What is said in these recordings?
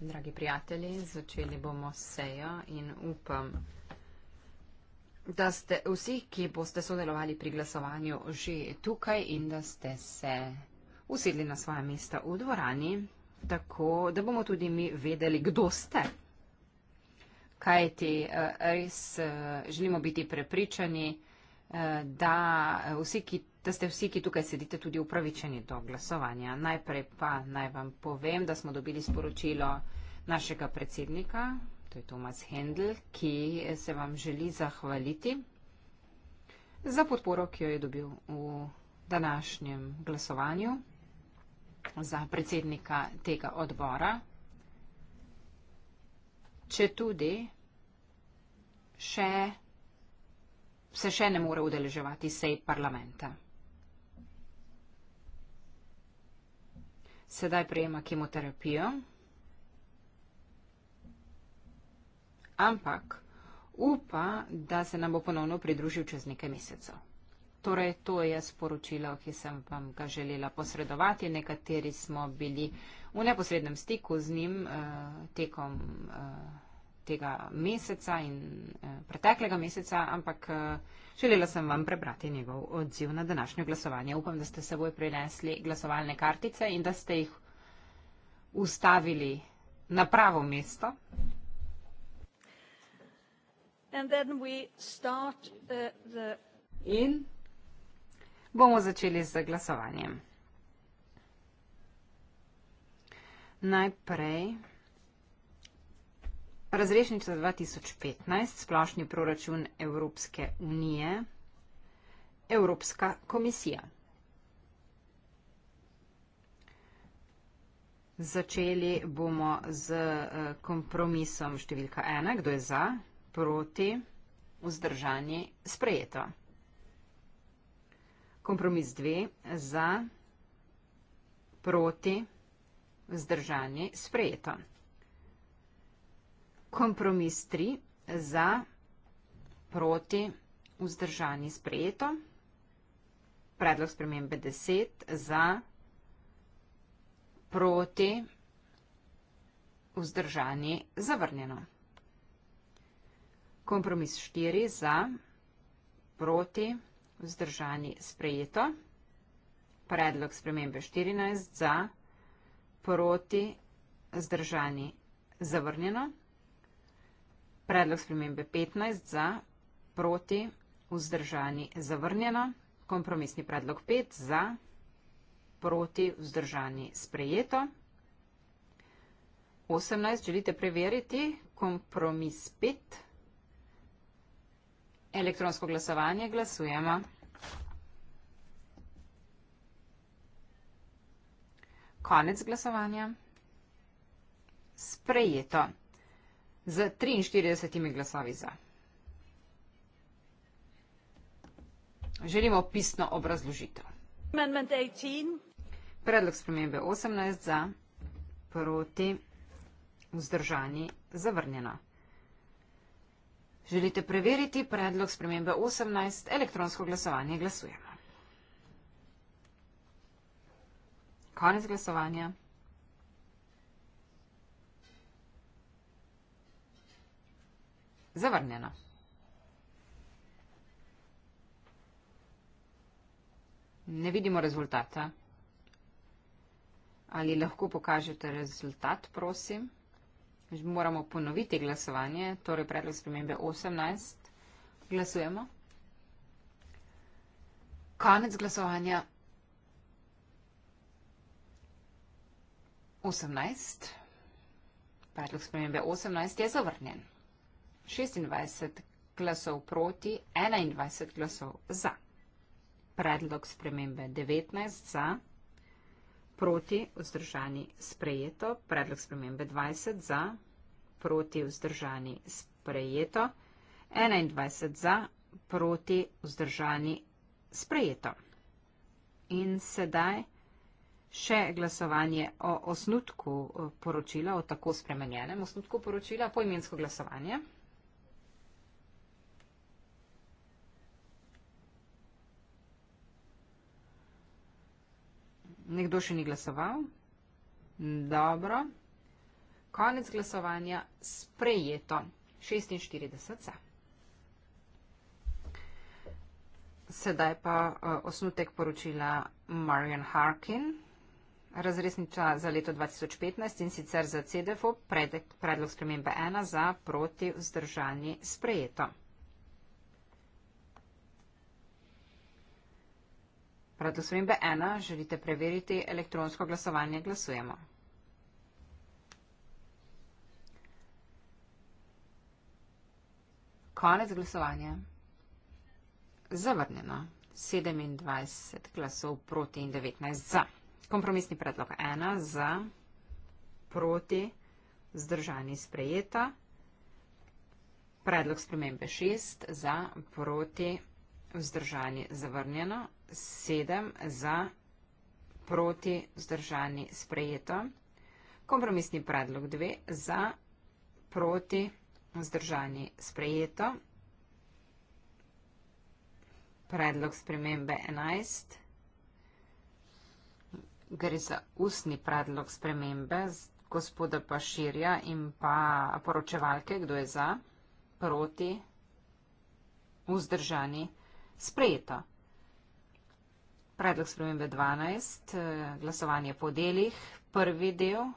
Dragi prijatelji, začeli bomo sejo in upam, da ste vsi, ki boste sodelovali pri glasovanju, že tukaj in da ste se usedli na svoje mesta v dvorani, tako da bomo tudi mi vedeli, kdo ste. Kaj ti eh, res eh, želimo biti prepričani, eh, da vsi, ki da ste vsi, ki tukaj sedite, tudi upravičeni do glasovanja. Najprej pa naj vam povem, da smo dobili sporočilo našega predsednika, to je Tomas Hendl, ki se vam želi zahvaliti za podporo, ki jo je dobil v današnjem glasovanju za predsednika tega odbora. Če tudi še, se še ne more udeleževati sej parlamenta. sedaj prejema kemoterapijo, ampak upa, da se nam bo ponovno pridružil čez nekaj mesecev. Torej, to je sporočilo, ki sem vam ga želela posredovati. Nekateri smo bili v neposrednem stiku z njim eh, tekom. Eh, tega meseca in eh, preteklega meseca, ampak eh, želela sem vam prebrati njegov odziv na današnje glasovanje. Upam, da ste seboj prinesli glasovalne kartice in da ste jih ustavili na pravo mesto. Start, uh, the... In bomo začeli z glasovanjem. Najprej. Razrešnica 2015, splošni proračun Evropske unije, Evropska komisija. Začeli bomo z eh, kompromisom številka 1, kdo je za, proti, vzdržanje, sprejeto. Kompromis 2, za, proti, vzdržanje, sprejeto kompromis 3 za proti vzdržani sprejeto, predlog spremembe 10 za proti vzdržani zavrnjeno, kompromis 4 za proti vzdržani sprejeto, predlog spremembe 14 za proti vzdržani zavrnjeno, predlog spremembe 14 za proti vzdržani zavrnjeno, Predlog spremembe 15 za, proti, vzdržani, zavrnjeno. Kompromisni predlog 5 za, proti, vzdržani, sprejeto. 18. Želite preveriti kompromis 5. Elektronsko glasovanje glasujemo. Konec glasovanja. Sprejeto z 43 glasovi za. Želimo pisno obrazložitev. Predlog spremembe 18 za, proti, vzdržani, zavrnjena. Želite preveriti predlog spremembe 18, elektronsko glasovanje, glasujemo. Konec glasovanja. Zavrnjeno. Ne vidimo rezultata. Ali lahko pokažete rezultat, prosim? Moramo ponoviti glasovanje, torej predlog spremembe 18. Glasujemo. Konec glasovanja 18. Predlog spremembe 18 je zavrnjen. 26 glasov proti, 21 glasov za. Predlog spremembe 19 za, proti vzdržani sprejeto, predlog spremembe 20 za, proti vzdržani sprejeto, 21 za, proti vzdržani sprejeto. In sedaj še glasovanje o osnutku poročila, o tako spremenjenem osnutku poročila, poimensko glasovanje. Nekdo še ni glasoval? Dobro. Konec glasovanja sprejeto. 46. Sedaj pa eh, osnutek poročila Marian Harkin, razresniča za leto 2015 in sicer za CDFO, predlog spremembe 1 za proti vzdržanje sprejeto. Prav do svembe 1 želite preveriti elektronsko glasovanje glasujemo. Konec glasovanja. Zavrnjeno. 27 glasov proti in 19 za. Kompromisni predlog 1 za, proti, zdržani sprejeta. Predlog spremembe 6 za, proti, vzdržani zavrnjeno. 7 za proti vzdržani sprejeto. Kompromisni predlog 2 za proti vzdržani sprejeto. Predlog spremembe 11. Gre za ustni predlog spremembe gospoda Paširja in pa poročevalke, kdo je za, proti, vzdržani, sprejeto. Predlog spremembe 12, eh, glasovanje po delih, prvi del,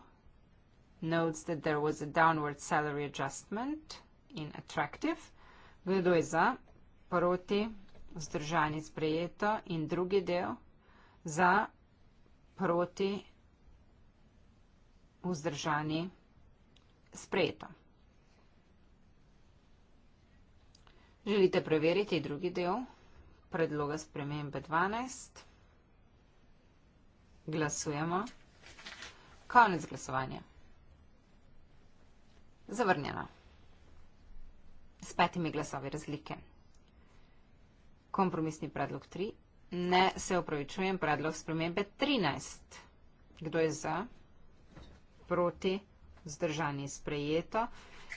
notes that there was a downward salary adjustment in attractive, kdo je za, proti, vzdržanje sprejeto in drugi del, za, proti, vzdržanje sprejeto. Želite preveriti drugi del predloga spremembe 12? Glasujemo. Konec glasovanja. Zavrnjeno. S petimi glasovi razlike. Kompromisni predlog 3. Ne se opravičujem predlog spremembe 13. Kdo je za? Proti. Zdržani sprejeto.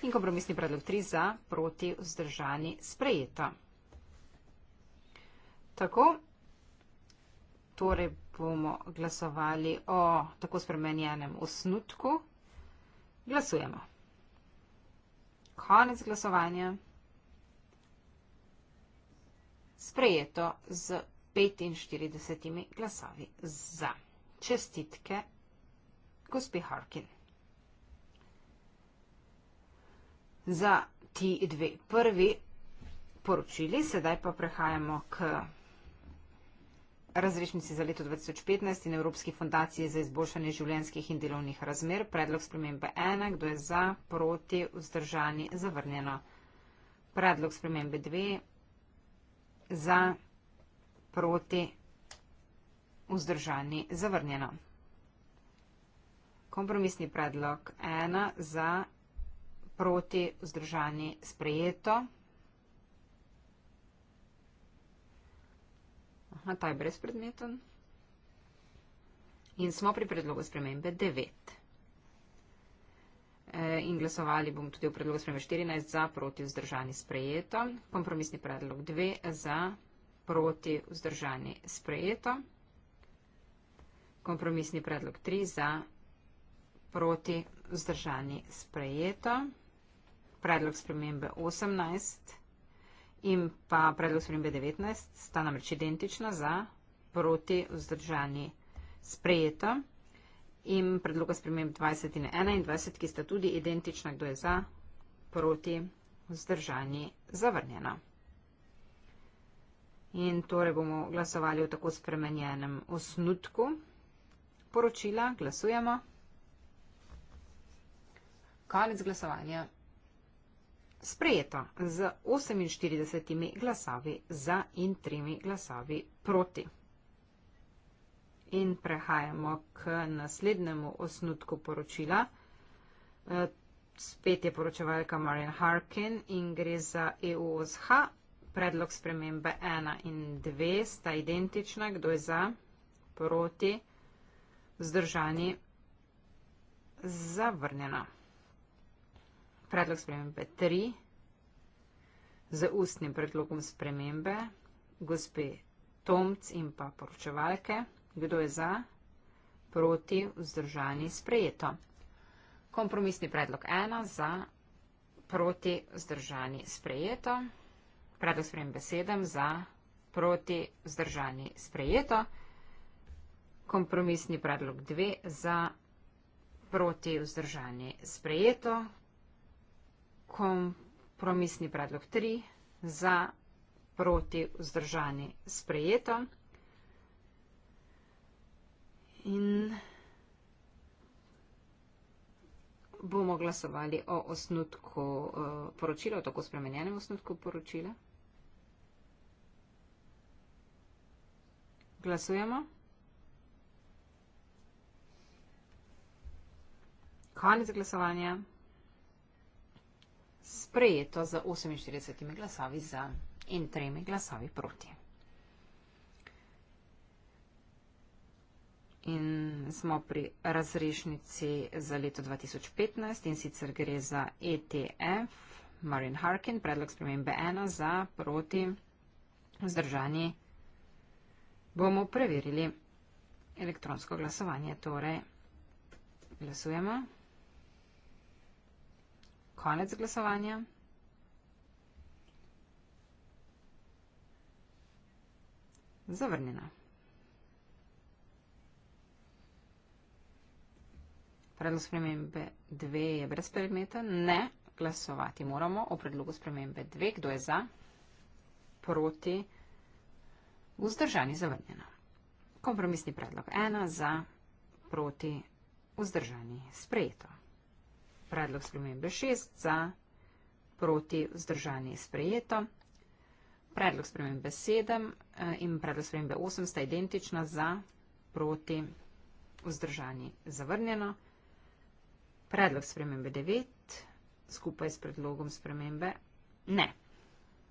In kompromisni predlog 3 za, proti, vzdržani, sprejeto. Tako, torej bomo glasovali o tako spremenjenem osnutku. Glasujemo. Konec glasovanja. Sprejeto z 45 glasovi za. Čestitke, gospi Harkin. Za ti dve prvi poročili, sedaj pa prehajamo k Razrešnici za leto 2015 in Evropski fondaciji za izboljšanje življenjskih in delovnih razmer. Predlog spremembe 1. Kdo je za, proti, vzdržani, zavrnjeno. Predlog spremembe 2. Za, proti, vzdržani, zavrnjeno. Kompromisni predlog 1. Za, proti, vzdržani, sprejeto. a ta je brezpredmeten. In smo pri predlogu spremembe 9. E, in glasovali bom tudi v predlogu spremembe 14 za, proti, vzdržani, sprejeto. Kompromisni predlog 2 za, proti, vzdržani, sprejeto. Kompromisni predlog 3 za, proti, vzdržani, sprejeto. Predlog spremembe 18 za in pa predlog spremembe 19 sta namreč identična za proti vzdržani sprejeto in predloga spremembe 20 in 21, ki sta tudi identična, kdo je za proti vzdržani zavrnjena. In torej bomo glasovali v tako spremenjenem osnutku poročila. Glasujemo. Konec glasovanja sprejeta z 48 glasavi za in 3 glasavi proti. In prehajamo k naslednjemu osnutku poročila. E, spet je poročevalka Marian Harkin in gre za EUSH. Predlog spremembe 1 in 2 sta identična. Kdo je za? Proti? Zdržani? Zavrnjena predlog spremembe 3 z ustnim predlogom spremembe gospe Tomc in pa poročevalke, kdo je za, proti, vzdržani, sprejeto. Kompromisni predlog 1 za, proti, vzdržani, sprejeto. Predlog spremembe 7 za, proti, vzdržani, sprejeto. Kompromisni predlog 2 za, proti, vzdržani, sprejeto kompromisni predlog 3 za proti vzdržani sprejeto. In bomo glasovali o osnutku eh, poročila, o tako spremenjenem osnutku poročila. Glasujemo. Konec glasovanja sprejeto z 48 glasovi za in 3 glasovi proti. In smo pri razrešnici za leto 2015 in sicer gre za ETF Marin Harkin, predlog spremembe 1 za proti vzdržani. Bomo preverili elektronsko glasovanje, torej glasujemo konec glasovanja. Zavrnjena. Predlog spremembe 2 je brez predmeta. Ne, glasovati moramo o predlogu spremembe 2. Kdo je za? Proti? Vzdržani zavrnjena. Kompromisni predlog 1 za, proti, vzdržani sprejeto predlog spremembe 6 za, proti vzdržanje je sprejeto. Predlog spremembe 7 eh, in predlog spremembe 8 sta identična za, proti vzdržanje zavrnjeno. Predlog spremembe 9 skupaj s predlogom spremembe ne.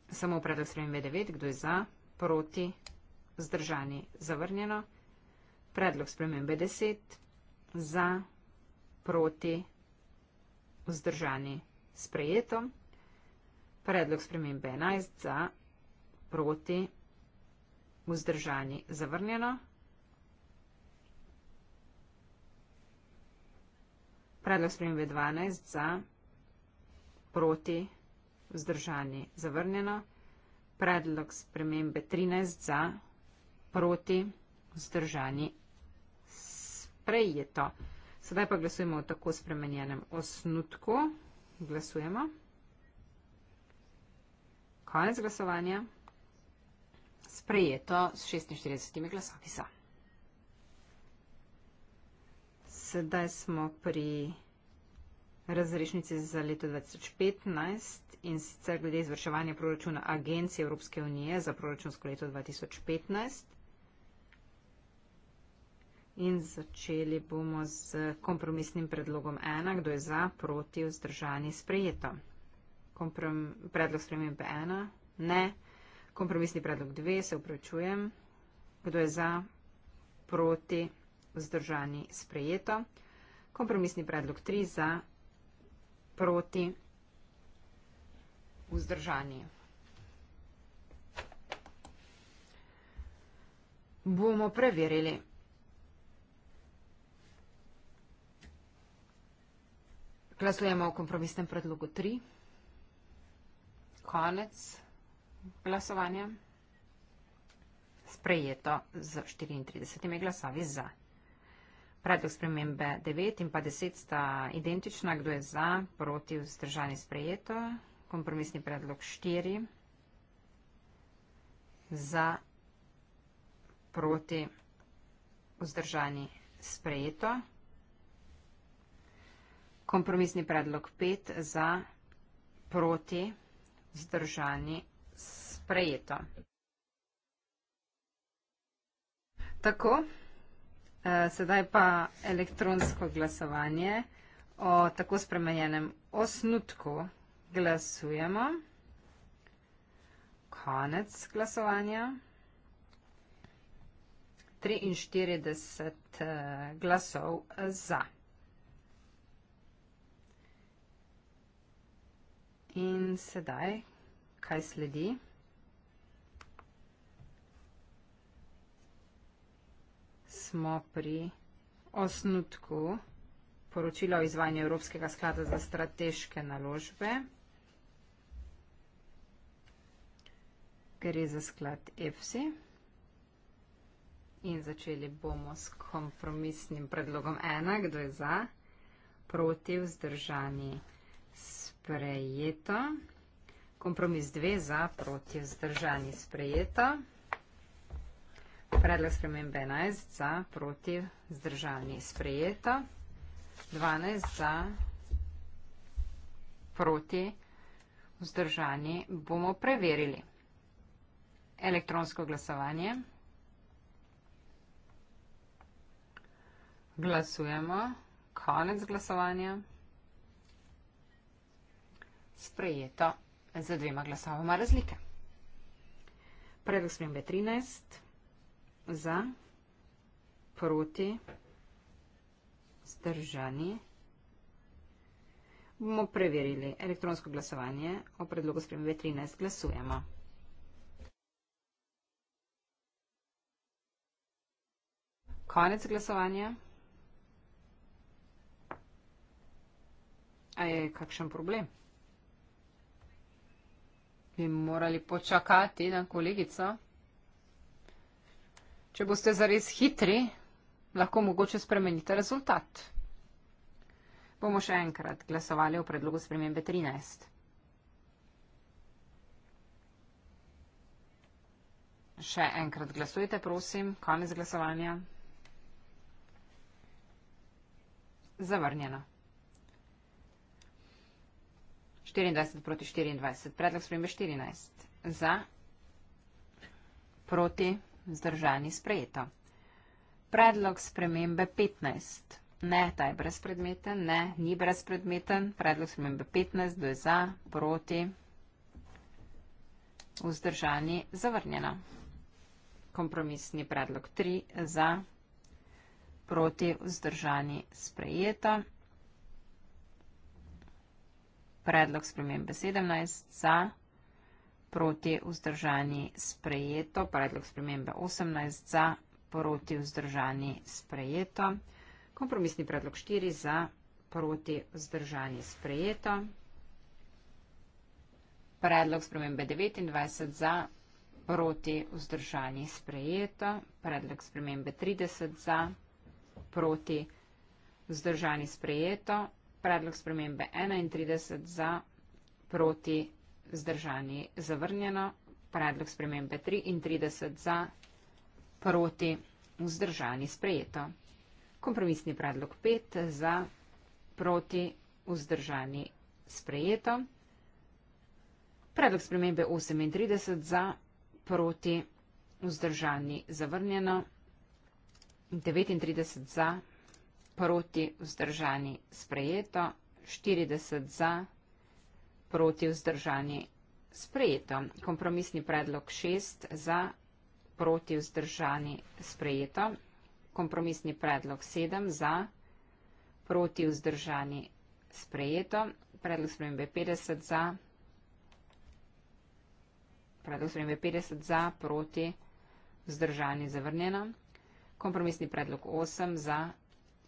Samo predlog spremembe 9, kdo je za, proti vzdržanje zavrnjeno. Predlog spremembe 10 za, proti vzdržanje zavrnjeno vzdržani sprejeto. Predlog spremembe 11 za proti vzdržani zavrnjeno. Predlog spremembe 12 za proti vzdržani zavrnjeno. Predlog spremembe 13 za proti vzdržani sprejeto. Sedaj pa glasujemo o tako spremenjenem osnutku. Glasujemo. Konec glasovanja. Sprejeto s 46 glasovi za. Sedaj smo pri razrešnici za leto 2015 in sicer glede izvrševanja proračuna Agencije Evropske unije za proračunsko leto 2015. In začeli bomo z kompromisnim predlogom ena, kdo je za, proti, vzdržani, sprejeto. Komprom, predlog spremembe ena, ne. Kompromisni predlog dve, se upravičujem. Kdo je za, proti, vzdržani, sprejeto. Kompromisni predlog tri, za, proti, vzdržani. Bomo preverili. Glasujemo o kompromisnem predlogu 3. Konec glasovanja. Sprejeto z 34 glasovi za. Predlog spremembe 9 in pa 10 sta identična, kdo je za, proti, vzdržani sprejeto. Kompromisni predlog 4 za, proti, vzdržani sprejeto. Kompromisni predlog 5 za proti vzdržani sprejeto. Tako, eh, sedaj pa elektronsko glasovanje o tako spremenjenem osnutku glasujemo. Konec glasovanja. 43 eh, glasov za. In sedaj, kaj sledi? Smo pri osnutku poročila o izvajanju Evropskega sklada za strateške naložbe. Gre za sklad EFSI. In začeli bomo s kompromisnim predlogom 1. Kdo je za? Proti vzdržani sprejeto. Kompromis dve za proti vzdržani sprejeto. Predlog spremembe 11 za proti vzdržani sprejeto. 12 za proti vzdržani bomo preverili. Elektronsko glasovanje. Glasujemo. Konec glasovanja sprejeto z dvema glasovoma razlike. Predlog spremembe 13 za, proti, zdržani. Bomo preverili elektronsko glasovanje o predlogu spremembe 13. Glasujemo. Konec glasovanja. A je kakšen problem? bi morali počakati na kolegico. Če boste zares hitri, lahko mogoče spremenite rezultat. Bomo še enkrat glasovali o predlogu spremembe 13. Še enkrat glasujte, prosim, konec glasovanja. Zavrnjeno. 24 proti 24. Predlog sprejme 14. Za, proti, zdržani, sprejeto. Predlog spremembe 15. Ne, ta je brezpredmeten. Ne, ni brezpredmeten. Predlog spremembe 15. Do je za, proti, vzdržani, zavrnjeno. Kompromisni predlog 3. Za, proti, vzdržani, sprejeto predlog spremembe 17, za, proti vzdržani sprejeto, predlog spremembe 18, za, proti vzdržani sprejeto, kompromisni predlog 4, za, proti vzdržani sprejeto, predlog spremembe 29, za, proti vzdržani sprejeto, predlog spremembe 30, za, proti vzdržani sprejeto, predlog spremembe 31 za, proti zdržani zavrnjeno, predlog spremembe 33 za, proti vzdržani sprejeto. Kompromisni predlog 5 za, proti vzdržani sprejeto. Predlog spremembe 38 za, proti vzdržani zavrnjeno. 39 za, proti vzdržani sprejeto proti vzdržani sprejeto, 40 za, proti vzdržani sprejeto. Kompromisni predlog 6 za, proti vzdržani sprejeto. Kompromisni predlog 7 za, proti vzdržani sprejeto. Predlog spremembe 50 za, predlog spremembe 50 za, proti vzdržani zavrnjeno. Kompromisni predlog 8 za, proti vzdržani sprejeto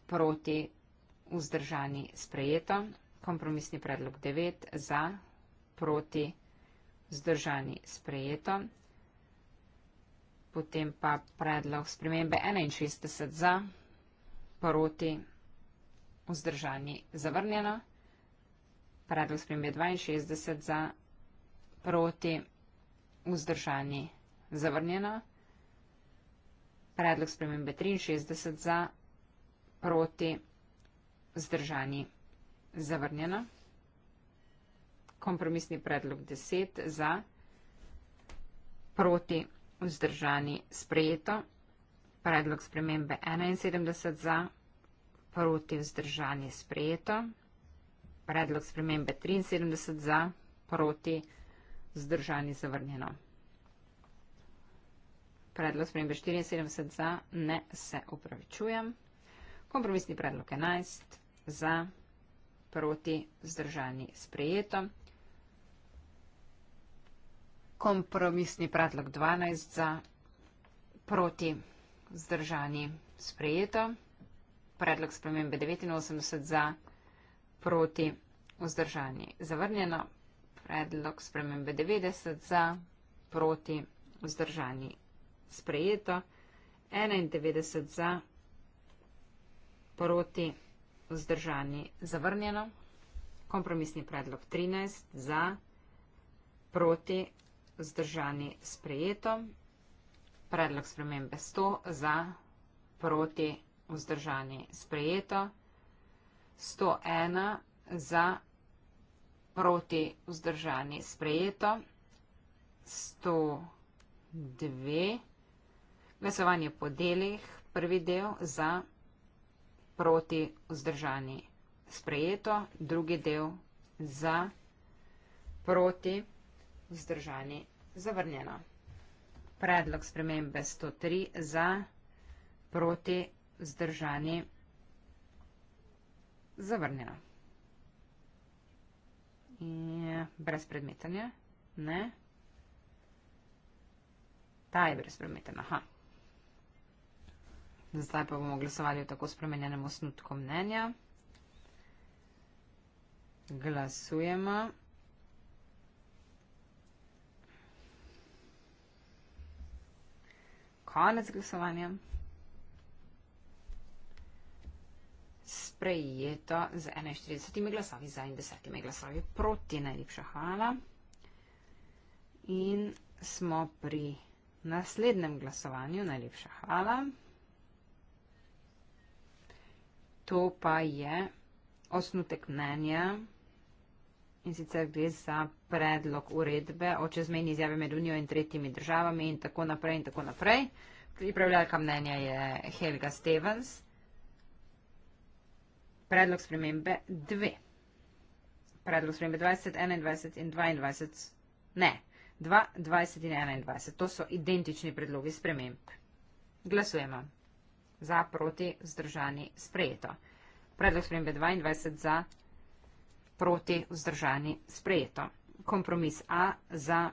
proti vzdržani sprejeto, kompromisni predlog 9 za, proti vzdržani sprejeto, potem pa predlog spremembe 61 za, proti vzdržani zavrnjeno, predlog spremembe 62 za, proti vzdržani zavrnjeno, predlog spremembe 63 za, proti vzdržani zavrnjeno, proti zdržani zavrnjeno. Kompromisni predlog 10 za proti vzdržani sprejeto. Predlog spremembe 71 za proti vzdržani sprejeto. Predlog spremembe 73 za proti vzdržani zavrnjeno. Predlog spremembe 74 za ne se upravičujem. Kompromisni predlog 11 za proti zdržani sprejeto. Kompromisni predlog 12 za proti zdržani sprejeto. Predlog spremembe 89 za proti vzdržani zavrnjeno. Predlog spremembe 90 za proti vzdržani sprejeto. 91 za proti vzdržani sprejeto proti vzdržani zavrnjeno, kompromisni predlog 13 za proti vzdržani sprejeto, predlog spremembe 100 za proti vzdržani sprejeto, 101 za proti vzdržani sprejeto, 102 glasovanje po delih, prvi del za proti vzdržani sprejeto, proti vzdržani. Sprejeto, drugi del za, proti vzdržani, zavrnjeno. Predlog spremembe 103 za, proti vzdržani, zavrnjeno. Je brez predmetanja? Ne. Ta je brez predmetanja. Aha. Zdaj pa bomo glasovali o tako spremenjenem osnutku mnenja. Glasujemo. Konec glasovanja. Sprejeto z 41 glasovi za in 10 glasovi proti. Najlepša hvala. In smo pri naslednjem glasovanju. Najlepša hvala. To pa je osnutek mnenja in sicer gre za predlog uredbe o čezmejni izjavi med Unijo in tretjimi državami in tako naprej in tako naprej. Pripravljalka mnenja je Helga Stevens. Predlog spremembe 2. Predlog spremembe 20, 21 in 22. Ne. 2, 20 in 21. To so identični predlogi sprememb. Glasujemo za, proti, vzdržani, sprejeto. Predlog spremembe 22 za, proti, vzdržani, sprejeto. Kompromis A za,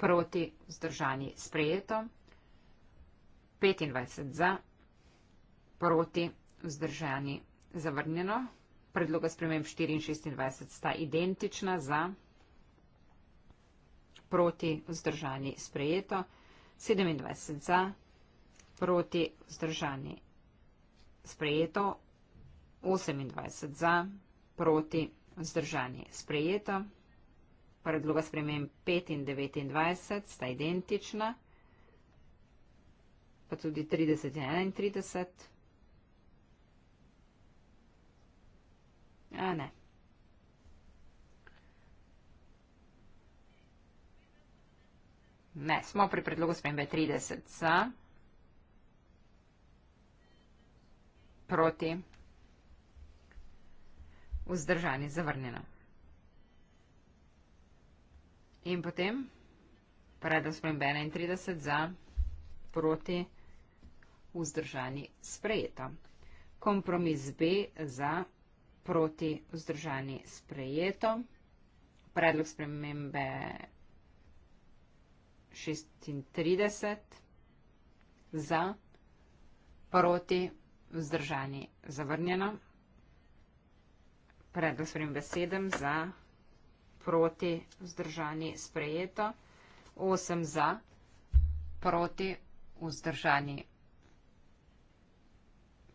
proti, vzdržani, sprejeto. 25 za, proti, vzdržani, zavrnjeno. Predloga spremem 4 in 26 sta identična za, proti, vzdržani, sprejeto. 27 za, proti, vzdržani, sprejeto proti vzdržani. Sprejeto 28 za proti vzdržani. Sprejeto predloga spremem 5 in 29 sta identična, pa tudi 30 in 31. A ne. Ne, smo pri predlogu spremembe 30 za. Proti. Vzdržani, zavrnjeno. In potem, predlog spremembe 31 za, proti, vzdržani, sprejeto. Kompromis B za, proti, vzdržani, sprejeto. Predlog spremembe 36 za, proti, vzdržani, sprejeto. Proti, vzdržani zavrnjeno. Predlog s prim besedem za proti vzdržani sprejeto. 8 za proti vzdržani.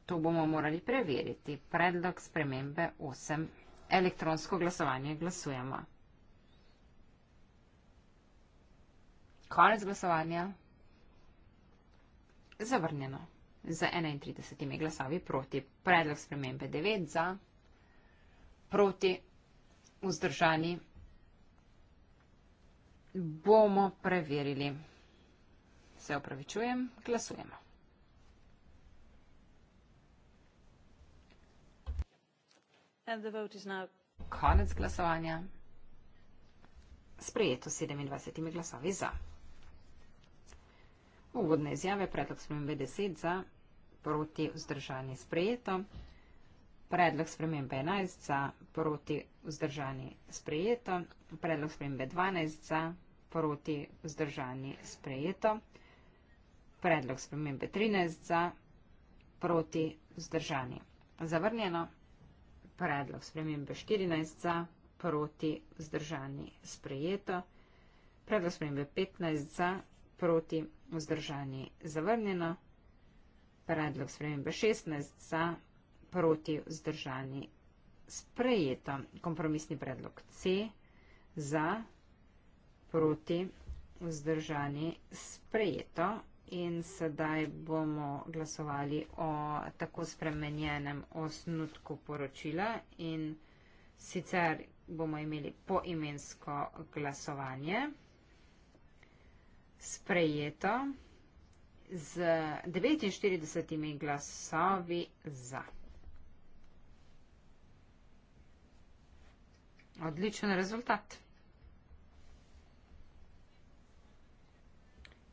To bomo morali preveriti. Predlog spremembe 8. Elektronsko glasovanje glasujemo. Konec glasovanja. Zavrnjeno z 31 glasovi proti. Predlog spremembe 9 za, proti, vzdržani. Bomo preverili. Se opravičujem, glasujemo. Konec glasovanja. Sprejeto 27 glasovi za. Uvodne izjave, predlog spremembe 10 za proti vzdržani sprejeto. Predlog spremembe 11 za proti vzdržani sprejeto. Predlog spremembe 12 za proti vzdržani sprejeto. Predlog spremembe 13 za proti vzdržani. Zavrnjeno. Predlog spremembe 14 za proti vzdržani sprejeto. Predlog spremembe 15 za proti vzdržani zavrnjeno predlog spremembe 16 za proti vzdržani sprejeto. Kompromisni predlog C za proti vzdržani sprejeto. In sedaj bomo glasovali o tako spremenjenem osnutku poročila in sicer bomo imeli poimensko glasovanje sprejeto z 49 glasovi za. Odličen rezultat.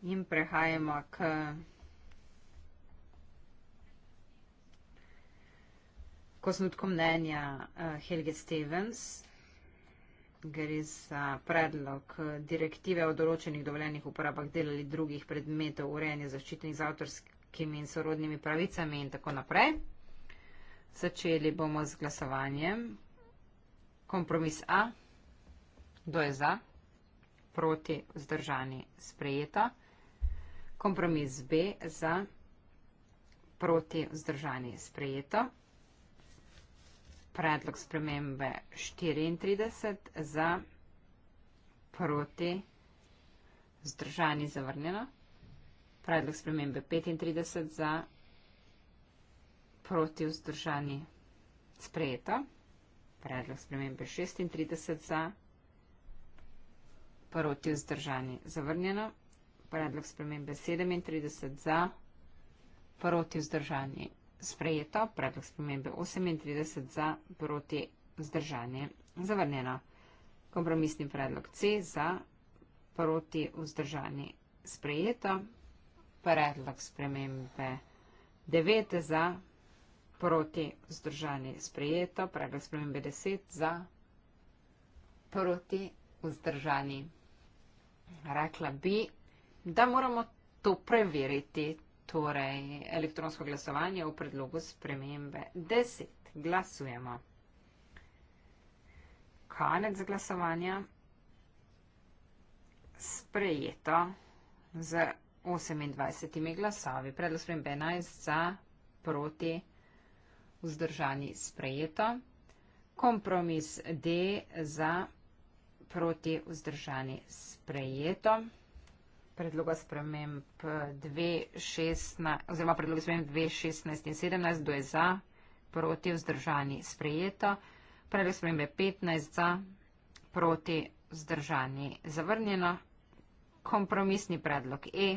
In prehajamo k kosnutku mnenja eh, Helge Stevens gre za predlog direktive o določenih dovoljenih uporabah del ali drugih predmetov urejanja zaščitenih z avtorskimi in sorodnimi pravicami in tako naprej. Začeli bomo z glasovanjem. Kompromis A. Kdo je za? Proti zdržani sprejeta. Kompromis B za. Proti zdržani sprejeta predlog spremembe 34 za proti zdržani zavrnjeno, predlog spremembe 35 za proti vzdržani sprejeto, predlog spremembe 36 za proti vzdržani zavrnjeno, predlog spremembe 37 za proti vzdržani sprejeto, sprejeto, predlog spremembe 38 za proti vzdržanje zavrnjeno. Kompromisni predlog C za proti vzdržanje sprejeto, predlog spremembe 9 za proti vzdržanje sprejeto, predlog spremembe 10 za proti vzdržanje. Rekla bi, da moramo to preveriti torej elektronsko glasovanje v predlogu spremembe 10. Glasujemo. Konec glasovanja. Sprejeto z 28 glasovi. Predlog spremembe 11 za proti vzdržani sprejeto. Kompromis D za proti vzdržani sprejeto predloga sprememb 2.16 oziroma predloga sprememb 2.16 in 17, kdo je za, proti vzdržani sprejeto, predlog spremembe 15 za, proti vzdržani zavrnjeno, kompromisni predlog E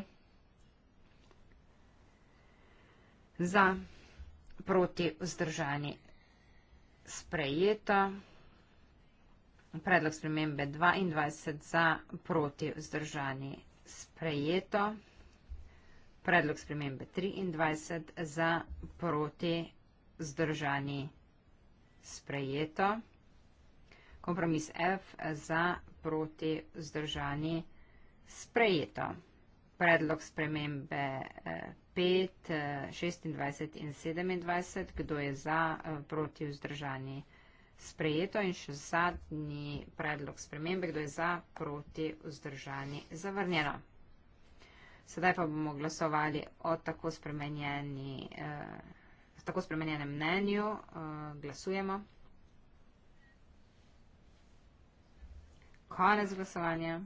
za, proti vzdržani sprejeto. Predlog spremembe 22 za proti vzdržani sprejeto. Predlog spremembe 23 za proti zdržani sprejeto. Kompromis F za proti zdržani sprejeto. Predlog spremembe 5, eh, 26 eh, in 27. Kdo je za eh, proti vzdržani sprejeto? sprejeto in še zadnji predlog spremembe, kdo je za, proti, vzdržani, zavrnjeno. Sedaj pa bomo glasovali o tako, eh, tako spremenjenem mnenju. Eh, glasujemo. Konec glasovanja.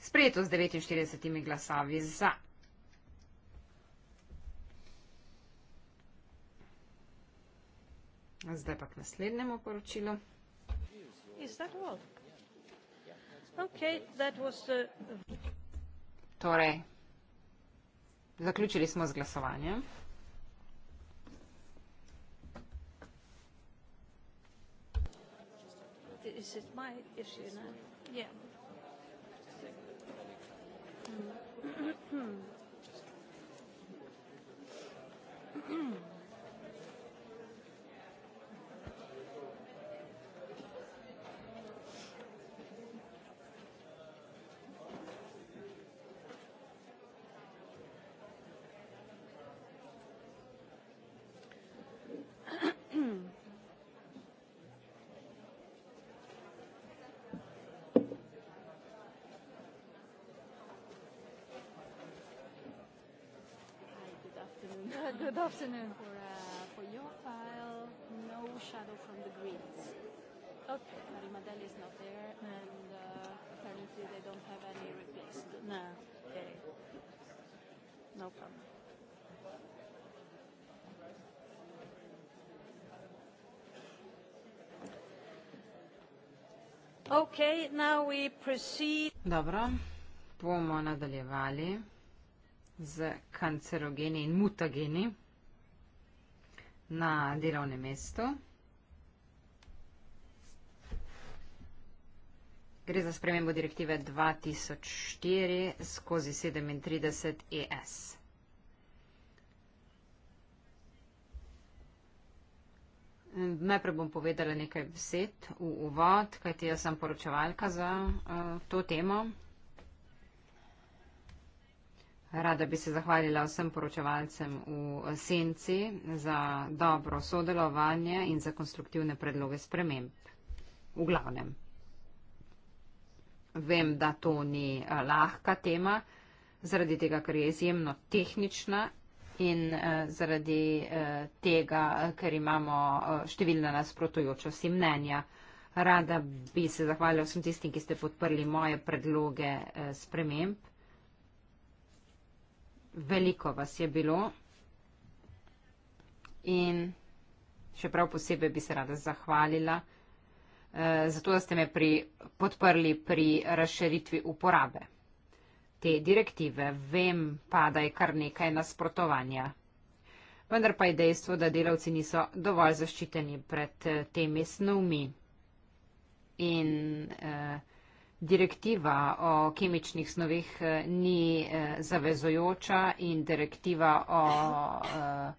Sprejeto z 49 glasovi za. Zdaj pa k naslednjemu poročilu. Okay, the... Torej, zaključili smo z glasovanjem. Hmm. hmm. good afternoon. For, uh, for your file, no shadow from the greens. Okay. Marimadel is not there, and uh, apparently they don't have any replacement. No. Okay. No problem. Okay, now we proceed. Dobro, bomo nadaljevali z kancerogeni in mutageni na delovnem mestu. Gre za spremembo direktive 2004 skozi 37 ES. Najprej bom povedala nekaj besed v uvod, kajti jaz sem poročevalka za uh, to temo. Rada bi se zahvalila vsem poročevalcem v Senci za dobro sodelovanje in za konstruktivne predloge sprememb. V glavnem. Vem, da to ni eh, lahka tema, zaradi tega, ker je izjemno tehnična in eh, zaradi eh, tega, ker imamo številne nasprotujoče si mnenja. Rada bi se zahvalila vsem tistim, ki ste podprli moje predloge sprememb veliko vas je bilo in še prav posebej bi se rada zahvalila eh, za to, da ste me pri, podprli pri razširitvi uporabe te direktive. Vem pa, da je kar nekaj nasprotovanja. Vendar pa je dejstvo, da delavci niso dovolj zaščiteni pred temi snovmi. In eh, direktiva o kemičnih snovih eh, ni eh, zavezojoča in direktiva o eh,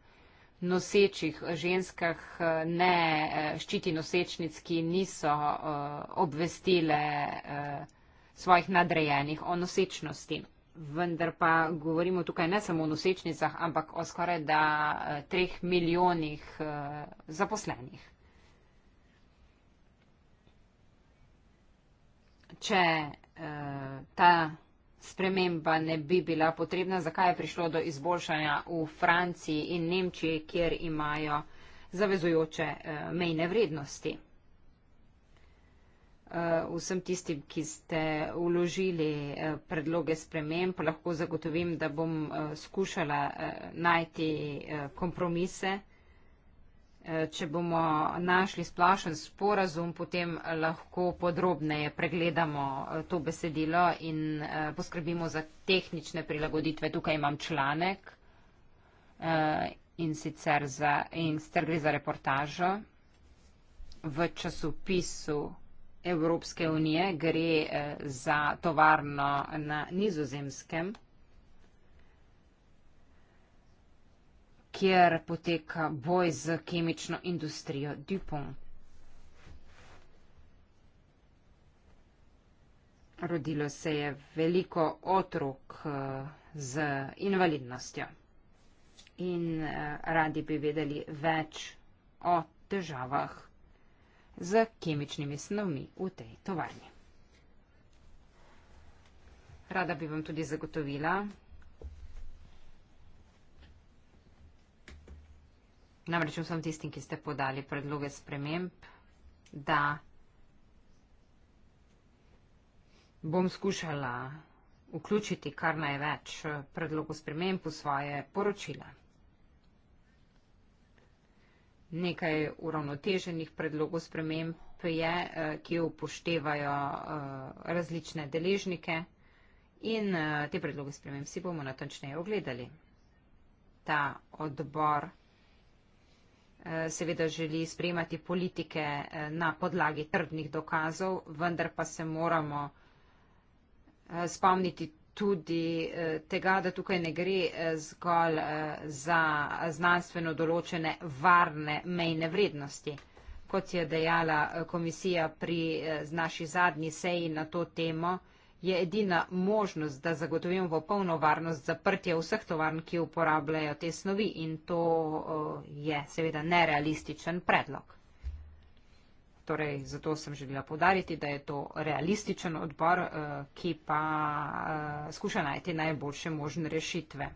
nosečih ženskah ne ščiti nosečnic, ki niso obvestile svojih nadrejenih o nosečnosti. Vendar pa govorimo tukaj ne samo o nosečnicah, ampak o skoraj da treh milijonih zaposlenih. če uh, ta sprememba ne bi bila potrebna, zakaj je prišlo do izboljšanja v Franciji in Nemčiji, kjer imajo zavezujoče uh, mejne vrednosti. Uh, vsem tistim, ki ste uložili uh, predloge sprememb, lahko zagotovim, da bom uh, skušala uh, najti uh, kompromise če bomo našli splošen sporazum, potem lahko podrobneje pregledamo eh, to besedilo in eh, poskrbimo za tehnične prilagoditve. Tukaj imam članek eh, in sicer, za, in sicer gre za reportažo v časopisu Evropske unije, gre za tovarno na nizozemskem. kjer poteka boj z kemično industrijo Dupont. Rodilo se je veliko otrok eh, z invalidnostjo in eh, radi bi vedeli več o težavah z kemičnimi snovmi v tej tovarni. Rada bi vam tudi zagotovila, Namreč vsem tistim, ki ste podali predloge sprememb, da bom skušala vključiti kar največ predlogov sprememb v svoje poročila. Nekaj uravnoteženih predlogov sprememb je, eh, ki upoštevajo eh, različne deležnike in eh, te predloge sprememb si bomo natančneje ogledali. Ta odbor predloga. Eh, seveda želi sprejemati politike eh, na podlagi trdnih dokazov, vendar pa se moramo eh, spomniti tudi tega, da tukaj ne gre zgolj za znanstveno določene varne mejne vrednosti. Kot je dejala komisija pri naši zadnji seji na to temo, je edina možnost, da zagotovimo popolno varnost zaprtja vseh tovarn, ki uporabljajo te snovi in to eh, je seveda nerealističen predlog. Torej, zato sem želela podariti, da je to realističen odbor, eh, ki pa eh, skuša najti najboljše možne rešitve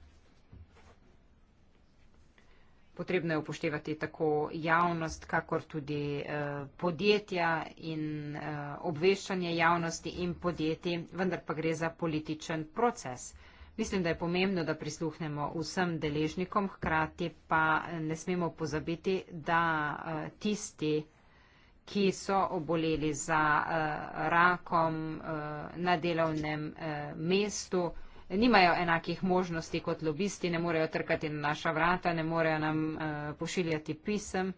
potrebno je upoštevati tako javnost, kakor tudi eh, podjetja in eh, obveščanje javnosti in podjetij, vendar pa gre za političen proces. Mislim, da je pomembno, da prisluhnemo vsem deležnikom, hkrati pa ne smemo pozabiti, da eh, tisti, ki so oboleli za eh, rakom eh, na delovnem eh, mestu, nimajo enakih možnosti kot lobisti, ne morejo trkati na naša vrata, ne morejo nam uh, pošiljati pisem,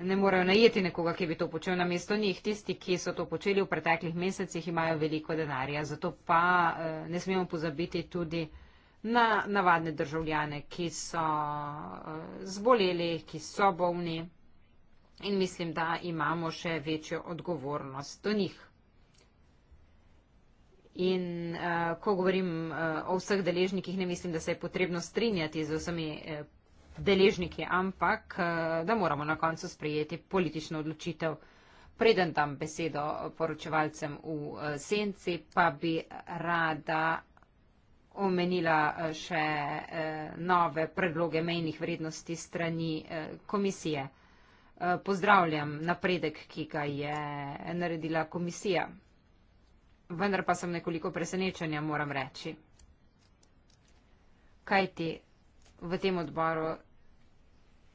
ne morejo najeti nekoga, ki bi to počel na mesto njih. Tisti, ki so to počeli v preteklih mesecih, imajo veliko denarja. Zato pa uh, ne smemo pozabiti tudi na navadne državljane, ki so uh, zboleli, ki so bolni in mislim, da imamo še večjo odgovornost do njih. In uh, ko govorim uh, o vseh deležnikih, ne mislim, da se je potrebno strinjati z vsemi uh, deležniki, ampak uh, da moramo na koncu sprejeti politično odločitev. Preden dam besedo poročevalcem v uh, senci, pa bi rada omenila še uh, nove predloge mejnih vrednosti strani uh, komisije. Uh, pozdravljam napredek, ki ga je naredila komisija vendar pa sem nekoliko presenečenja, moram reči. Kaj ti v tem odboru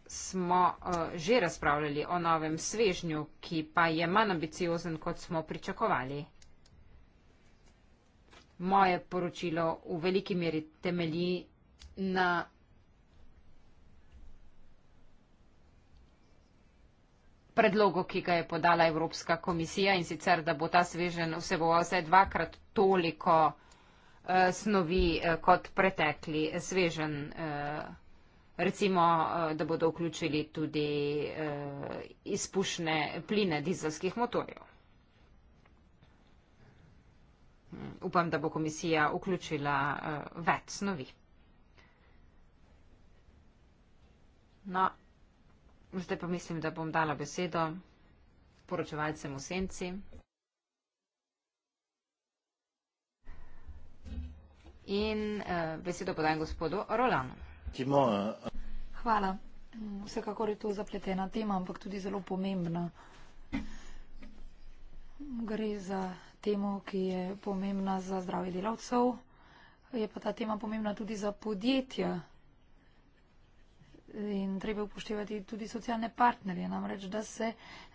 smo uh, že razpravljali o novem svežnju, ki pa je manj ambiciozen, kot smo pričakovali. Moje poročilo v veliki meri temelji na predlogu, ki ga je podala Evropska komisija in sicer, da bo ta svežen vseboval vse dvakrat toliko eh, snovi eh, kot pretekli svežen. Eh, Recimo, eh, da bodo vključili tudi eh, izpušne pline dizelskih motorjev. Hm, upam, da bo komisija vključila eh, več snovi. No, Zdaj pa mislim, da bom dala besedo poročevalcem v senci. In uh, besedo podajam gospodu Rolanu. Eh. Hvala. Vsekakor je to zapletena tema, ampak tudi zelo pomembna. Gre za temo, ki je pomembna za zdravje delavcev, je pa ta tema pomembna tudi za podjetja in treba upoštevati tudi socialne partnerje, namreč, da se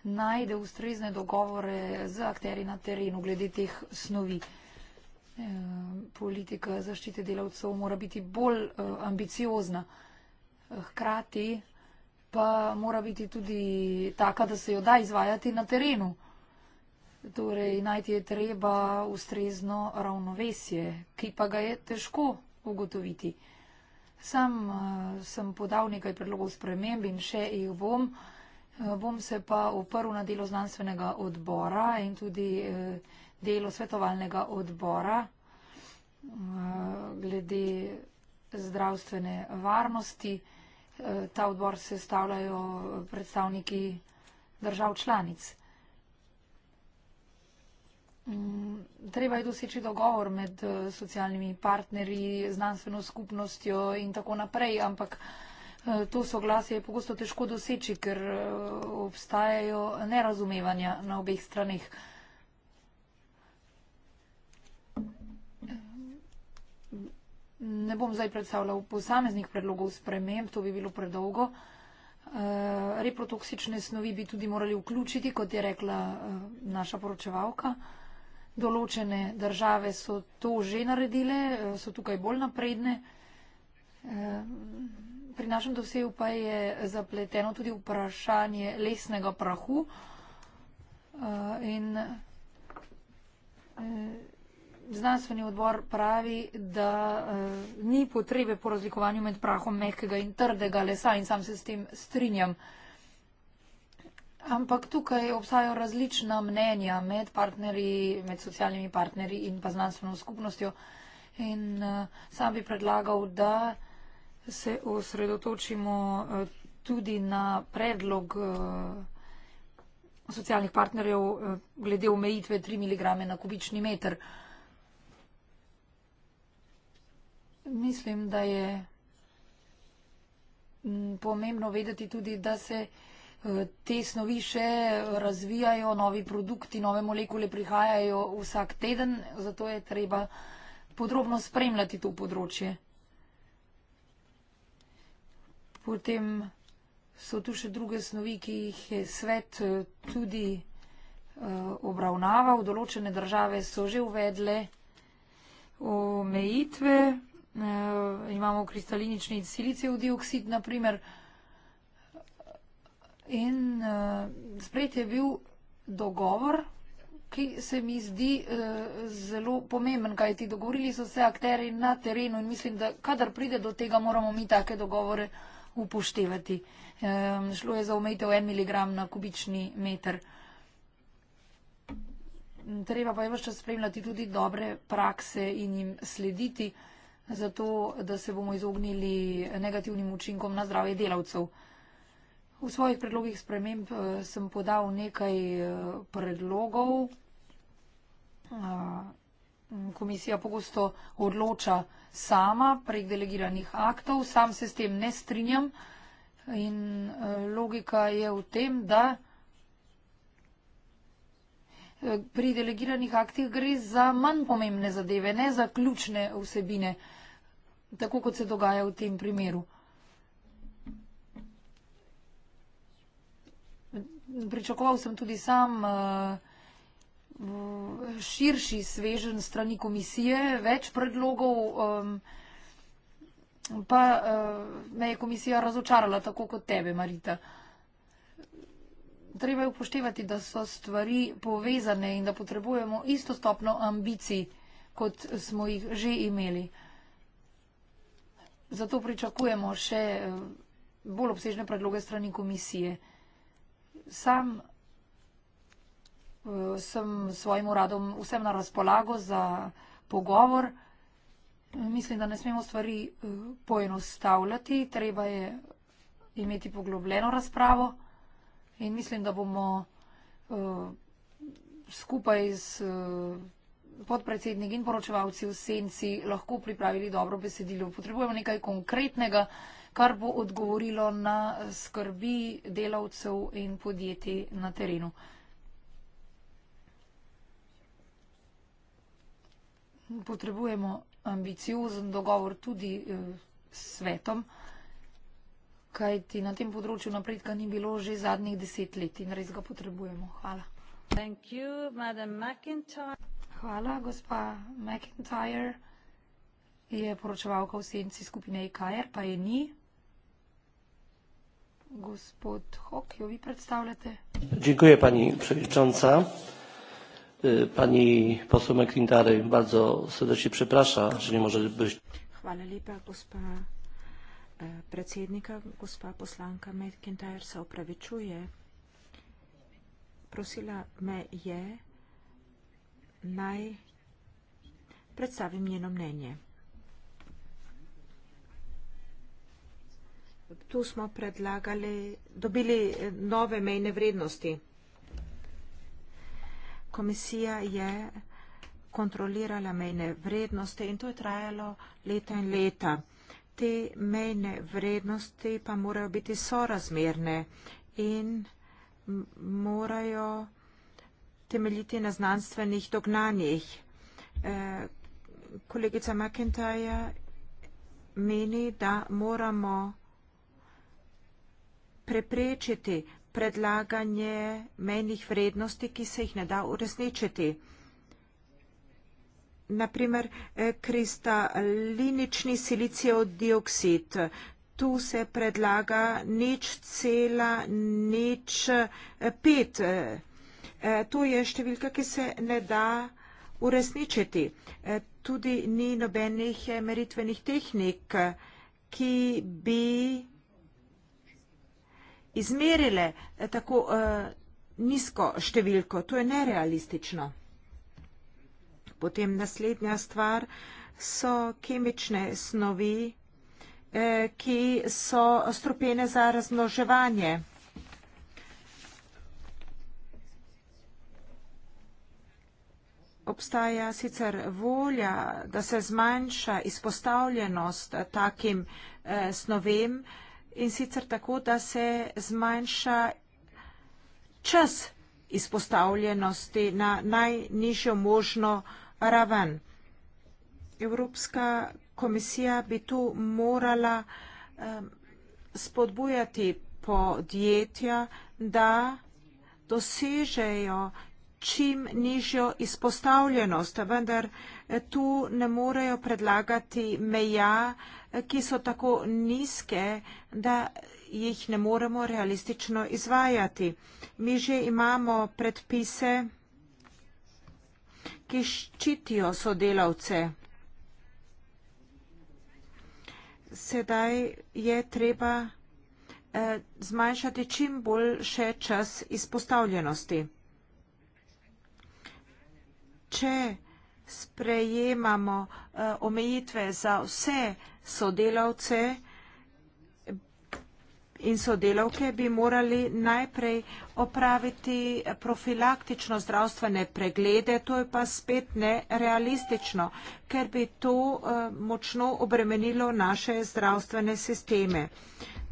najde ustrezne dogovore z akteri na terenu glede teh snovi. E, politika zaščite delavcev mora biti bolj e, ambiciozna, hkrati pa mora biti tudi taka, da se jo da izvajati na terenu. Torej, najti je treba ustrezno ravnovesje, ki pa ga je težko ugotoviti. Sam uh, sem podal nekaj predlogov sprememb in še jih bom. Uh, bom se pa oprl na delo znanstvenega odbora in tudi uh, delo svetovalnega odbora uh, glede zdravstvene varnosti. Uh, ta odbor se stavljajo predstavniki držav članic. Mm, treba je doseči dogovor med eh, socialnimi partnerji, znanstveno skupnostjo in tako naprej, ampak eh, to soglasje je pogosto težko doseči, ker eh, obstajajo nerazumevanja na obeh straneh. Ne bom zdaj predstavljal posameznih predlogov sprememb, to bi bilo predolgo. Reprotoksične snovi bi tudi morali vključiti, kot je rekla naša poročevalka določene države so to že naredile, eh, so tukaj bolj napredne. Eh, pri našem dosegu pa je zapleteno tudi vprašanje lesnega prahu eh, in znanstveni odbor pravi, da ni potrebe po razlikovanju med prahom mehkega in trdega lesa in sam se s tem strinjam. Ampak tukaj obstajajo različna mnenja med partnerji, med socialnimi partnerji in pa znanstveno skupnostjo. In uh, sam bi predlagal, da se osredotočimo uh, tudi na predlog uh, socialnih partnerjev uh, glede omejitve 3 mg na kubični meter. Mislim, da je mm, pomembno vedeti tudi, da se. Uh, te snovi še razvijajo, novi produkti, nove molekule prihajajo vsak teden, zato je treba podrobno spremljati to področje. Potem so tu še druge snovi, ki jih je svet eh, tudi eh, obravnaval. Določene države so že uvedle omejitve. Eh, imamo kristalinični silicijev dioksid, naprimer, In uh, sprejet je bil dogovor, ki se mi zdi uh, zelo pomemben, kaj ti dogovorili so se akteri na terenu in mislim, da kadar pride do tega, moramo mi take dogovore upoštevati. Um, šlo je za omejitev en miligram na kubični meter. Treba pa je vse čas spremljati tudi dobre prakse in jim slediti, zato da se bomo izognili negativnim učinkom na zdravje delavcev. V svojih predlogih sprememb eh, sem podal nekaj eh, predlogov. Eh, komisija pogosto odloča sama prek delegiranih aktov, sam se s tem ne strinjam in logika je v tem, da pri delegiranih aktih gre za manj pomembne zadeve, ne za ključne vsebine, tako kot se dogaja v tem primeru. pričakoval sem tudi sam eh, širši svežen strani komisije, več predlogov, pa eh, me je komisija razočarala, tako kot tebe, Marita. Treba je upoštevati, da so stvari povezane in da potrebujemo isto stopno ambicij, kot smo jih že imeli. Zato pričakujemo še eh, bolj obsežne predloge strani komisije sam eh, sem svojim uradom vsem na razpolago za pogovor. Mislim, da ne smemo stvari eh, poenostavljati, treba je imeti poglobljeno razpravo in mislim, da bomo eh, skupaj s podpredsednik in poročevalci v senci lahko pripravili dobro besedilo. Potrebujemo nekaj konkretnega kar bo odgovorilo na skrbi delavcev in podjetij na terenu. Potrebujemo ambiciozen dogovor tudi eh, s svetom, kaj ti na tem področju napredka ni bilo že zadnjih deset let in res ga potrebujemo. Hvala. You, Hvala, gospa McIntyre. Je poročevalka v senci skupine IKR, e pa je ni. Gospod Hok, jo vi predstavljate? Dziękuję pani przewodnicząca. Pani poseł McIntyre bardzo serdecznie przeprasza, że nie może być. Hvala lepa, gospa e, predsednika, gospa poslanka McIntyre se opravičuje. Prosila me je, naj predstavim njeno mnenje. Tu smo predlagali, dobili eh, nove mejne vrednosti. Komisija je kontrolirala mejne vrednosti in to je trajalo leta in leta. Te mejne vrednosti pa morajo biti sorazmerne in morajo temeljiti na znanstvenih dognanjih. Eh, kolegica McIntyre meni, da moramo preprečiti predlaganje menjih vrednosti, ki se jih ne da uresničiti. Naprimer, eh, kristalinični silicijev dioksid. Tu se predlaga nič cela, nič eh, pet. Eh, to je številka, ki se ne da uresničiti. Tudi ni nobenih meritvenih tehnik, ki bi izmerile eh, tako eh, nizko številko. To je nerealistično. Potem naslednja stvar so kemične snovi, eh, ki so stropene za razmnoževanje. Obstaja sicer volja, da se zmanjša izpostavljenost takim eh, snovem, eh, in sicer tako, da se zmanjša čas izpostavljenosti na najnižjo možno raven. Evropska komisija bi tu morala spodbujati podjetja, da dosežejo čim nižjo izpostavljenost, vendar tu ne morejo predlagati meja, da se zmanjša čas izpostavljenosti na najnižjo možno raven ki so tako nizke, da jih ne moremo realistično izvajati. Mi že imamo predpise, ki ščitijo sodelavce. Sedaj je treba eh, zmanjšati čim bolj še čas izpostavljenosti. Če sprejemamo eh, omejitve za vse sodelavce in sodelavke bi morali najprej opraviti profilaktično zdravstvene preglede, to je pa spet nerealistično, ker bi to eh, močno obremenilo naše zdravstvene sisteme.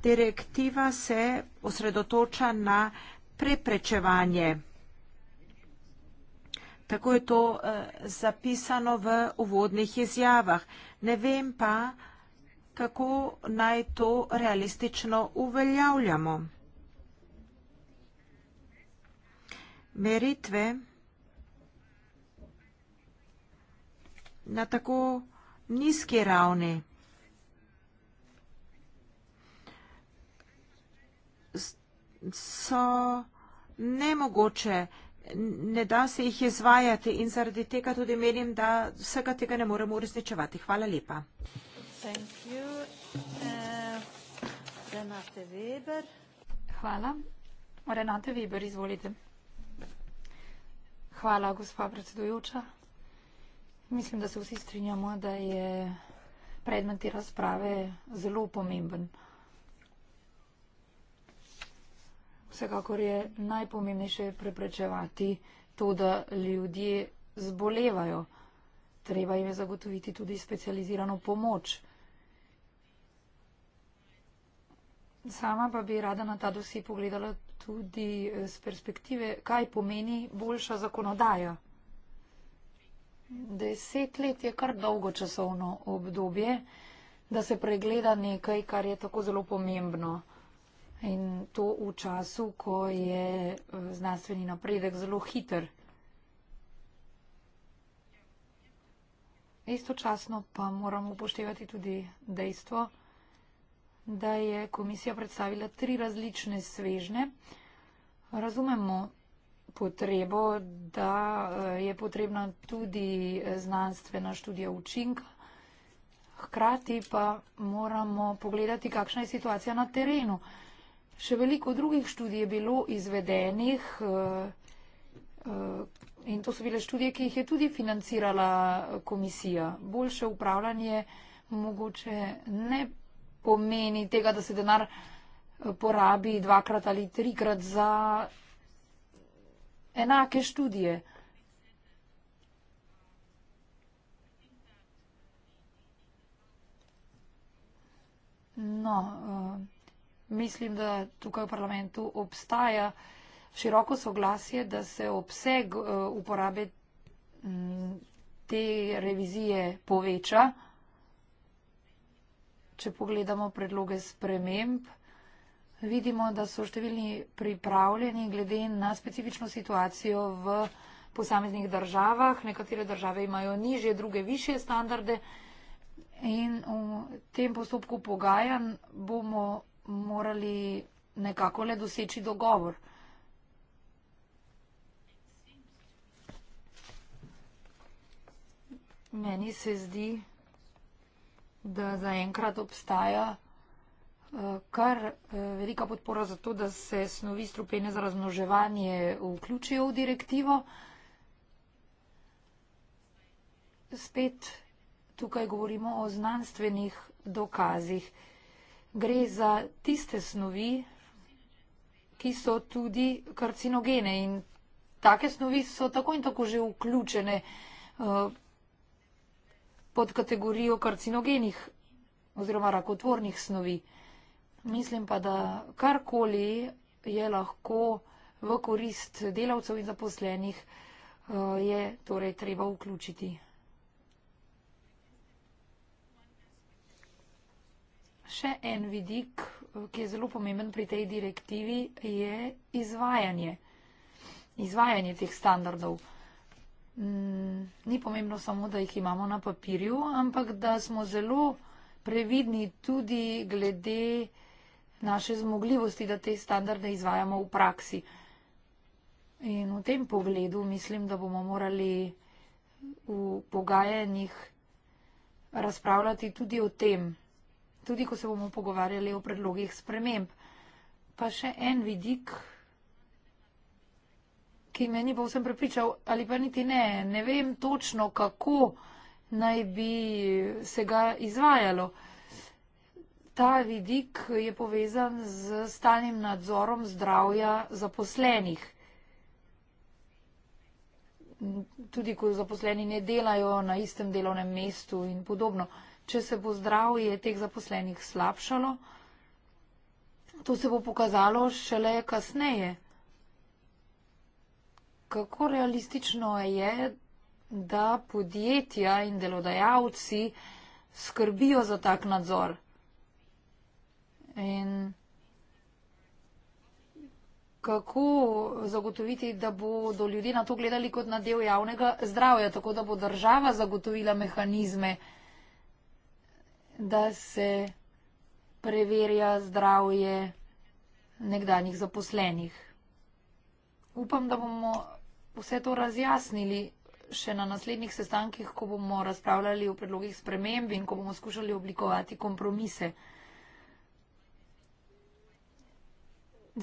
Direktiva se osredotoča na preprečevanje. Tako je to eh, zapisano v uvodnih izjavah. Ne vem pa, kako kako naj to realistično uveljavljamo. Meritve na tako nizki ravni so nemogoče, ne da se jih izvajati in zaradi tega tudi menim, da vsega tega ne moremo uresničevati. Hvala lepa. Thank you. Uh, Renate Weber. Hvala. Renate Weber, izvolite. Hvala, gospa predsedujoča. Mislim, da se vsi strinjamo, da je predmet te razprave zelo pomemben. Vsekakor je najpomembnejše preprečevati to, da ljudje zbolevajo. Treba jim je zagotoviti tudi specializirano pomoč. Sama pa bi rada na ta dosi pogledala tudi eh, z perspektive, kaj pomeni boljša zakonodaja. Deset let je kar dolgo časovno obdobje, da se pregleda nekaj, kar je tako zelo pomembno. In to v času, ko je eh, znanstveni napredek zelo hiter. Istočasno pa moramo upoštevati tudi dejstvo, da je da je komisija predstavila tri različne svežne. Razumemo potrebo, da eh, je potrebna tudi eh, znanstvena študija učinka. Hkrati pa moramo pogledati, kakšna je situacija na terenu. Še veliko drugih študij je bilo izvedenih eh, in to so bile študije, ki jih je tudi financirala komisija. Boljše upravljanje mogoče ne pomeni tega, da se denar eh, porabi dvakrat ali trikrat za enake študije. No, eh, mislim, da tukaj v parlamentu obstaja široko soglasje, da se obseg eh, uporabe mm, te revizije poveča če pogledamo predloge sprememb, vidimo, da so številni pripravljeni glede na specifično situacijo v posameznih državah. Nekatere države imajo nižje, druge višje standarde in v tem postopku pogajan bomo morali nekako le doseči dogovor. Meni se zdi, da zaenkrat obstaja eh, kar eh, velika podpora za to, da se snovi strupene za razmnoževanje vključijo v direktivo. Spet tukaj govorimo o znanstvenih dokazih. Gre za tiste snovi, ki so tudi karcinogene in take snovi so tako in tako že vključene. Eh, pod kategorijo karcinogenih oziroma rakotvornih snovi. Mislim pa, da karkoli je lahko v korist delavcev in zaposlenih, eh, je torej treba vključiti. Še en vidik, eh, ki je zelo pomemben pri tej direktivi, je izvajanje. Izvajanje teh standardov. Mm, ni pomembno samo, da jih imamo na papirju, ampak da smo zelo previdni tudi glede naše zmogljivosti, da te standarde izvajamo v praksi. In v tem pogledu mislim, da bomo morali v pogajanjih razpravljati tudi o tem, tudi ko se bomo pogovarjali o predlogih sprememb. Pa še en vidik ki me ni povsem prepričal, ali pa niti ne. Ne vem točno, kako naj bi se ga izvajalo. Ta vidik je povezan z stalnim nadzorom zdravja zaposlenih. Tudi, ko zaposleni ne delajo na istem delovnem mestu in podobno. Če se bo zdravje teh zaposlenih slabšalo, to se bo pokazalo šele kasneje kako realistično je, da podjetja in delodajalci skrbijo za tak nadzor. In kako zagotoviti, da bodo ljudje na to gledali kot na del javnega zdravja, tako da bo država zagotovila mehanizme, da se preverja zdravje nekdanjih zaposlenih. Upam, da bomo vse to razjasnili še na naslednjih sestankih, ko bomo razpravljali o predlogih sprememb in ko bomo skušali oblikovati kompromise.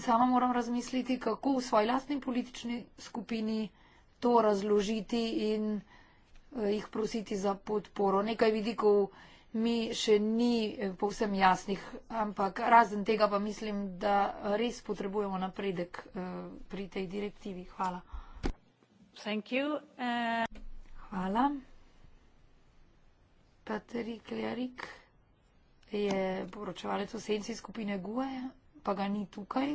Sama moram razmisliti, kako v svoji lastni politični skupini to razložiti in eh, jih prositi za podporo. Nekaj vidikov mi še ni eh, povsem jasnih, ampak razen tega pa mislim, da res potrebujemo napredek eh, pri tej direktivi. Hvala. Thank you. Uh, Hvala. Patrik Lerik je poročevalec v senci skupine GUE, pa ga ni tukaj.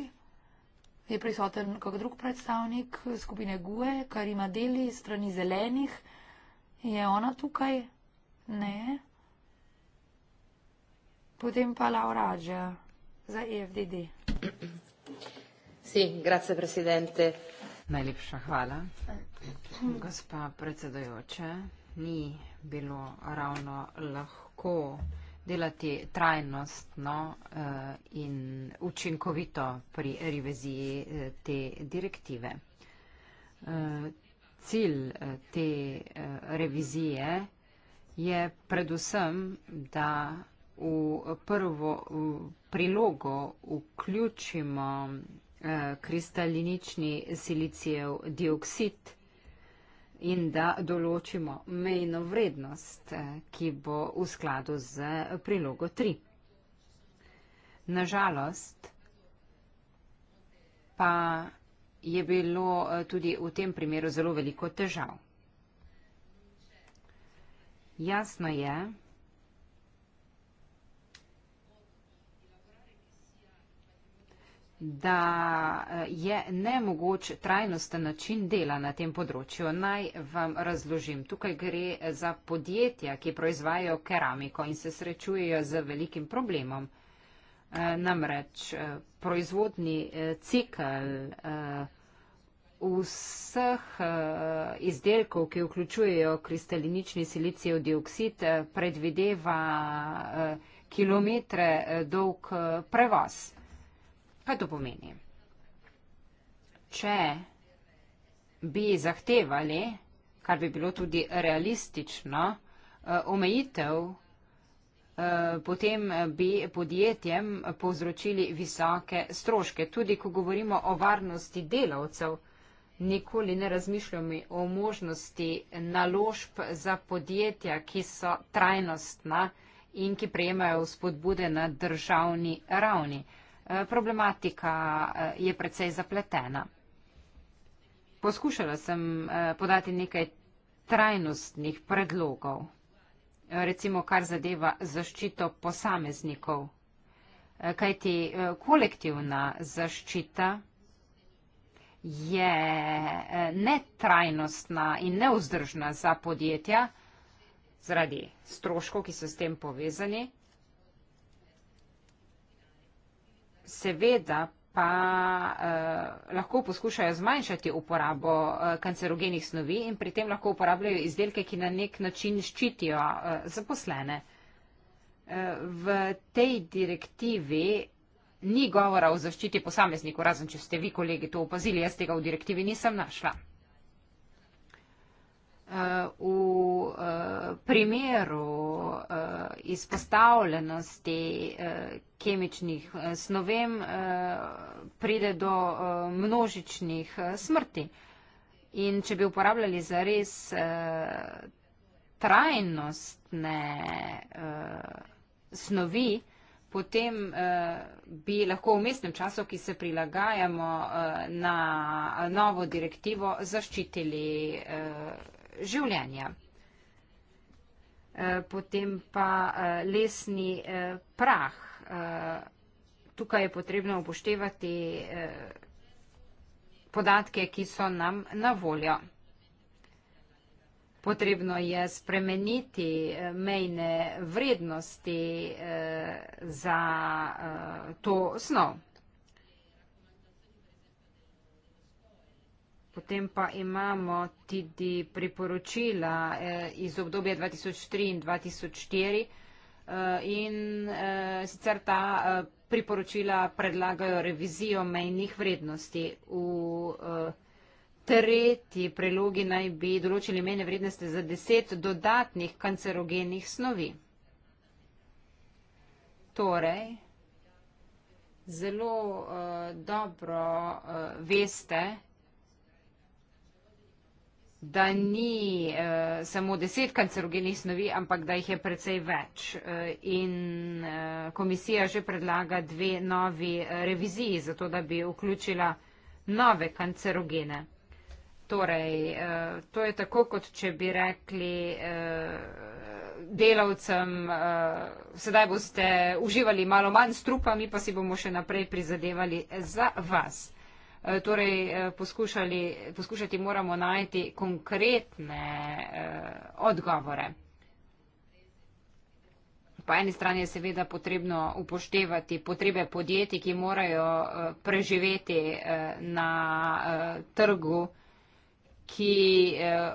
Je prisoten kak drug predstavnik skupine GUE, kar ima deli strani zelenih. Je ona tukaj? Ne. Potem pa Laura Adja za EFDD. Sì, grazie Presidente. Najlepša hvala. Gospa predsedojoče, ni bilo ravno lahko delati trajnostno eh, in učinkovito pri reviziji eh, te direktive. Eh, cilj te revizije je predvsem, da v prvo prilogo vključimo Eh, kristalinični silicijev dioksid in da določimo mejno vrednost, eh, ki bo v skladu z prilogo 3. Nažalost pa je bilo eh, tudi v tem primeru zelo veliko težav. Jasno je, da eh, je nemogoč trajnosten način dela na tem področju. Naj vam razložim. Tukaj gre za podjetja, ki proizvajajo keramiko in se srečujejo z velikim problemom. Eh, namreč eh, proizvodni cikl vseh izdelkov, ki vključujejo kristalinični silicijev dioksid, predvideva kilometre dolg prevoz. Kaj to pomeni? Če bi zahtevali, kar bi bilo tudi realistično, eh, omejitev, eh, potem bi podjetjem povzročili visoke stroške. Tudi, ko govorimo o varnosti delavcev, nikoli ne razmišljamo o možnosti naložb za podjetja, ki so trajnostna in ki prejemajo spodbude na državni ravni. Eh, problematika eh, je precej zapletena. Poskušala sem eh, podati nekaj trajnostnih predlogov, recimo kar zadeva zaščito posameznikov, kajti kolektivna zaščita je netrajnostna in neuzdržna za podjetja zaradi stroškov, ki so s tem povezani. seveda pa eh, lahko poskušajo zmanjšati uporabo eh, kancerogenih snovi in pri tem lahko uporabljajo izdelke, ki na nek način ščitijo eh, zaposlene. Eh, v tej direktivi ni govora o zaščiti posameznikov, razen če ste vi, kolegi, to opazili, jaz tega v direktivi nisem našla. Eh, v eh, primeru eh, izpostavljenosti kemičnih snovem pride do množičnih smrti. In če bi uporabljali za res trajnostne snovi, potem bi lahko v mestnem času, ki se prilagajamo na novo direktivo, zaščitili življenja. Eh, potem pa eh, lesni eh, prah. Tukaj je potrebno upoštevati podatke, ki so nam na voljo. Potrebno je spremeniti mejne vrednosti za to snov. Potem pa imamo tudi priporočila eh, iz obdobja 2003 in 2004 eh, in eh, sicer ta eh, priporočila predlagajo revizijo mejnih vrednosti. V eh, tretji prelogi naj bi določili mejne vrednosti za deset dodatnih kancerogenih snovi. Torej, zelo eh, dobro eh, veste, da ni uh, samo deset kancerogenih snovi, ampak da jih je precej več. Uh, in uh, komisija že predlaga dve novi uh, reviziji, zato da bi vključila nove kancerogene. Torej, uh, to je tako, kot če bi rekli uh, delavcem, uh, sedaj boste uživali malo manj s trupami, pa si bomo še naprej prizadevali za vas. Eh, torej eh, poskušali, poskušati moramo najti konkretne eh, odgovore. Po eni strani je seveda potrebno upoštevati potrebe podjetij, ki morajo preživeti na trgu, ki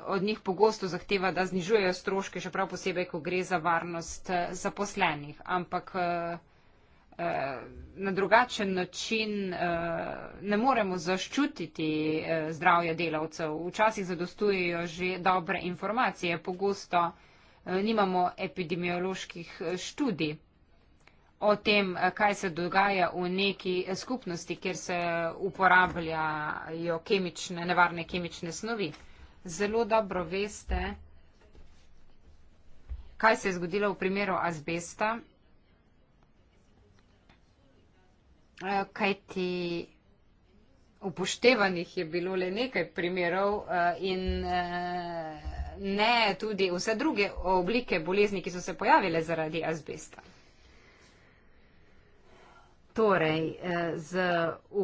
od njih pogosto zahteva, da znižujejo stroške, še prav posebej, ko gre za varnost zaposlenih. Ampak Eh, na drugačen način eh, ne moremo zaščititi eh, zdravja delavcev. Včasih zadostujejo že dobre informacije, pogosto nimamo epidemioloških študij o tem, kaj se dogaja v neki skupnosti, kjer se uporabljajo kemične, nevarne kemične snovi. Zelo dobro veste, kaj se je zgodilo v primeru azbesta. Eh, kajti upoštevanih je bilo le nekaj primerov eh, in eh, ne tudi vse druge oblike bolezni, ki so se pojavile zaradi azbesta. Torej, z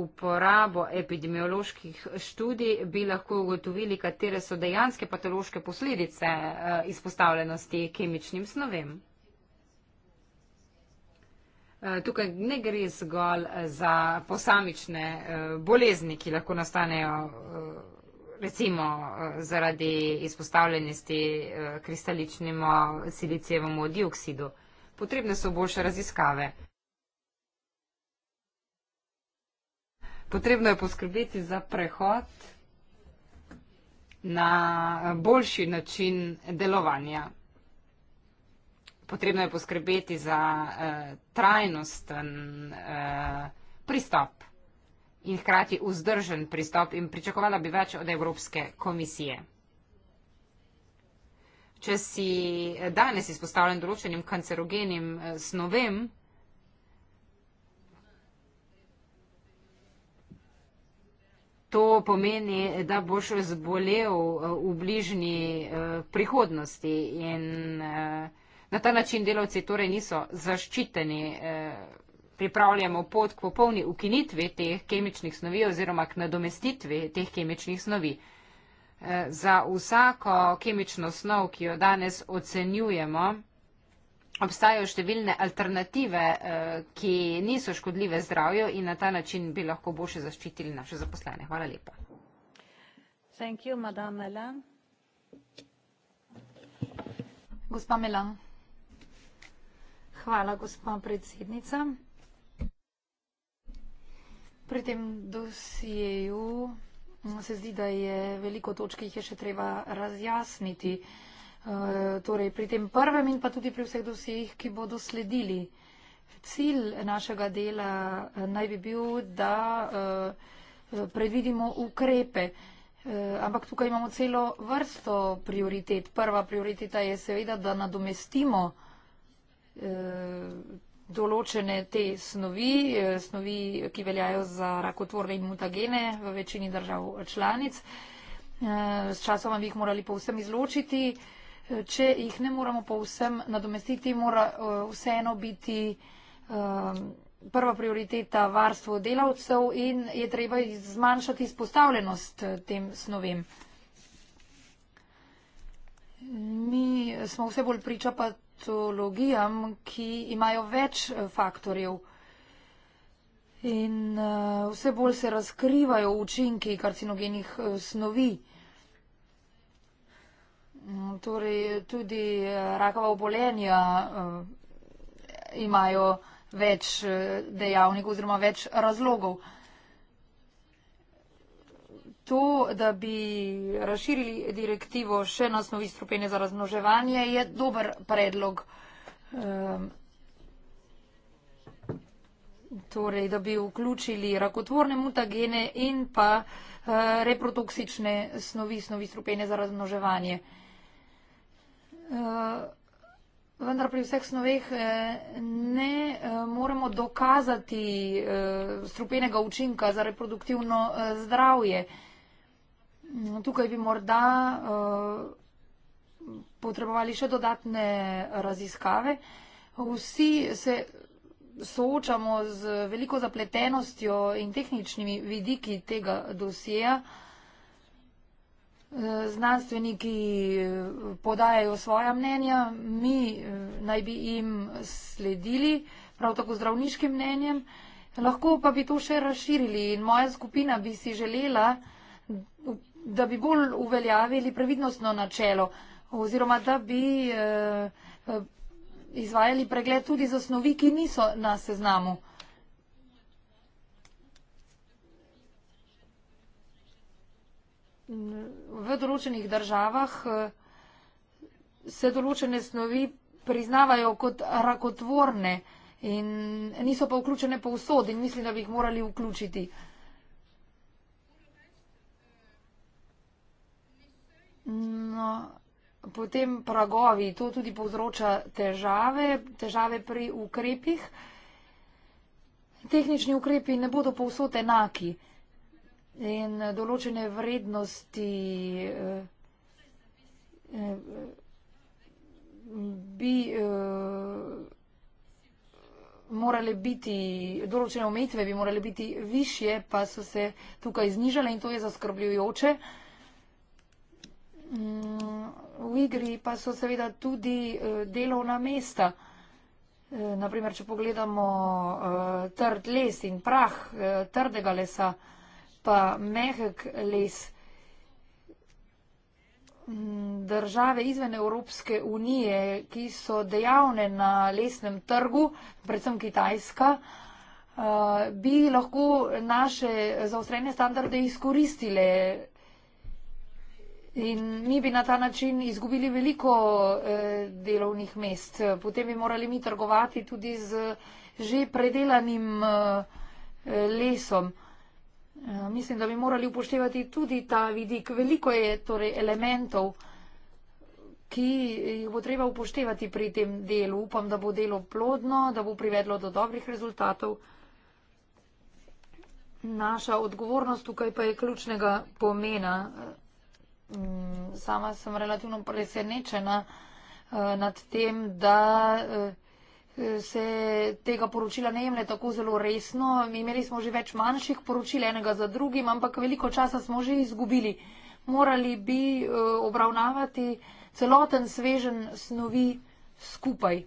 uporabo epidemioloških študij bi lahko ugotovili, katere so dejanske patološke posledice izpostavljenosti kemičnim snovem. Eh, tukaj ne gre zgolj eh, za posamične eh, bolezni, ki lahko nastanejo recimo zaradi izpostavljenosti kristaličnemu silicijevemu dioksidu. Potrebne so boljše raziskave. Potrebno je poskrbeti za prehod na boljši način delovanja potrebno je poskrbeti za uh, trajnosten uh, pristop in hkrati vzdržen pristop in pričakovala bi več od Evropske komisije. Če si danes izpostavljen določenim kancerogenim eh, snovem, to pomeni, da boš zbolel v bližnji prihodnosti in Na ta način delavci torej niso zaščiteni. Eh, pripravljamo pot k popolni ukinitvi teh kemičnih snovi oziroma k nadomestitvi teh kemičnih snovi. Eh, za vsako kemično snov, ki jo danes ocenjujemo, obstajajo številne alternative, eh, ki niso škodljive zdravju in na ta način bi lahko boljše zaščitili naše zaposlene. Hvala lepa. Thank you, Gospa Melan. Hvala, gospa predsednica. Pri tem dosjeju mm, se zdi, da je veliko točk, ki jih je še treba razjasniti. E, torej, pri tem prvem in pa tudi pri vseh dosjejih, ki bodo sledili. Cilj našega dela e, naj bi bil, da e, predvidimo ukrepe. Ampak tukaj imamo celo vrsto prioritet. Prva prioriteta je seveda, da nadomestimo ukrepe Eh, določene te snovi, eh, snovi, ki veljajo za rakotvorne in mutagene v večini držav članic. Eh, s časoma bi jih morali povsem izločiti. Če jih ne moramo povsem nadomestiti, mora vseeno biti prva prioriteta varstvo delavcev in je treba zmanjšati izpostavljenost tem snovem. Mi smo vse bolj priča pa patologijam, ki imajo več eh, faktorjev. In eh, vse bolj se razkrivajo učinki karcinogenih eh, snovi. Mm, torej, tudi rakava obolenja imajo več dejavnikov oziroma več razlogov to, da bi razširili direktivo še na osnovi stropenja za razmnoževanje, je dober predlog. Um, torej, da bi vključili rakotvorne mutagene in pa uh, reprotoksične snovi, snovi stropenja za razmnoževanje. Uh, vendar pri vseh snoveh eh, ne eh, moremo dokazati eh, strupenega učinka za reproduktivno eh, zdravje. Eh, No, tukaj bi morda eh, potrebovali še dodatne raziskave. Vsi se soočamo z veliko zapletenostjo in tehničnimi vidiki tega dosija. Eh, znanstveniki eh, podajajo svoja mnenja, mi naj bi jim sledili, prav tako zdravniškim mnenjem, lahko pa bi to še razširili in moja skupina bi si želela, da bi bolj uveljavili previdnostno načelo oziroma da bi eh, eh, izvajali pregled tudi za snovi, ki niso na seznamu. V določenih državah eh, se določene snovi priznavajo kot rakotvorne in niso pa vključene povsod in mislim, da bi jih morali vključiti. No, potem pragovi, to tudi povzroča težave, težave pri ukrepih. Tehnični ukrepi ne bodo povsod enaki in določene vrednosti eh, eh, bi eh, morale biti, določene omejitve bi morale biti više, pa so se tukaj znižale in to je zaskrbljujoče. Mm, v igri pa so seveda tudi eh, delovna mesta. Eh, Naprimer, če pogledamo eh, trd les in prah trdega lesa, pa mehek les. Mm, države izven Evropske unije, ki so dejavne na lesnem trgu, predvsem Kitajska, bi lahko naše zaostrene standarde izkoristile In mi bi na ta način izgubili veliko eh, delovnih mest. Potem bi morali mi trgovati tudi z že predelanim eh, lesom. Eh, mislim, da bi morali upoštevati tudi ta vidik. Veliko je torej, elementov, ki jih bo treba upoštevati pri tem delu. Upam, da bo delo plodno, da bo privedlo do dobrih rezultatov. Naša odgovornost tukaj pa je ključnega pomena. Eh, Mm, sama sem relativno presenečena eh, nad tem, da eh, se tega poročila ne jemlje tako zelo resno. Imeli smo že več manjših poročil enega za drugim, ampak veliko časa smo že izgubili. Morali bi eh, obravnavati celoten svežen snovi skupaj.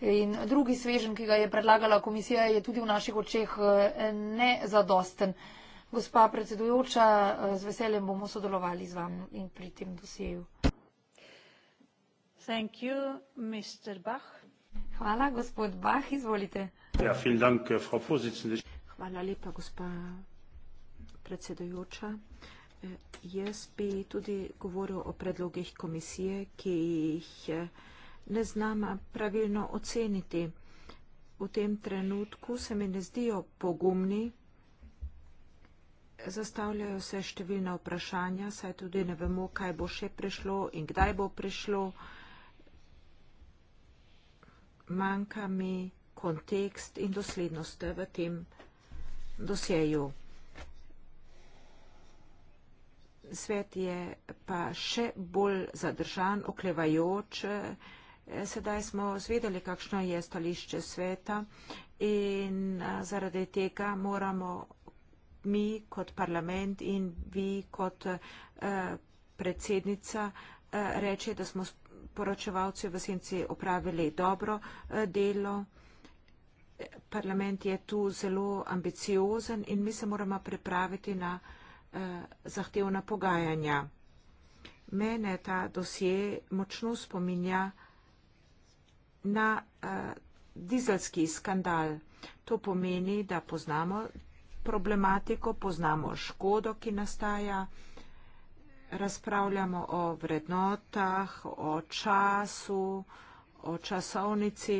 In drugi svežen, ki ga je predlagala komisija, je tudi v naših očeh nezadosten. Gospa predsedujoča, z veseljem bomo sodelovali z vami in pri tem dosjeju. Thank you, Mr. Bach. Hvala, gospod Bach, izvolite. Ja, vielen Dank, eh, Frau Vorsitzende. Hvala lepa, gospa predsedujoča. Eh, jaz bi tudi govoril o predlogih komisije, ki jih eh, ne znam pravilno oceniti. V tem trenutku se mi ne zdijo pogumni, zastavljajo se številna vprašanja, saj tudi ne vemo, kaj bo še prišlo in kdaj bo prišlo. Manjka mi kontekst in doslednost v tem dosjeju. Svet je pa še bolj zadržan, oklevajoč. Sedaj smo zvedeli, kakšno je stališče sveta in zaradi tega moramo mi kot parlament in vi kot eh, predsednica eh, reče, da smo poročevalci v senci opravili dobro eh, delo. Parlament je tu zelo ambiciozen in mi se moramo pripraviti na zahtevna pogajanja. Mene ta dosje močno spominja na dizelski skandal. To pomeni, da poznamo problematiko, poznamo škodo, ki nastaja, razpravljamo o vrednotah, o času, o časovnici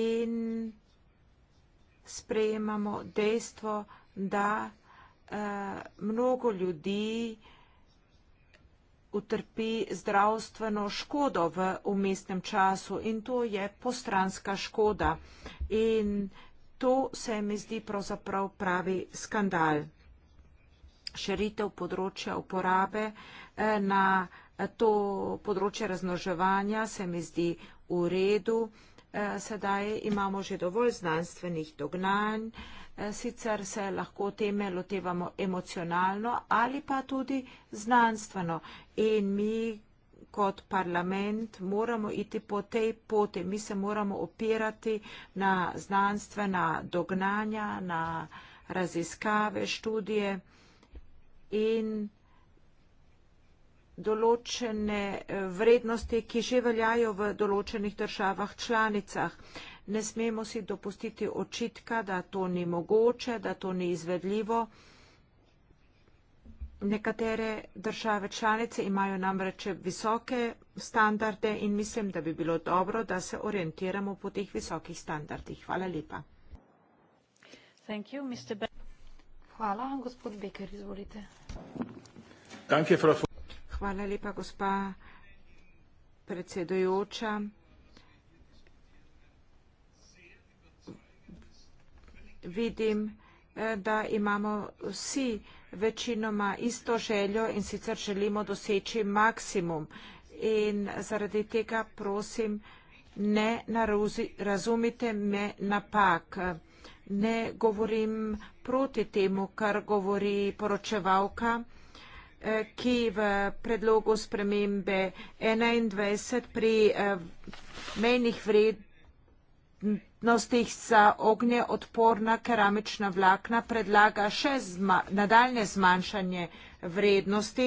in sprejemamo dejstvo, da eh, mnogo ljudi utrpi zdravstveno škodo v umestnem času in to je postranska škoda. In to se mi zdi pravzaprav pravi skandal. Širitev področja uporabe eh, na eh, to področje raznoževanja se mi zdi v redu. Eh, sedaj imamo že dovolj znanstvenih dognanj, sicer se lahko teme lotevamo emocionalno ali pa tudi znanstveno. In mi kot parlament moramo iti po tej poti. Mi se moramo opirati na znanstvena dognanja, na raziskave, študije in določene vrednosti, ki že veljajo v določenih državah članicah. Ne smemo si dopustiti očitka, da to ni mogoče, da to ni izvedljivo. Nekatere države članice imajo namreč visoke standarde in mislim, da bi bilo dobro, da se orientiramo po teh visokih standardih. Hvala lepa. Thank you, Mr. Hvala, gospod Becker, izvolite. Thank you for... Hvala lepa, gospa predsedujoča. Vidim, eh, da imamo vsi večinoma isto željo in sicer želimo doseči maksimum. In zaradi tega prosim, ne naruzi, razumite me napak. Ne govorim proti temu, kar govori poročevalka, eh, ki v predlogu spremembe 21 pri eh, mejnih vrednostih Nostih sa ognje odporna keramična vlakna predlaga še zma, nadaljne zmanjšanje vrednosti.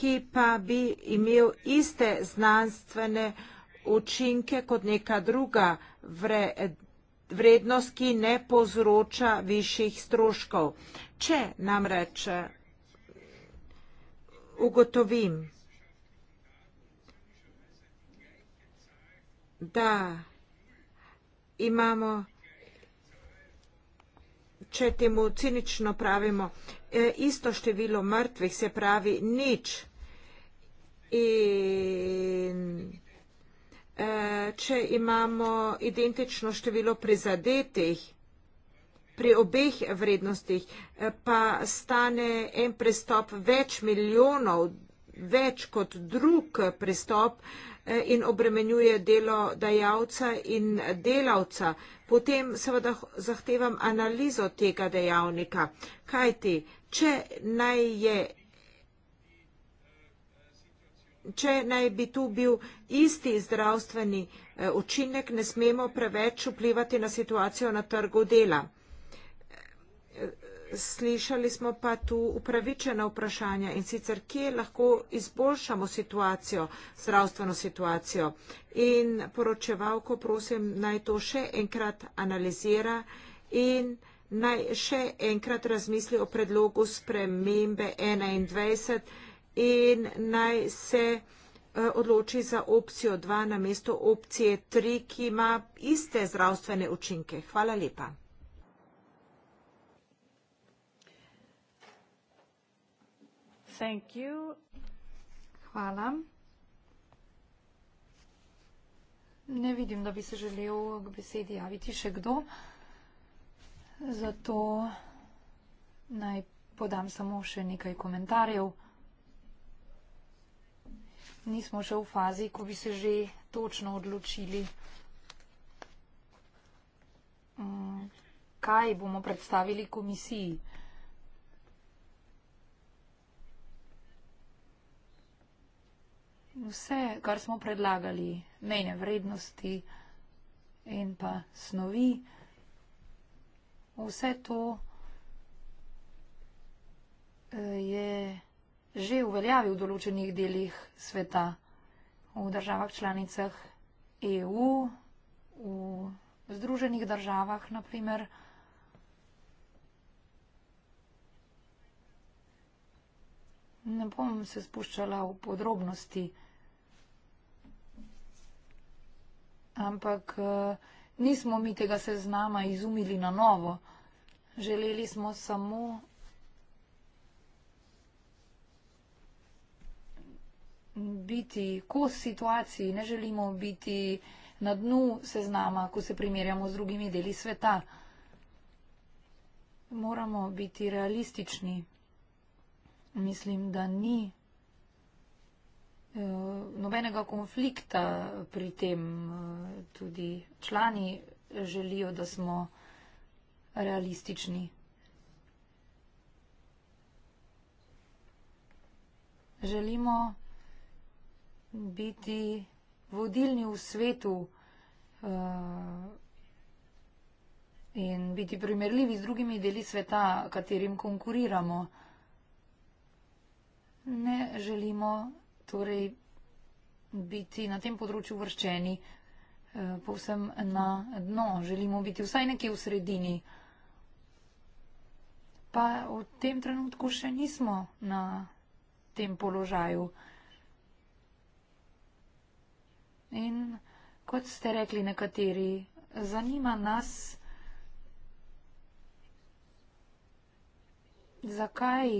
ki pa bi imel iste znanstvene učinke kot neka druga vre, vrednost, ki ne povzroča višjih stroškov. Če namreč eh, ugotovim, da imamo, če temu cinično pravimo, e, isto število mrtvih, se pravi nič. In e, če imamo identično število prizadetih, pri obeh vrednostih e, pa stane en prestop več milijonov, več kot drug prestop, Eh, in obremenjuje delo dajavca in delavca. Potem seveda zahtevam analizo tega dejavnika. Kaj ti, če naj je Če naj bi tu bil isti zdravstveni eh, učinek, ne smemo preveč vplivati na situacijo na trgu dela slišali smo pa tu upravičena vprašanja in sicer, kje lahko izboljšamo situacijo, zdravstveno situacijo. In poročevalko prosim, naj to še enkrat analizira in naj še enkrat razmisli o predlogu spremembe 21 in naj se eh, odloči za opcijo 2 na mesto opcije 3, ki ima iste zdravstvene učinke. Hvala lepa. Thank you. Hvala. Ne vidim, da bi se želel k besedi javiti še kdo, zato naj podam samo še nekaj komentarjev. Nismo še v fazi, ko bi se že točno odločili, mm, kaj bomo predstavili komisiji. vse, kar smo predlagali, mejne vrednosti in pa snovi, vse to eh, je že uveljavil v določenih delih sveta, v državah članicah EU, v Združenih državah naprimer. Ne bom se spuščala v podrobnosti. ampak eh, nismo mi tega seznama izumili na novo. Želeli smo samo. biti kos situaciji, ne želimo biti na dnu seznama, ko se primerjamo z drugimi deli sveta. Moramo biti realistični. Mislim, da ni Eh, nobenega konflikta pri tem. Eh, tudi člani želijo, da smo realistični. Želimo biti vodilni v svetu uh, in biti primerljivi z drugimi deli sveta, katerim konkuriramo. Ne želimo torej biti na tem področju vrščeni eh, povsem na dno. Želimo biti vsaj nekje v sredini. Pa v tem trenutku še nismo na tem položaju. In kot ste rekli nekateri, zanima nas, zakaj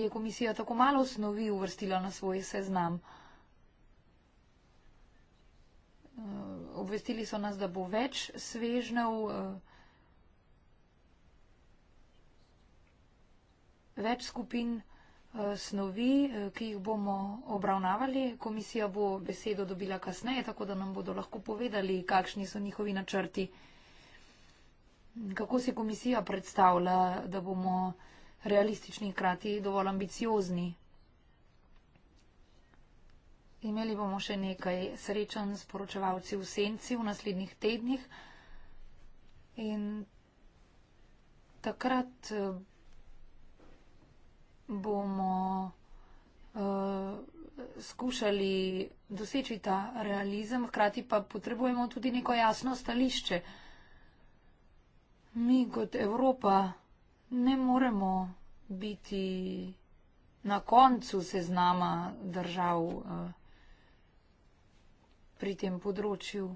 je komisija tako malo snovi uvrstila na svoj seznam. Eh, obvestili so nas, da bo več svežnev, eh, več skupin eh, snovi, ki jih bomo obravnavali. Komisija bo besedo dobila kasneje, tako da nam bodo lahko povedali, kakšni so njihovi načrti. Kako si komisija predstavlja, da bomo realistični in krati dovolj ambiciozni. Imeli bomo še nekaj srečanj s poročevalci v senci v naslednjih tednih in takrat eh, bomo uh, skušali doseči ta realizem, hkrati pa potrebujemo tudi neko jasno stališče. Mi kot Evropa ne moremo biti na koncu seznama držav eh, pri tem področju.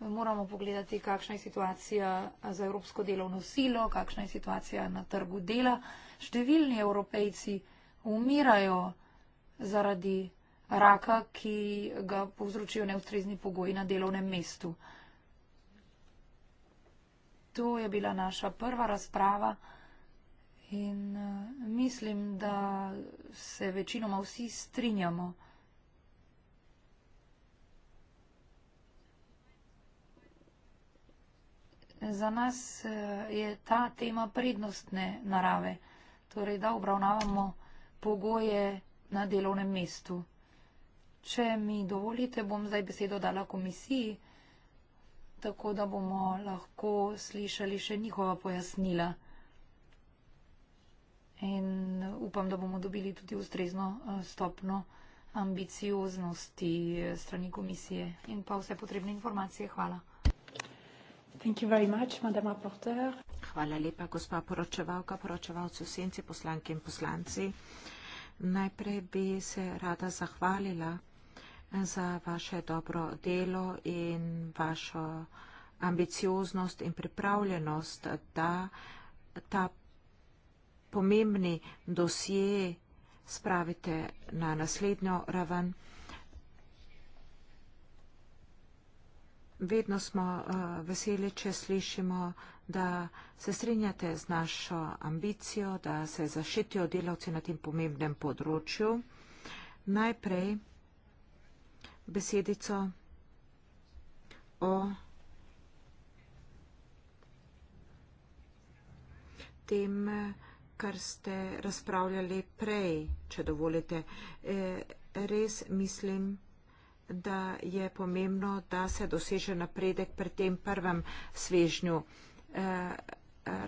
Moramo pogledati, kakšna je situacija za evropsko delovno silo, kakšna je situacija na trgu dela. Številni evropejci umirajo zaradi raka, ki ga povzročijo neustrezni pogoji na delovnem mestu. To je bila naša prva razprava in eh, mislim, da se večinoma vsi strinjamo. Za nas eh, je ta tema prednostne narave, torej da obravnavamo pogoje na delovnem mestu. Če mi dovolite, bom zdaj besedo dala komisiji tako da bomo lahko slišali še njihova pojasnila. In eh, upam, da bomo dobili tudi ustrezno eh, stopno ambicioznosti eh, strani komisije in pa vse potrebne informacije. Hvala. Thank you very much, Madame Rapporteur. Hvala lepa, gospa poročevalka, poročevalci v senci, poslanke in poslanci. Najprej bi se rada zahvalila za vaše dobro delo in vašo ambicioznost in pripravljenost, da ta pomembni dosje spravite na naslednjo raven. Vedno smo eh, veseli, če slišimo, da se strinjate z našo ambicijo, da se zaščitijo delavci na tem pomembnem področju. Najprej besedico o tem, kar ste razpravljali prej, če dovolite. E, res mislim, da je pomembno, da se doseže napredek pri tem prvem svežnju. E,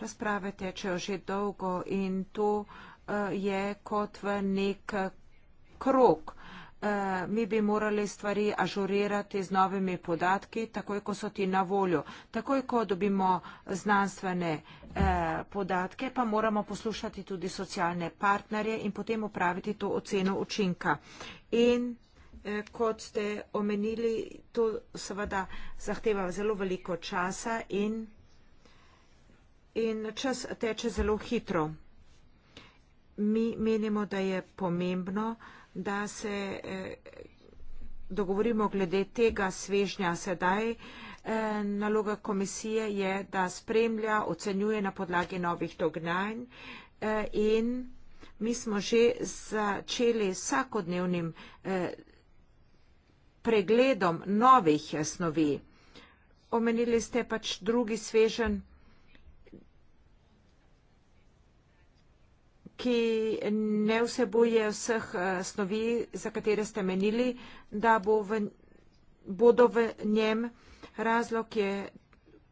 razprave tečejo že dolgo in to e, je kot v nek krok, Eh, mi bi morali stvari ažurirati z novimi podatki, takoj ko so ti na voljo. Takoj ko dobimo znanstvene eh, podatke, pa moramo poslušati tudi socialne partnerje in potem upraviti to oceno učinka. In eh, kot ste omenili, to seveda zahteva zelo veliko časa in, in čas teče zelo hitro. Mi menimo, da je pomembno, da se eh, dogovorimo glede tega svežnja sedaj. Eh, naloga komisije je, da spremlja, ocenjuje na podlagi novih dognanj eh, in mi smo že začeli vsakodnevnim pregledom novih snovi. Omenili ste pač drugi svežen. ki ne vsebuje vseh eh, snovi, za katere ste menili, da bo v, bodo v njem. Razlog je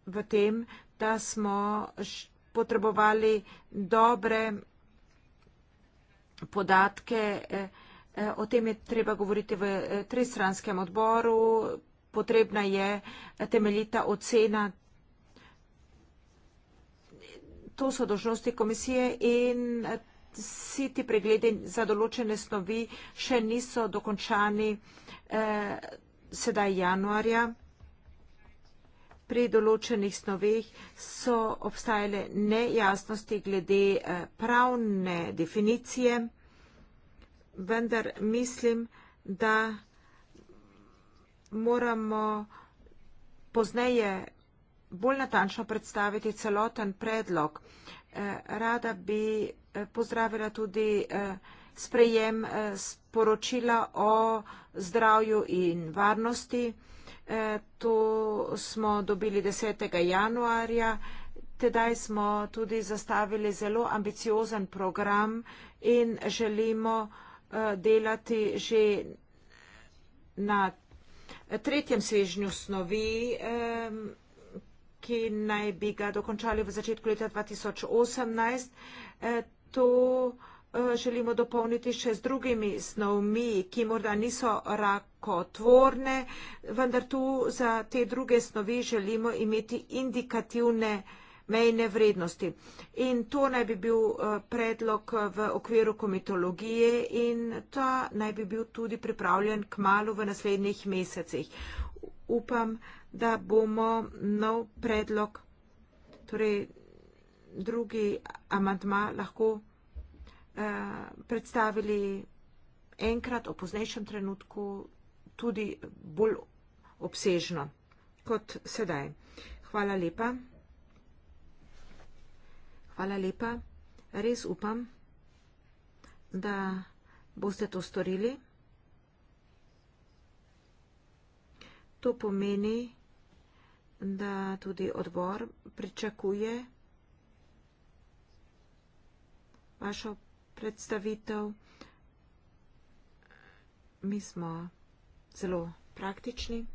v tem, da smo potrebovali dobre podatke. Eh, eh, o tem je treba govoriti v tristranskem odboru. Potrebna je temeljita ocena. To so dožnosti komisije in vsi ti pregledi za določene snovi še niso dokončani eh, sedaj januarja. Pri določenih snovih so obstajale nejasnosti glede eh, pravne definicije, vendar mislim, da moramo pozneje bolj natančno predstaviti celoten predlog. Eh, rada bi pozdravila tudi eh, sprejem eh, sporočila o zdravju in varnosti. Eh, to smo dobili 10. januarja. Tedaj smo tudi zastavili zelo ambiciozen program in želimo delati že na tretjem svežnju snovi, ki naj bi ga dokončali v začetku leta 2018 to eh, želimo dopolniti še z drugimi snovmi, ki morda niso rakotvorne, vendar tu za te druge snovi želimo imeti indikativne mejne vrednosti. In to naj bi bil eh, predlog eh, v okviru komitologije in ta naj bi bil tudi pripravljen k malu v naslednjih mesecih. Upam, da bomo nov predlog, torej drugi amantma lahko predlog Eh, predstavili enkrat, o poznejšem trenutku, tudi bolj obsežno kot sedaj. Hvala lepa. Hvala lepa. Res upam, da boste to storili. To pomeni, da tudi odbor pričakuje vašo predstavitev. Mi smo zelo praktični.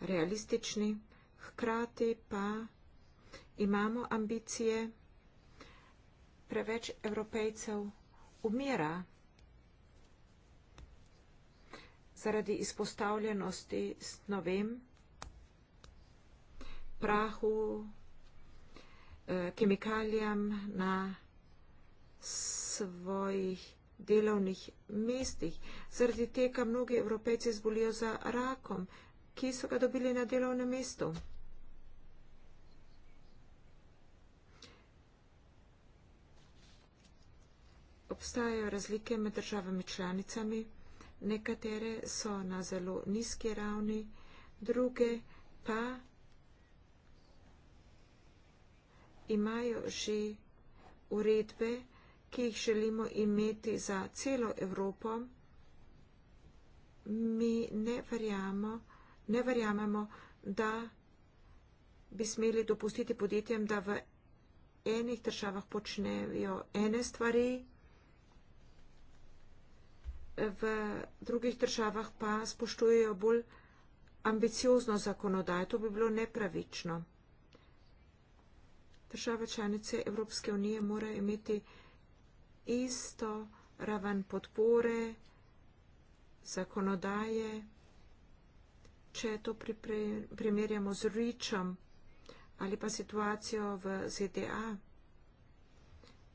Realistični, hkrati pa imamo ambicije, preveč evropejcev umira zaradi izpostavljenosti s novem prahu, kemikalijam na svojih delovnih mestih. Zaradi tega mnogi evropejci zbolijo za rakom, ki so ga dobili na delovnem mestu. Obstajajo razlike med državami članicami, nekatere so na zelo nizki ravni, druge pa imajo že uredbe, ki jih želimo imeti za celo Evropo, mi ne, verjamo, ne verjamemo, da bi smeli dopustiti podjetjem, da v enih državah počnejo ene stvari, v drugih državah pa spoštujejo bolj ambiciozno zakonodajo. To bi bilo nepravično države članice Evropske unije morajo imeti isto raven podpore, zakonodaje, če to primerjamo z Ričom ali pa situacijo v ZDA,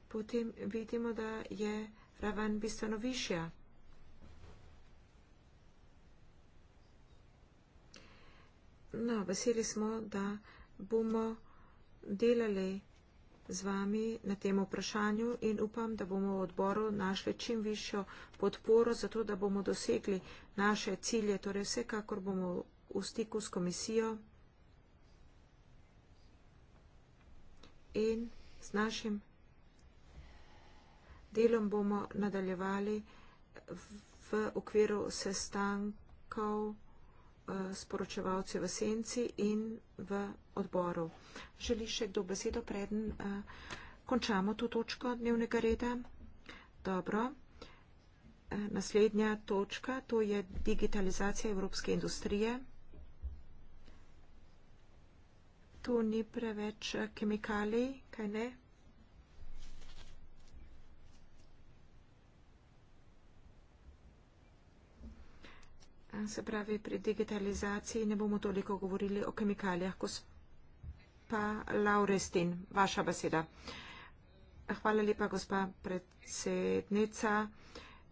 potem vidimo, da je raven bistveno višja. No, veseli smo, da bomo delali z vami na tem vprašanju in upam, da bomo v odboru našli čim višjo podporo za to, da bomo dosegli naše cilje. Torej vsekakor bomo v stiku s komisijo in s našim delom bomo nadaljevali v okviru sestankov. Eh, sporočevalci v senci in v odboru. Želi še kdo besedo preden? Eh, končamo to točko dnevnega reda. Dobro. Eh, naslednja točka, to je digitalizacija evropske industrije. To ni preveč kemikalij, kaj ne? se pravi pri digitalizaciji ne bomo toliko govorili o kemikalijah. Gospa Laurestin, vaša beseda. Hvala lepa, gospa predsednica.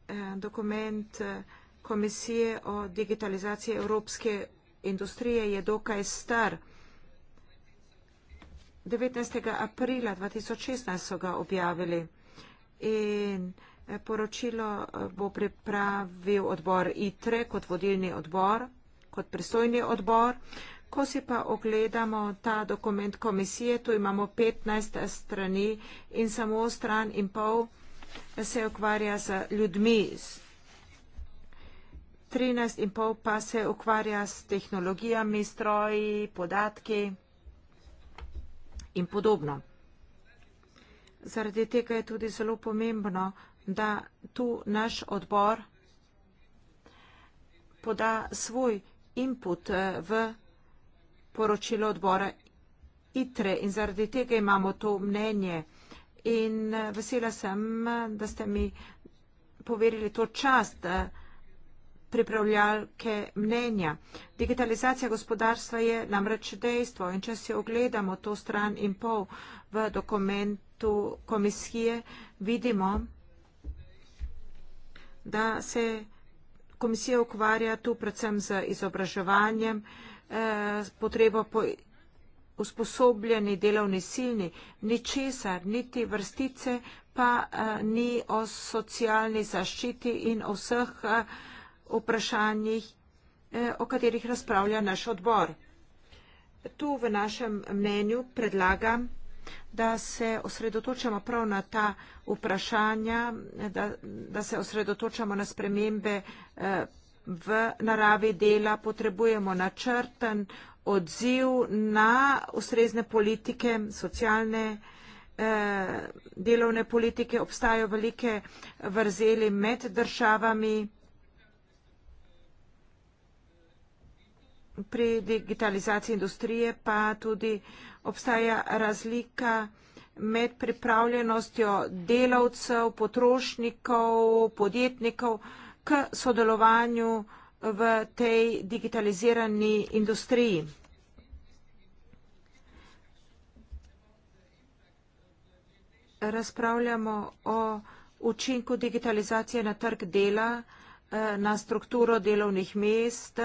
Eh, dokument eh, Komisije o digitalizaciji Evropske industrije je dokaj star. 19. aprila 2016 so ga objavili in Poročilo eh, bo pripravil odbor ITRE kot vodilni odbor, kot pristojni odbor. Ko si pa ogledamo ta dokument komisije, tu imamo 15 strani in samo stran in pol se ukvarja z ljudmi. 13 in pol pa se ukvarja s tehnologijami, stroji, podatki in podobno. Zaradi tega je tudi zelo pomembno da tu naš odbor poda svoj input eh, v poročilo odbora ITRE in zaradi tega imamo to mnenje. In eh, vesela sem, eh, da ste mi poverili to čast pripravljalke mnenja. Digitalizacija gospodarstva je namreč dejstvo in če si ogledamo to stran in pol v dokumentu komisije, vidimo, da da se komisija ukvarja tu predvsem z izobraževanjem, eh, potrebo po usposobljeni delovni silni, ni česar, niti vrstice, pa eh, ni o socialni zaščiti in o vseh eh, vprašanjih, o katerih razpravlja naš odbor. Tu v našem mnenju predlagam, da se osredotočamo prav na ta vprašanja, da, da se osredotočamo na spremembe eh, v naravi dela, potrebujemo načrten odziv na ustrezne politike, socialne eh, delovne politike, obstajajo velike vrzeli med državami. Pri digitalizaciji industrije pa tudi eh, obstaja razlika med pripravljenostjo delavcev, potrošnikov, podjetnikov k sodelovanju v tej digitalizirani industriji. Razpravljamo o učinku digitalizacije na trg dela, eh, na strukturo delovnih mest,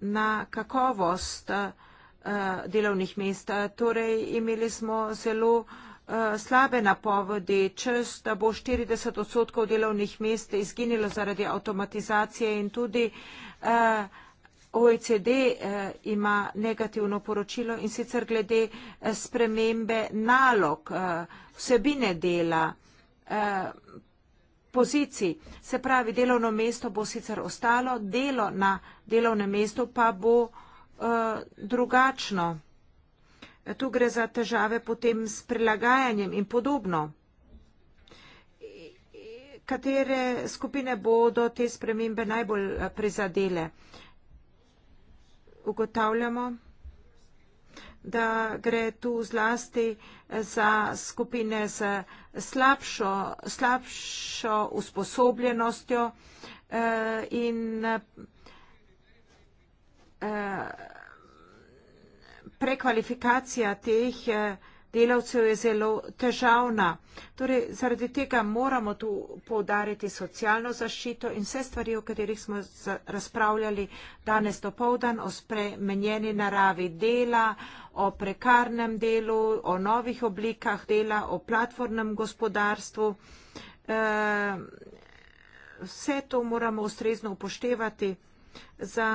na kakovost delovnih mest, Eh, delovnih mest. Eh, torej, imeli smo zelo eh, slabe napovedi, čez, da bo 40 odstotkov delovnih mest izginilo zaradi avtomatizacije in tudi OECD ima negativno poročilo in sicer glede spremembe nalog, vsebine dela, pozicij. Se pravi, delovno mesto bo sicer ostalo, delo na delovnem mestu pa bo Eh, drugačno. Tu gre za težave potem s prilagajanjem in podobno. Katere skupine bodo te spremembe najbolj prizadele? Ugotavljamo, da gre tu zlasti za skupine z slabšo, slabšo usposobljenostjo eh, in Eh, prekvalifikacija teh eh, delavcev je zelo težavna. Torej, zaradi tega moramo tu povdariti socialno zaščito in vse stvari, o katerih smo razpravljali danes do povdan, o spremenjeni naravi dela, o prekarnem delu, o novih oblikah dela, o platformnem gospodarstvu. Eh, vse to moramo ustrezno upoštevati za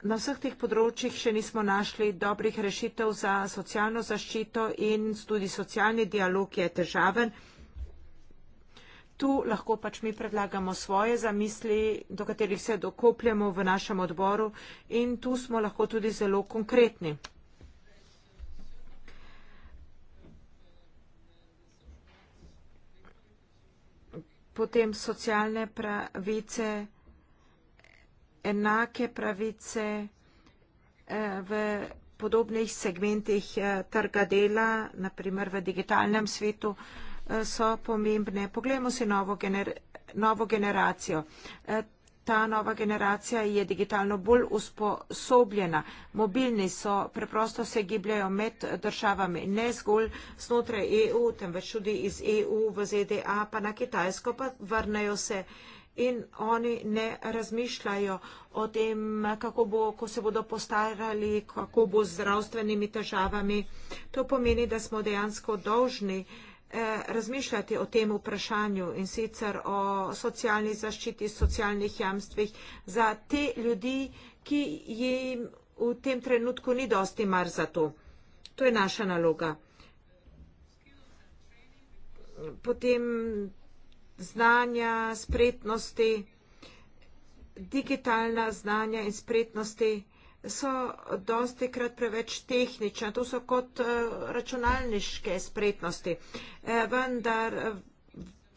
Na vseh teh področjih še nismo našli dobrih rešitev za socialno zaščito in tudi socialni dialog je težaven. Tu lahko pač mi predlagamo svoje zamisli, do katerih se dokopljamo v našem odboru in tu smo lahko tudi zelo konkretni. Potem socialne pravice enake pravice eh, v podobnih segmentih eh, trga dela, naprimer v digitalnem svetu, eh, so pomembne. Poglejmo si novo, gener, novo generacijo. Ta nova generacija je digitalno bolj usposobljena. Mobilni so, preprosto se gibljajo med državami, ne zgolj znotraj EU, temveč tudi iz EU v ZDA, pa na Kitajsko, pa vrnajo se in oni ne razmišljajo o tem, kako bo, ko se bodo postarali, kako bo z zdravstvenimi težavami. To pomeni, da smo dejansko dolžni eh, razmišljati o tem vprašanju in sicer o socialni zaščiti, socialnih jamstvih za te ljudi, ki jim v tem trenutku ni dosti mar za to. To je naša naloga. Potem znanja, spretnosti, digitalna znanja in spretnosti so dosti krat preveč tehnična, to so kot eh, računalniške spretnosti. Eh, vendar eh,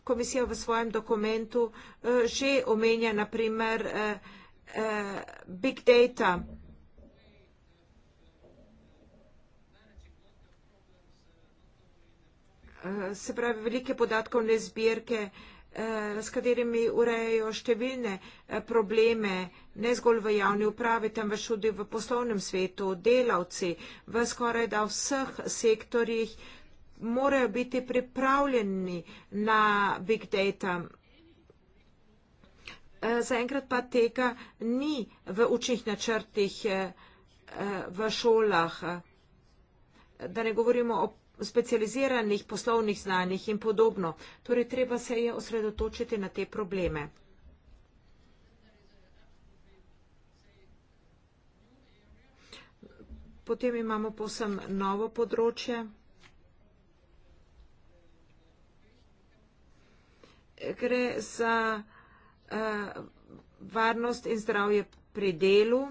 komisija v svojem dokumentu že omenja naprimer big data. Se pravi, velike podatkovne zbirke, Eh, s katerimi urejajo številne eh, probleme, ne zgolj v javni upravi, temveč tudi v poslovnem svetu, delavci v skoraj da vseh sektorjih morajo biti pripravljeni na big data. Eh, zaenkrat pa tega ni v učnih načrtih v šolah, da ne govorimo o v specializiranih poslovnih znanjih in podobno. Torej, treba se je osredotočiti na te probleme. Potem imamo posem novo področje, gre za uh, varnost in zdravje pri delu.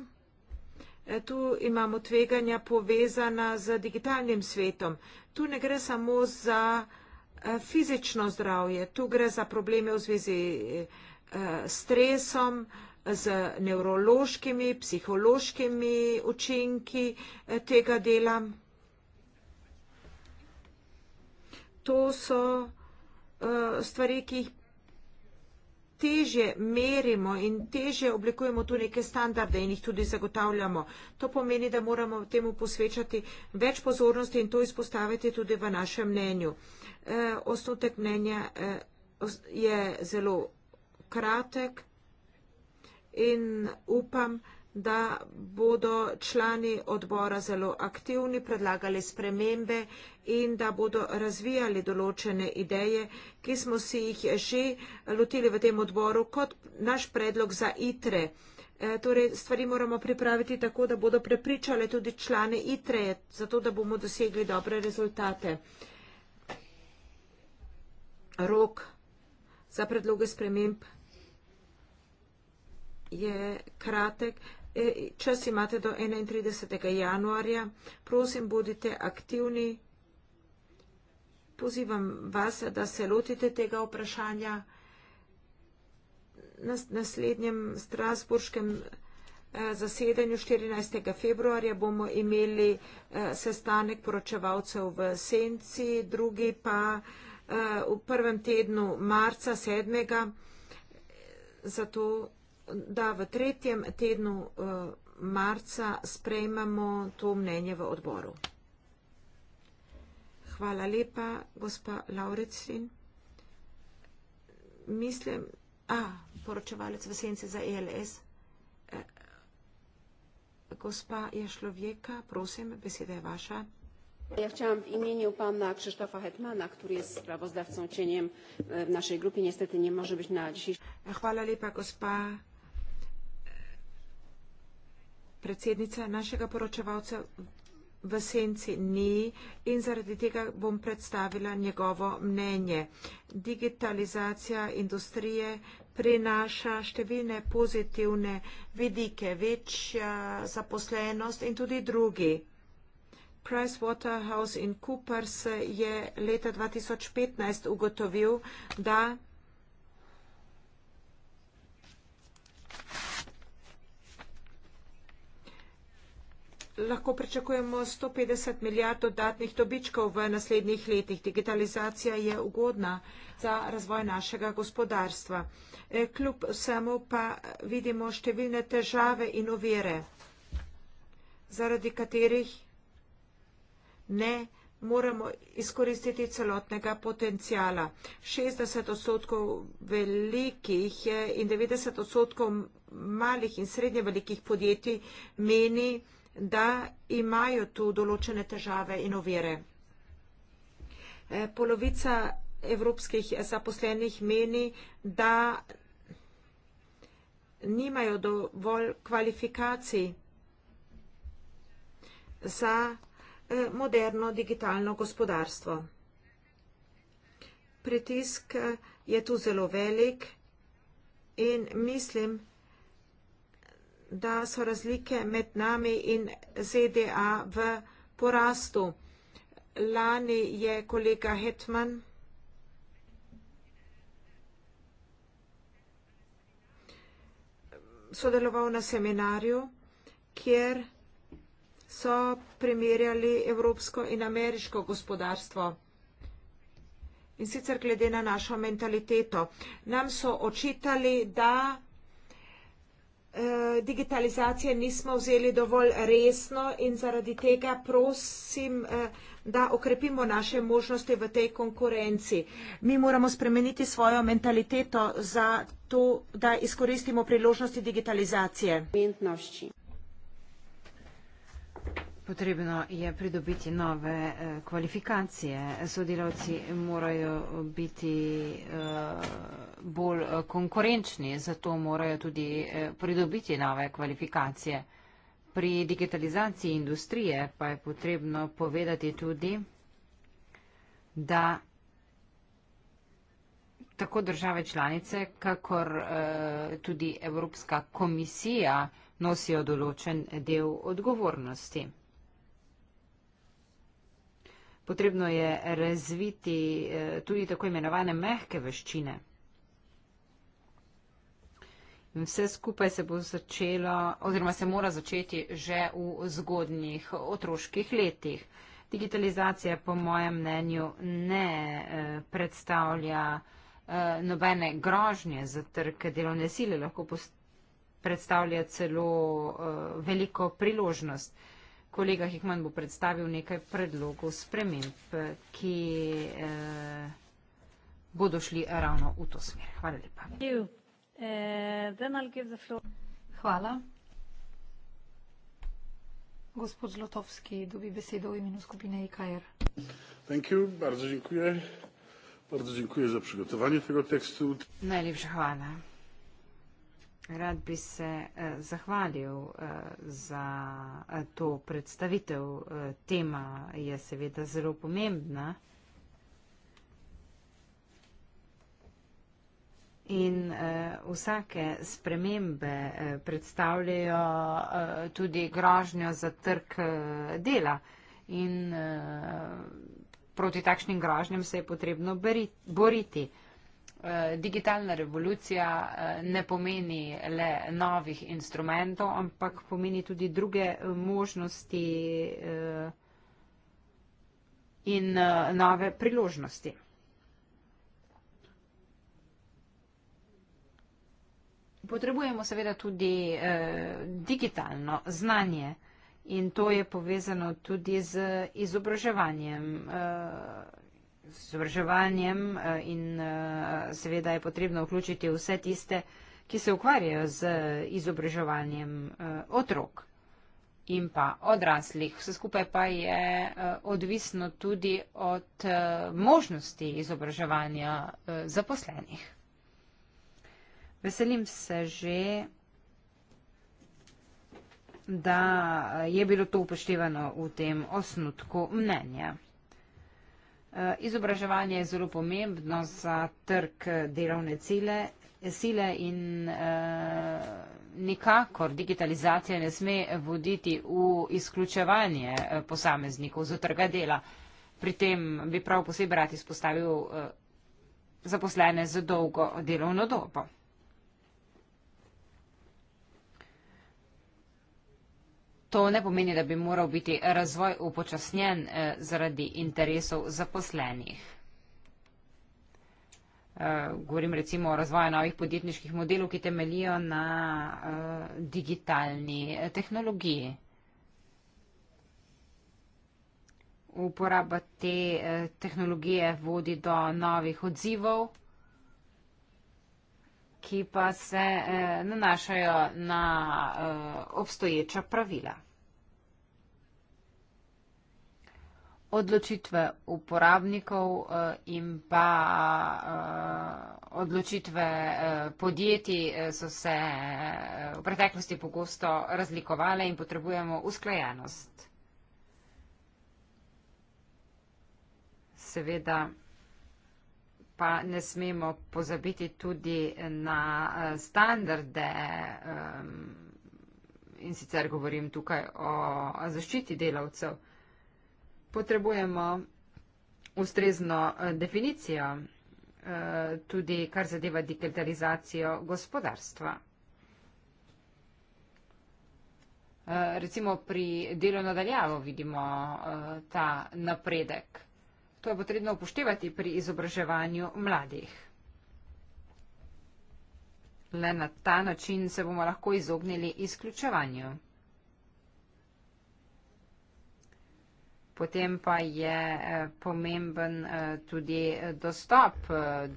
E, tu imamo tveganja povezana z digitalnim svetom. Tu ne gre samo za e, fizično zdravje, tu gre za probleme v zvezi e, s stresom, z nevrološkimi, psihološkimi učinki tega dela. To so stvari, ki jih težje merimo in težje oblikujemo tu neke standarde in jih tudi zagotavljamo. To pomeni, da moramo temu posvečati več pozornosti in to izpostaviti tudi v našem mnenju. E, osnotek mnenja e, je zelo kratek in upam, da da bodo člani odbora zelo aktivni, predlagali spremembe in da bodo razvijali določene ideje, ki smo si jih že lotili v tem odboru kot naš predlog za ITRE. E, torej, stvari moramo pripraviti tako, da bodo prepričale tudi člane ITRE, zato da bomo dosegli dobre rezultate. Rok za predloge sprememb je kratek. E, čas imate do 31. januarja. Prosim, bodite aktivni. Pozivam vas, da se lotite tega vprašanja. Na naslednjem strasburškem eh, zasedanju 14. februarja bomo imeli eh, sestanek poročevalcev v Senci, drugi pa eh, v prvem tednu marca 7. Zato da v tretjem tednu eh, marca sprejmemo to mnenje v odboru. Hvala lepa, gospa Laurecin. Mislim, a, poročevalec Vesence za ELS. Eh, gospa Ješlovjeka, prosim, beseda je vaša. Ja chciałam w imieniu pana Krzysztofa Hetmana, który jest sprawozdawcą cieniem e, w naszej grupy. Niestety nie może być na dzisiejszym. Chwała lepa, gospa predsednica našega poročevalca v senci ni in zaradi tega bom predstavila njegovo mnenje. Digitalizacija industrije prinaša številne pozitivne vidike, večja zaposlenost in tudi drugi. PricewaterhouseCoopers je leta 2015 ugotovil, da lahko pričakujemo 150 milijard dodatnih dobičkov v naslednjih letih. Digitalizacija je ugodna za razvoj našega gospodarstva. E, kljub vsemu pa vidimo številne težave in ovire, zaradi katerih ne moramo izkoristiti celotnega potencijala. 60 odstotkov velikih e, in 90 odstotkov malih in srednje velikih podjetij meni, da imajo tu določene težave in ovire. E, polovica evropskih zaposlenih meni, da nimajo dovolj kvalifikacij za e, moderno digitalno gospodarstvo. Pritisk e, je tu zelo velik in mislim, da da so razlike med nami in ZDA v porastu. Lani je kolega Hetman sodeloval na seminarju, kjer so primerjali evropsko in ameriško gospodarstvo. In sicer glede na našo mentaliteto. Nam so očitali, da Eh, digitalizacije nismo vzeli dovolj resno in zaradi tega prosim, eh, da okrepimo naše možnosti v tej konkurenci. Mi moramo spremeniti svojo mentaliteto za to, da izkoristimo priložnosti digitalizacije. Potrebno je pridobiti nove eh, kvalifikacije. Sodelavci morajo biti eh, bolj eh, konkurenčni, zato morajo tudi eh, pridobiti nove kvalifikacije. Pri digitalizaciji industrije pa je potrebno povedati tudi, da tako države članice, kakor eh, tudi Evropska komisija nosijo določen del odgovornosti. Potrebno je razviti eh, tudi tako imenovane mehke veščine. In vse skupaj se bo začelo, oziroma se mora začeti že v zgodnjih otroških letih. Digitalizacija, po mojem mnenju, ne eh, predstavlja eh, nobene grožnje za trg delovne sile, lahko predstavlja celo veliko priložnost. Kolega Hikman bo predstavil nekaj predlogov sprememb, ki eh, bodo šli ravno v to smer. Hvala lepa. Eh, hvala. Gospod Zlotovski dobi besedo v imenu skupine IKR. E Thank you, bardzo dziękuję. Bardzo dziękuję za przygotowanie tego tekstu. Najlepša hvala. Rad bi se eh, zahvalil eh, za eh, to predstavitev. Eh, tema je seveda zelo pomembna. In eh, vsake spremembe eh, predstavljajo eh, tudi grožnjo za trg eh, dela. In eh, proti takšnim grožnjem se je potrebno beriti, boriti. Eh, digitalna revolucija eh, ne pomeni le novih instrumentov, ampak pomeni tudi druge eh, možnosti in nove priložnosti. Potrebujemo seveda tudi digitalno znanje in to je povezano tudi z izobraževanjem izobraževanjem eh, in eh, seveda je potrebno vključiti vse tiste, ki se ukvarjajo z eh, izobraževanjem otrok in pa odraslih. Vse skupaj pa je odvisno tudi od možnosti izobraževanja zaposlenih. Veselim se že, da je bilo to upoštevano v tem osnutku mnenja. Eh, izobraževanje je zelo pomembno za trg delovne cele, sile in eh, nikakor digitalizacija ne sme voditi v izključevanje eh, posameznikov za trga dela. Pri tem bi prav posebej rad izpostavil eh, zaposlene za dolgo delovno dobo. To ne pomeni, da bi moral biti razvoj upočasnjen eh, zaradi interesov zaposlenih. Uh, govorim recimo o razvoju novih podjetniških modelov, ki temelijo na uh, digitalni eh, tehnologiji. Uporaba te uh, tehnologije vodi do novih odzivov ki pa se eh, nanašajo na eh, obstoječa pravila. Odločitve uporabnikov eh, in pa odločitve podjetij so se v preteklosti pogosto razlikovale in potrebujemo usklajenost. Seveda pa ne smemo pozabiti tudi na eh, standarde. Um, in sicer govorim tukaj o zaščiti delavcev. Potrebujemo ustrezno eh, definicijo eh, tudi kar zadeva digitalizacijo gospodarstva. Recimo pri delu nadaljavo vidimo ta napredek. To je potrebno upoštevati pri izobraževanju mladih. Le na ta način se bomo lahko izognili izključevanju. Potem pa je eh, pomemben eh, tudi eh, dostop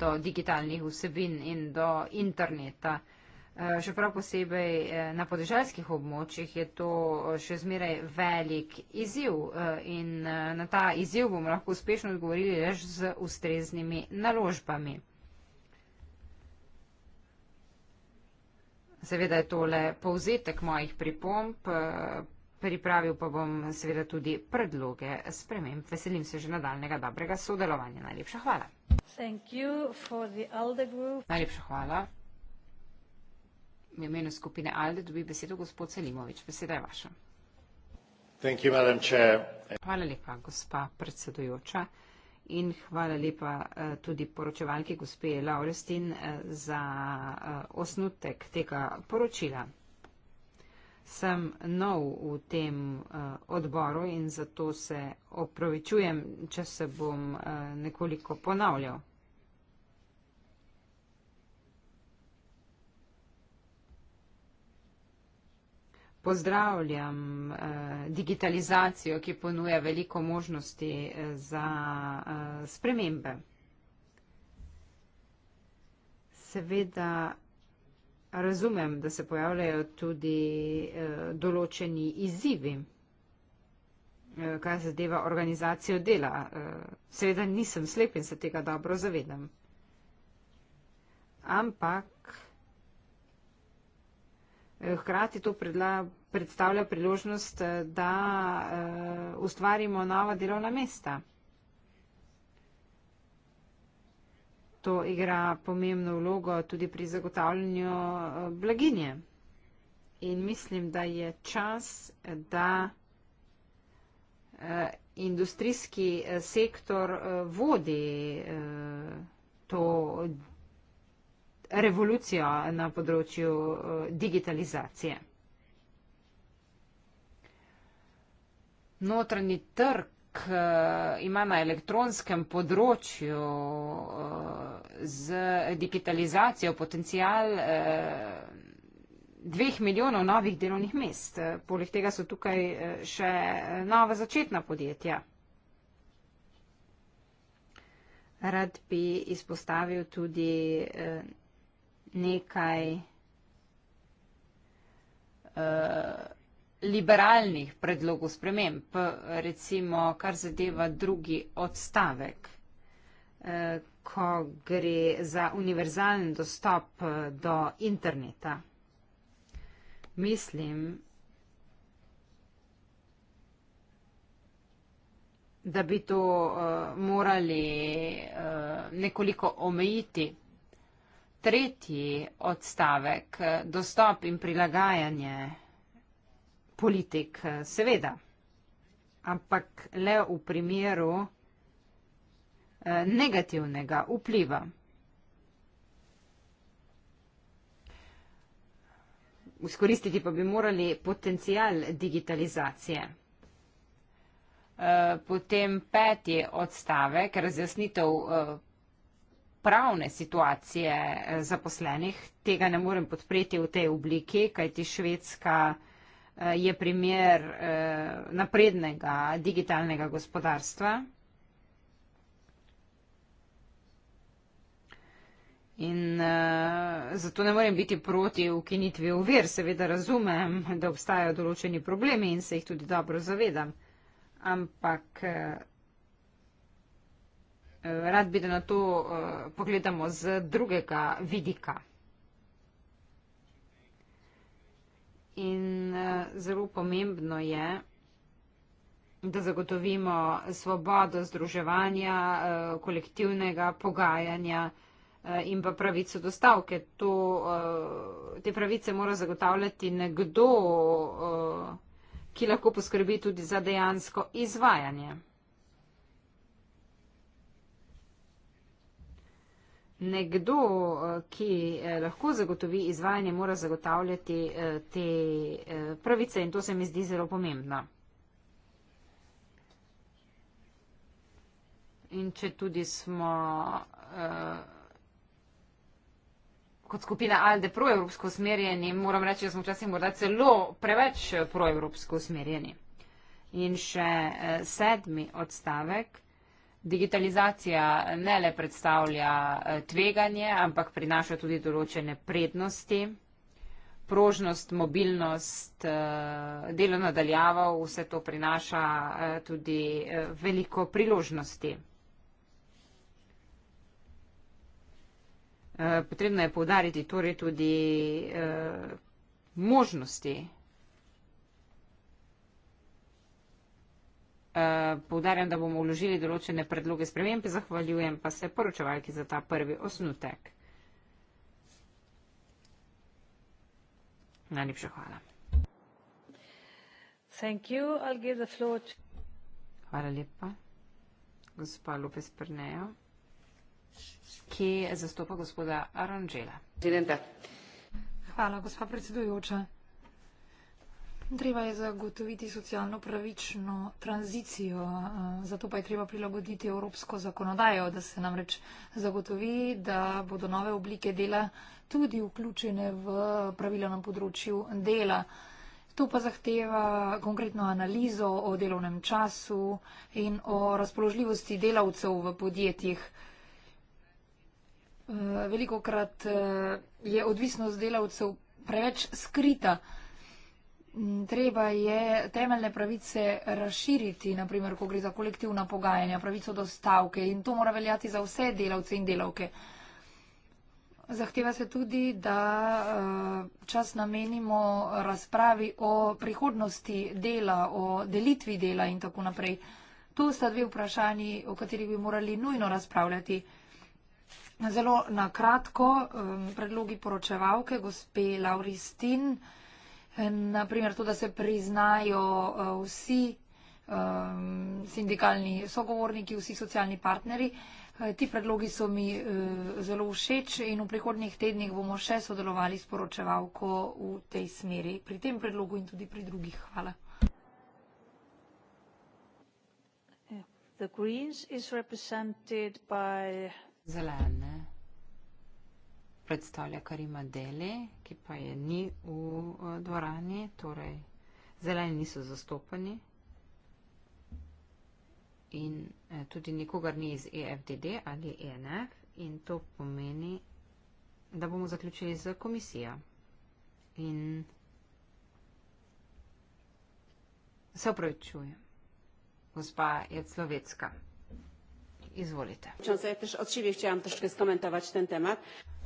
do digitalnih vsebin in do interneta. Eh, še prav posebej eh, na podeželskih območjih je to eh, še zmeraj velik izziv in na ta izziv bomo lahko uspešno odgovorili lež z ustreznimi naložbami. Seveda je tole povzetek mojih pripomp, pripravil pa bom seveda tudi predloge sprememb. Veselim se že nadaljnega dobrega sodelovanja. Najlepša hvala. Najlepša hvala v imenu skupine ALDE dobi besedo gospod Selimovič. Beseda je vaša. Thank you, madam chair. Hvala lepa, gospa predsedujoča. In hvala lepa uh, tudi poročevalki gospe Laurestin uh, za uh, osnutek tega poročila. Sem nov v tem uh, odboru in zato se opravičujem, če se bom uh, nekoliko ponavljal. pozdravljam eh, digitalizacijo, ki ponuja veliko možnosti eh, za eh, spremembe. Seveda razumem, da se pojavljajo tudi določeni izzivi, kaj zadeva organizacijo dela. Seveda nisem slep in se tega dobro zavedam. Ampak Eh, hkrati to predstavlja priložnost, eh, da eh, ustvarimo nova delovna mesta. To igra pomembno vlogo tudi pri zagotavljanju blaginje. In mislim, da je čas, da industrijski sektor vodi to revolucijo na področju eh, digitalizacije. Notranji trg eh, ima na elektronskem področju eh, z digitalizacijo potencijal dveh milijonov novih delovnih mest. Poleg tega so tukaj še nova začetna podjetja. Rad bi izpostavil tudi nekaj uh, liberalnih predlogov sprememb, recimo kar zadeva drugi odstavek, uh, ko gre za univerzalen dostop eh, do interneta. Mislim, da bi to uh, morali uh, nekoliko omejiti tretji odstavek, dostop in prilagajanje politik, seveda, ampak le v primeru eh, negativnega vpliva. Uskoristiti pa bi morali potencijal digitalizacije. Eh, potem peti odstavek, razjasnitev eh, pravne situacije eh, zaposlenih. Tega ne morem podpreti v tej obliki, kajti Švedska eh, je primer eh, naprednega digitalnega gospodarstva. In uh, zato ne morem biti proti ukinitvi uver, seveda razumem, da obstajajo določeni problemi in se jih tudi dobro zavedam. Ampak. Uh, Rad bi, da na to eh, pogledamo z drugega vidika. In eh, zelo pomembno je, da zagotovimo svobodo združevanja, eh, kolektivnega pogajanja in pa pravico do stavke. To, te pravice mora zagotavljati nekdo, ki lahko poskrbi tudi za dejansko izvajanje. nekdo, eh, ki eh, lahko zagotovi izvajanje, mora zagotavljati eh, te pravice in to se mi zdi zelo pomembno. In če tudi smo uh, kot skupina Alde proevropsko usmerjeni, moram reči, da smo včasih morda celo preveč proevropsko usmerjeni. In še uh, sedmi odstavek. Uh, Digitalizacija ne le predstavlja eh, tveganje, ampak prinaša tudi določene prednosti. Prožnost, mobilnost, eh, delo nadaljavo, vse to prinaša eh, tudi veliko priložnosti. Potrebno je povdariti torej tudi možnosti, Eh, poudarjam, da bomo vložili določene predloge sprememb, zahvaljujem pa se poročevalki za ta prvi osnutek. Najlepša hvala. Hvala lepa. Gospa Lopez Prnejo, ki zastopa gospoda Aranžela. Hvala, gospa predsedujoča. Treba je zagotoviti socialno pravično tranzicijo, zato pa je treba prilagoditi evropsko zakonodajo, da se namreč zagotovi, da bodo nove oblike dela tudi vključene v pravila na področju dela. To pa zahteva konkretno analizo o delovnem času in o razpoložljivosti delavcev v podjetjih. E, Veliko krat e, je odvisnost delavcev preveč skrita. Mm, treba je temeljne pravice razširiti, naprimer, ko gre za kolektivna pogajanja, pravico do stavke in to mora veljati za vse delavce in delavke. Zahteva se tudi, da eh, čas namenimo razpravi o prihodnosti dela, o delitvi dela in tako naprej. To sta dve vprašanji, o katerih bi morali nujno razpravljati. Zelo nakratko eh, predlogi poročevalke gospe Lauristin naprimer to, da se priznajo eh, vsi ehm, sindikalni sogovorniki, vsi socialni partneri. Eh, ti predlogi so mi eh, zelo všeč in v prihodnjih tednih bomo še sodelovali s poročevalko v tej smeri, pri tem predlogu in tudi pri drugih. Hvala. Zelene predstavlja Karima Dele, ki pa je ni v eh, dvorani, torej zeleni niso zastopani in eh, tudi nikogar ni iz EFDD ali ENF in to pomeni, da bomo zaključili z komisijo. In se upravičujem, gospa je slovecka. Izvolite. Če se je odšivih, če vam težko skomentovati ten temat.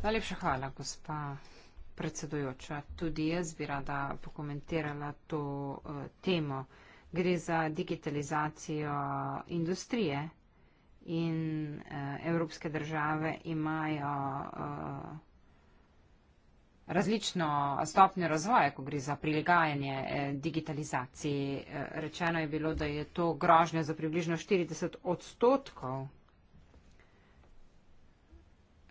Najlepša hvala, gospa predsedujoča. Tudi jaz bi rada pokomentirala to eh, temo. Gre za digitalizacijo industrije in eh, evropske države imajo eh, različno stopnjo razvoja, ko gre za prilegajanje digitalizaciji. Rečeno je bilo, da je to grožnja za približno 40 odstotkov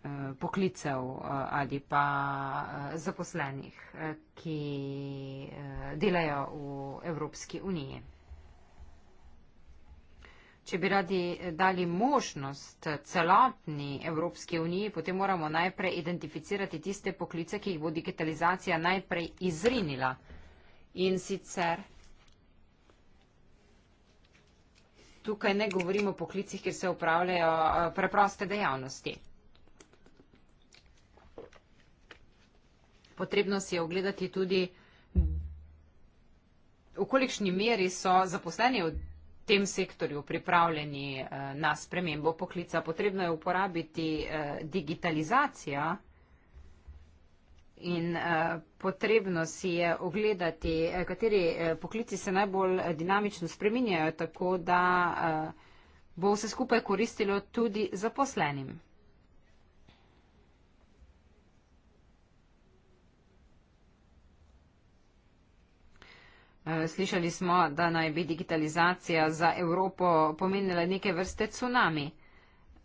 Eh, poklicev eh, ali pa eh, zaposlenih, ki delajo v Evropski uniji. Če bi radi dali možnost celotni Evropski uniji, potem moramo najprej identificirati tiste poklice, ki jih bo digitalizacija najprej izrinila. In sicer tukaj ne govorimo o poklicih, ki se upravljajo preproste dejavnosti. potrebno si je ogledati tudi, v kolikšni meri so zaposleni v tem sektorju pripravljeni eh, na spremembo poklica. Potrebno je uporabiti eh, digitalizacijo in eh, potrebno si je ogledati, kateri poklici se najbolj dinamično spreminjajo, tako da bo vse skupaj koristilo tudi zaposlenim. Eh, slišali smo, da naj bi digitalizacija za Evropo pomenila neke vrste tsunami.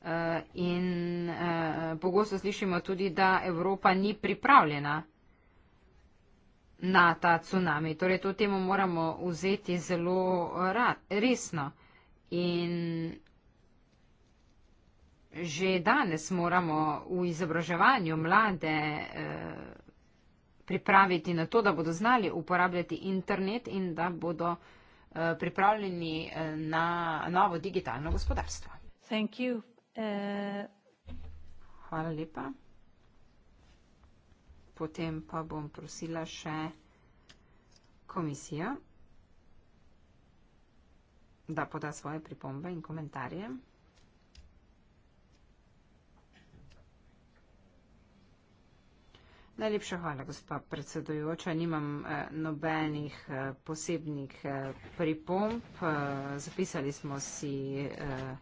Eh, in eh, pogosto slišimo tudi, da Evropa ni pripravljena na ta tsunami. Torej, to temo moramo vzeti zelo resno. In že danes moramo v izobraževanju mlade. Uh, pripraviti na to, da bodo znali uporabljati internet in da bodo eh, pripravljeni eh, na novo digitalno gospodarstvo. Thank you. Uh... Hvala lepa. Potem pa bom prosila še komisijo, da poda svoje pripombe in komentarje. Najlepša hvala, gospa predsedujoča. Nimam eh, nobenih eh, posebnih eh, pripomp. Eh, zapisali smo si eh,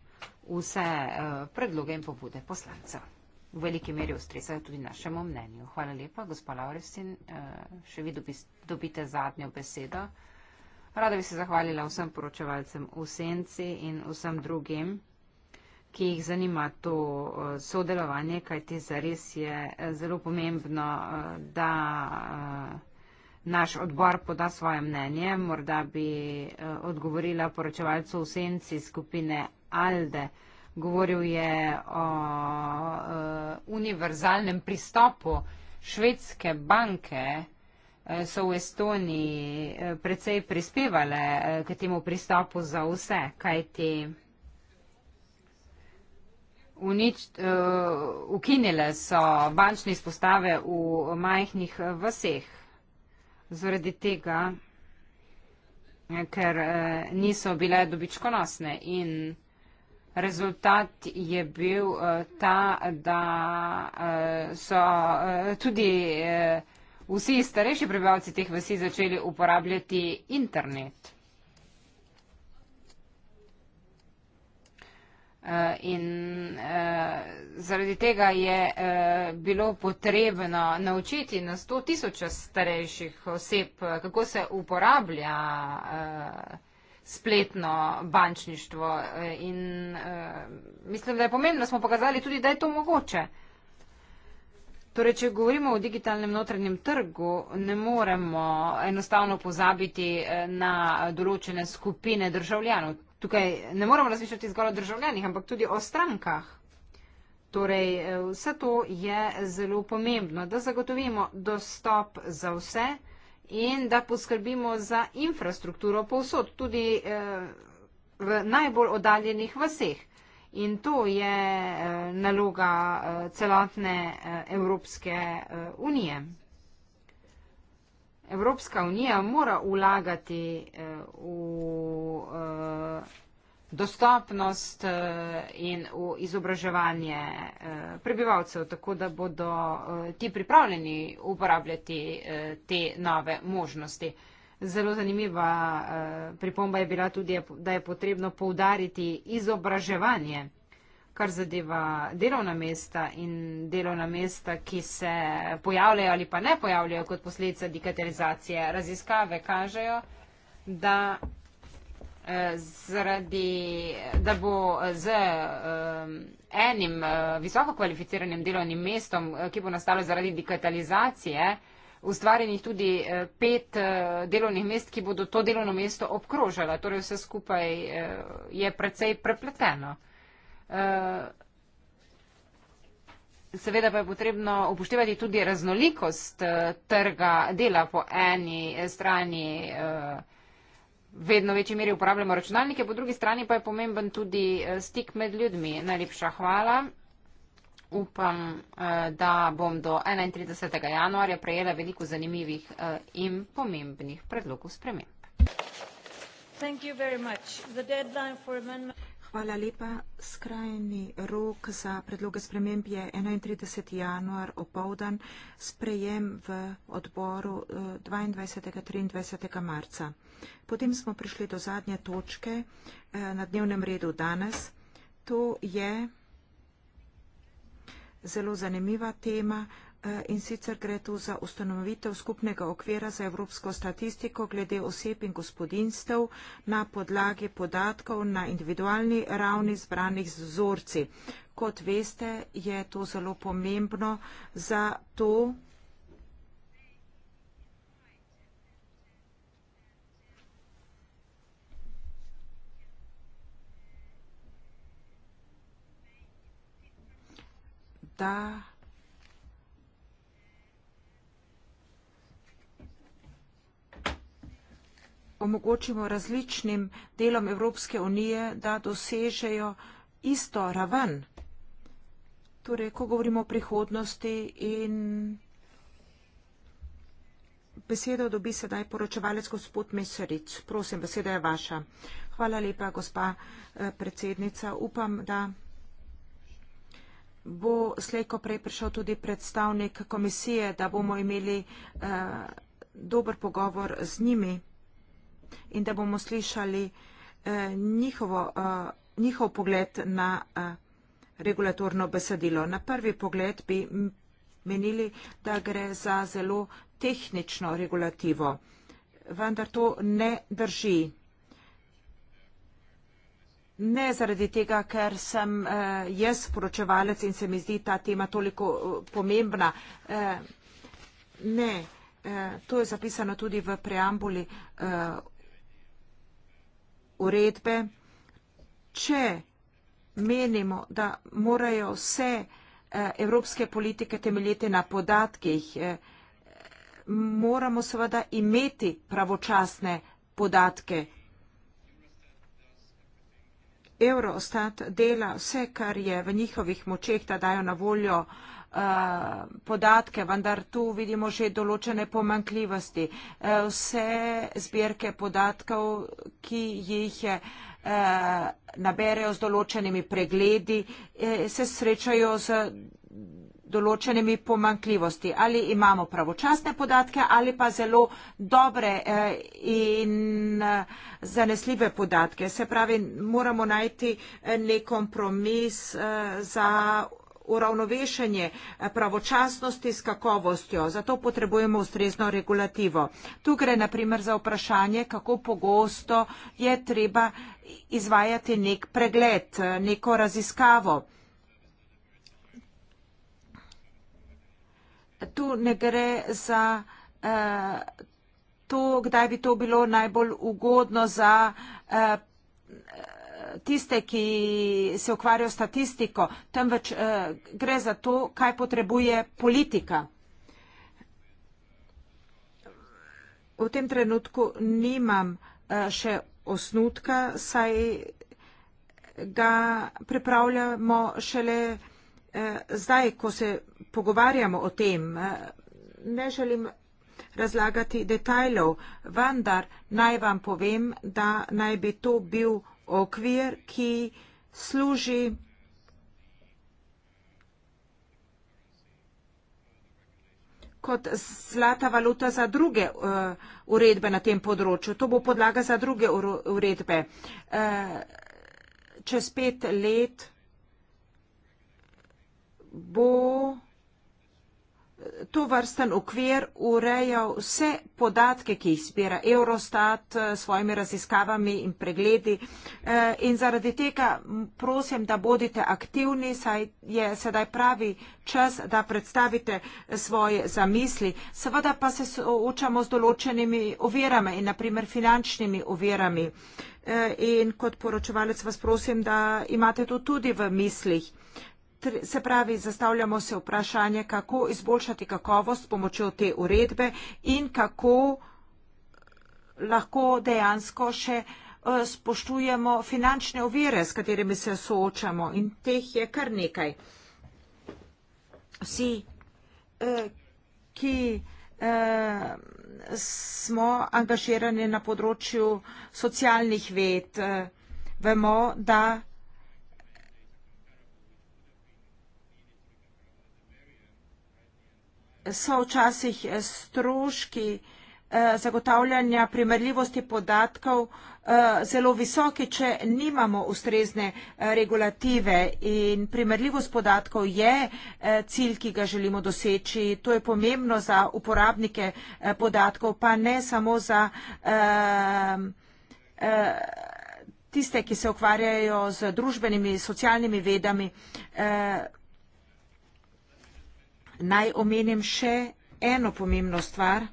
vse eh, predloge in pobude poslancev. V veliki meri ustrezajo tudi našemu mnenju. Hvala lepa, gospa Laurestin. Eh, še vi dobi, dobite zadnjo besedo. Rada bi se zahvalila vsem poročevalcem v senci in vsem drugim ki jih zanima to eh, sodelovanje, kajti zares je eh, zelo pomembno, eh, da naš odbor poda svoje mnenje. Morda bi odgovorila poročevalcu v senci skupine Alde. Govoril je o univerzalnem pristopu švedske banke so v Estoniji precej prispevale k temu pristopu za vse, kajti Unič, uh, ukinile so bančne izpostave v majhnih eh, vseh zaradi tega, eh, ker uh, niso bile dobičkonosne in rezultat je bil uh, ta, da uh, so uh, tudi uh, vsi starejši prebivalci teh vsi začeli uporabljati internet. Eh, in uh, zaradi tega je uh, bilo potrebno naučiti na sto tisoče starejših oseb, kako se uporablja uh, spletno bančništvo. In uh, mislim, da je pomembno, da smo pokazali tudi, da je to mogoče. Torej, če govorimo o digitalnem notranjem trgu, ne moremo enostavno pozabiti na določene skupine državljanov tukaj ne moramo razmišljati zgolj o državljanih, ampak tudi o strankah. Torej, eh, vse to je zelo pomembno, da zagotovimo dostop za vse in da poskrbimo za infrastrukturo povsod, tudi eh, v najbolj oddaljenih vseh. In to je eh, naloga celotne Evropske unije. Evropska unija mora vlagati eh, v eh, dostopnost eh, in v izobraževanje prebivalcev, tako da bodo ti pripravljeni uporabljati te nove možnosti. Zelo zanimiva pripomba je bila tudi, da je potrebno poudariti izobraževanje kar zadeva delovna mesta in delovna mesta, ki se pojavljajo ali pa ne pojavljajo kot posledica digitalizacije. Raziskave kažejo, da, eh, zaradi, da bo z eh, enim eh, visoko kvalificiranim delovnim mestom, ki bo nastalo zaradi digitalizacije, ustvarjenih tudi pet delovnih mest, ki bodo to delovno mesto obkrožala. Torej vse skupaj je precej prepleteno. Eh, seveda pa je potrebno upoštevati tudi raznolikost eh, trga dela po eni strani. Eh, vedno večji meri uporabljamo računalnike, po drugi strani pa je pomemben tudi stik med ljudmi. Najlepša hvala. Upam, da bom do 31. januarja prejela veliko zanimivih in pomembnih predlogov sprememb. Thank you very much. The deadline for amendment... Hvala lepa. Skrajni rok za predloge sprememb je 31. januar opovdan, sprejem v odboru 22. Eh, 23. marca. Potem smo prišli do zadnje točke eh, na dnevnem redu danes. To je zelo zanimiva tema. Eh, in sicer gre tu za ustanovitev skupnega okvira za evropsko statistiko glede oseb in gospodinstv na podlagi podatkov na individualni ravni zbranih z vzorci. Kot veste, je to zelo pomembno za to, da omogočimo različnim delom Evropske unije, da dosežejo isto raven. Torej, ko govorimo o prihodnosti in besedo dobi sedaj poročevalec gospod Meseric. Prosim, beseda je vaša. Hvala lepa, gospa eh, predsednica. Upam, da bo slejko prej prišel tudi predstavnik komisije, da bomo imeli uh, dober pogovor z njimi in da bomo slišali eh, njihovo, eh, njihov pogled na eh, regulatorno besedilo. Na prvi pogled bi menili, da gre za zelo tehnično regulativo, vendar to ne drži. Ne zaradi tega, ker sem eh, jaz poročevalec in se mi zdi ta tema toliko eh, pomembna. Eh, ne, eh, to je zapisano tudi v preambuli eh, uredbe, če menimo, da morajo vse eh, evropske politike temeljiti na podatkih, eh, moramo seveda imeti pravočasne podatke. Euro ostat dela vse, kar je v njihovih močeh, da dajo na voljo uh, Eh, podatke, vendar tu vidimo že določene pomankljivosti. Eh, vse zbirke podatkov, ki jih je eh, naberejo z določenimi pregledi, se srečajo z določenimi pomankljivosti. Ali imamo pravočasne podatke ali pa zelo dobre in zanesljive podatke. Se pravi, moramo najti nek kompromis za uravnovešenje eh, pravočasnosti s kakovostjo. Zato potrebujemo ustrezno regulativo. Tu gre na primer za vprašanje, kako pogosto je treba izvajati nek pregled, eh, neko raziskavo. Tu ne gre za eh, to, kdaj bi to bilo najbolj ugodno za pregled tiste, ki se ukvarjajo s statistiko, temveč uh, gre za to, kaj potrebuje politika. V tem trenutku nimam uh, še osnutka, saj ga pripravljamo šele uh, zdaj, ko se pogovarjamo o tem. Uh, ne želim razlagati detajlov, vendar naj vam povem, da naj bi to bil okvir, ki služi kot zlata valuta za druge uh, uredbe na tem področju. To bo podlaga za druge uredbe. Uh, čez pet let bo to vrsten okvir ureja vse podatke, ki jih zbira Eurostat s svojimi raziskavami in pregledi. Eh, in zaradi tega prosim, da bodite aktivni, saj je sedaj pravi čas, da predstavite svoje zamisli. Seveda pa se soočamo z določenimi ovirami in naprimer finančnimi ovirami. Eh, in kot poročevalec vas prosim, da imate to tudi v mislih se pravi, zastavljamo se vprašanje, kako izboljšati kakovost s pomočjo te uredbe in kako lahko dejansko še eh, spoštujemo finančne ovire, s katerimi se soočamo in teh je kar nekaj. Vsi, eh, ki eh, smo angažirani na področju socialnih ved, vemo, da so včasih eh, stroški eh, zagotavljanja primerljivosti podatkov eh, zelo visoki, če nimamo ustrezne regulative in primerljivost podatkov je cilj, ki ga želimo doseči. To je pomembno za uporabnike podatkov, pa ne samo za tiste, ki se ukvarjajo z družbenimi, socialnimi vedami naj omenim še eno pomembno stvar.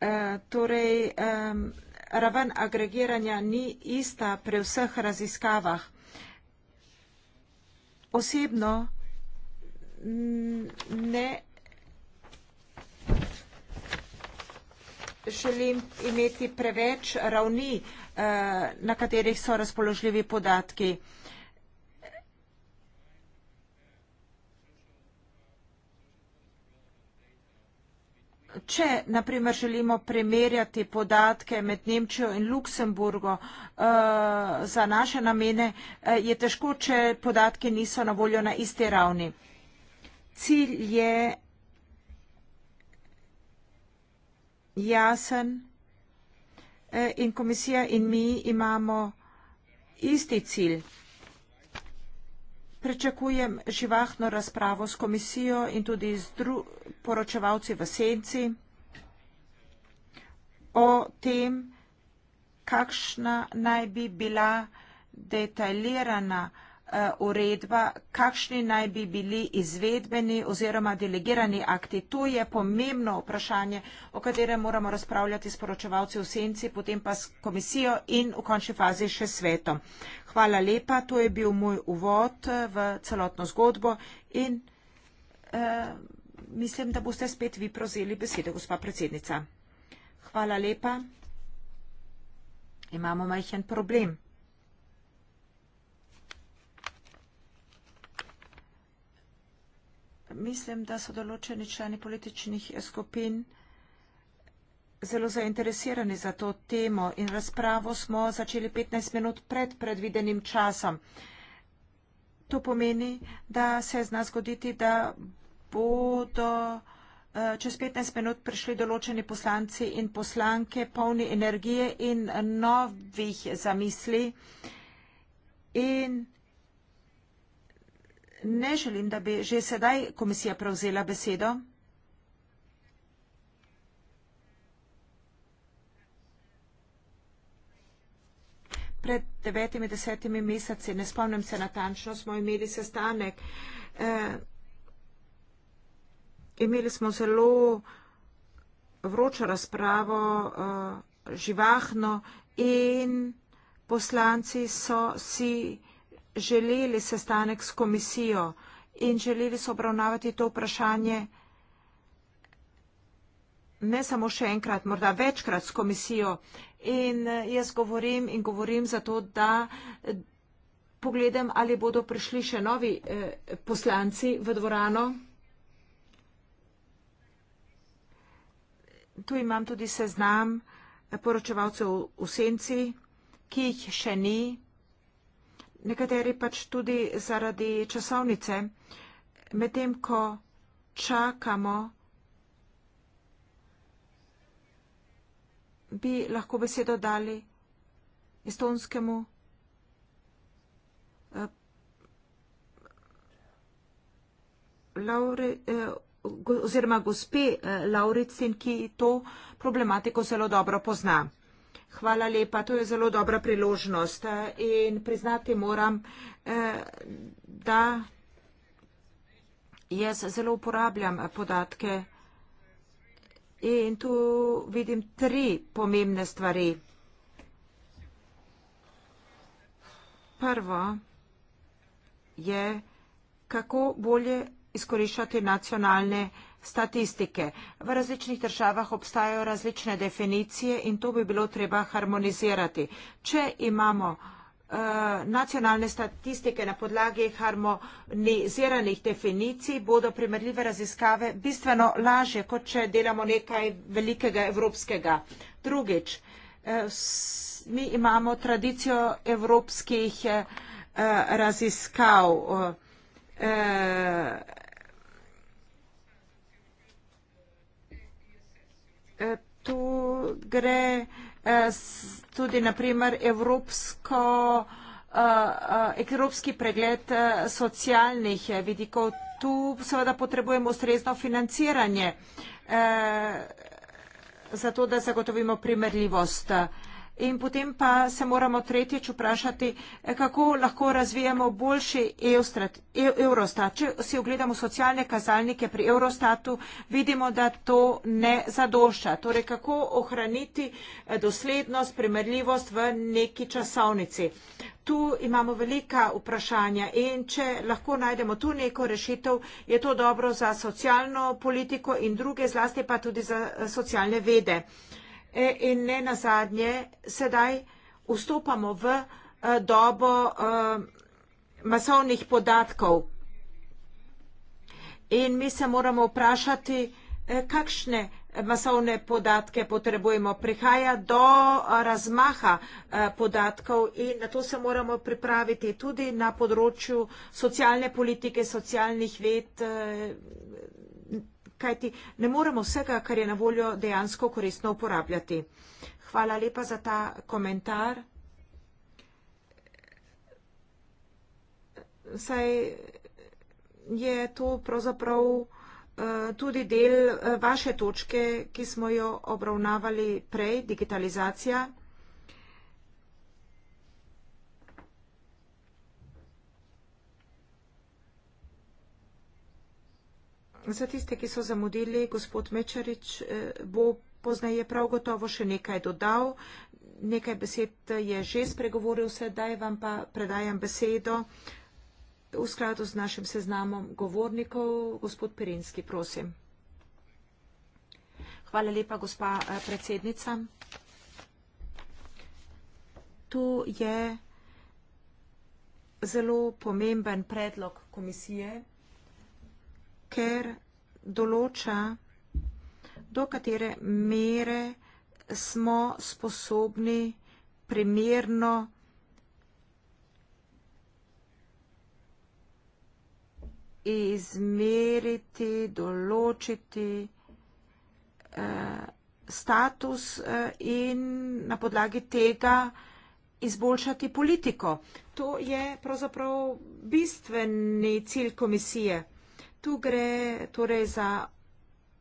E, torej, e, raven agregiranja ni ista pri vseh raziskavah. Osebno ne želim imeti preveč ravni, e, na katerih so razpoložljivi podatki. če naprimer želimo primerjati podatke med Nemčijo in Luksemburgo eh, za naše namene, eh, je težko, če podatke niso na voljo na iste ravni. Cilj je jasen eh, in komisija in mi imamo isti cilj. Pričakujem živahno razpravo s komisijo in tudi z poročevalci v senci o tem, kakšna naj bi bila detaljirana razpravo, Eh, uredba, kakšni naj bi bili izvedbeni oziroma delegirani akti. To je pomembno vprašanje, o katerem moramo razpravljati s poročevalci v senci, potem pa s komisijo in v končni fazi še svetom. Hvala lepa, to je bil moj uvod eh, v celotno zgodbo in uh, mislim, da boste spet vi prozeli besede, gospa predsednica. Hvala lepa. Imamo majhen problem. mislim, da so določeni člani političnih skupin zelo zainteresirani za to temo in razpravo smo začeli 15 minut pred predvidenim časom. To pomeni, da se zna zgoditi, da bodo eh, čez 15 minut prišli določeni poslanci in poslanke polni energije in novih zamisli in povedali, Ne želim, da bi že sedaj komisija prevzela besedo. Pred devetimi, desetimi meseci, ne spomnim se natančno, smo imeli sestanek. E, imeli smo zelo vročo razpravo, e, živahno in poslanci so si želeli sestanek s komisijo in želeli so obravnavati to vprašanje ne samo še enkrat, morda večkrat s komisijo. In eh, jaz govorim in govorim zato, da eh, pogledam, ali bodo prišli še novi eh, poslanci v dvorano. Tu imam tudi seznam poročevalcev v Senci, ki jih še ni nekateri pač tudi zaradi časovnice, medtem ko čakamo, bi lahko besedo dali estonskemu eh, Lauri, eh, oziroma gospe eh, Lauricin, ki to problematiko zelo dobro pozna. Hvala lepa, to je zelo dobra priložnost eh, in priznati moram, eh, da jaz zelo uporabljam eh, podatke in tu vidim tri pomembne stvari. Prvo je, kako bolje izkoriščati nacionalne podatke statistike. V različnih državah obstajajo različne definicije in to bi bilo treba harmonizirati. Če imamo eh, nacionalne statistike na podlagi harmoniziranih definicij bodo primerljive raziskave bistveno lažje, kot če delamo nekaj velikega evropskega. Drugič, eh, mi imamo tradicijo evropskih eh, raziskav. tu gre eh, tudi naprimer evropsko, eh, eh, evropski pregled socialnih vidikov. Tu seveda potrebujemo ustrezno financiranje, zato da zagotovimo primerljivost. In potem pa se moramo tretjič vprašati, eh, kako lahko razvijemo boljši e, Eurostat. Če si ogledamo socialne kazalnike pri Eurostatu, vidimo, da to ne zadošča. Torej, kako ohraniti eh, doslednost, primerljivost v neki časovnici. Tu imamo velika vprašanja in če lahko najdemo tu neko rešitev, je to dobro za socialno politiko in druge, zlasti pa tudi za eh, socialne vede. Uh, E, in ne nazadnje, sedaj vstopamo v e, dobo e, masovnih podatkov. In mi se moramo vprašati, kakšne masovne podatke potrebujemo. Prihaja do razmaha podatkov in na to se moramo pripraviti tudi na področju socialne politike, socialnih ved, kajti ne moremo vsega, kar je na voljo, dejansko koristno uporabljati. Hvala lepa za ta komentar. Saj je to pravzaprav eh, tudi del eh, vaše točke, ki smo jo obravnavali prej, digitalizacija. za tiste, ki so zamudili, gospod Mečarič eh, bo poznaje prav gotovo še nekaj dodal. Nekaj besed je že spregovoril, sedaj vam pa predajam besedo v skladu z našim seznamom govornikov. Gospod Perinski, prosim. Hvala lepa, gospa eh, predsednica. Tu je zelo pomemben predlog komisije ker določa, do katere mere smo sposobni primerno izmeriti, določiti eh, status eh, in na podlagi tega izboljšati politiko. To je pravzaprav bistveni cilj komisije tu gre torej za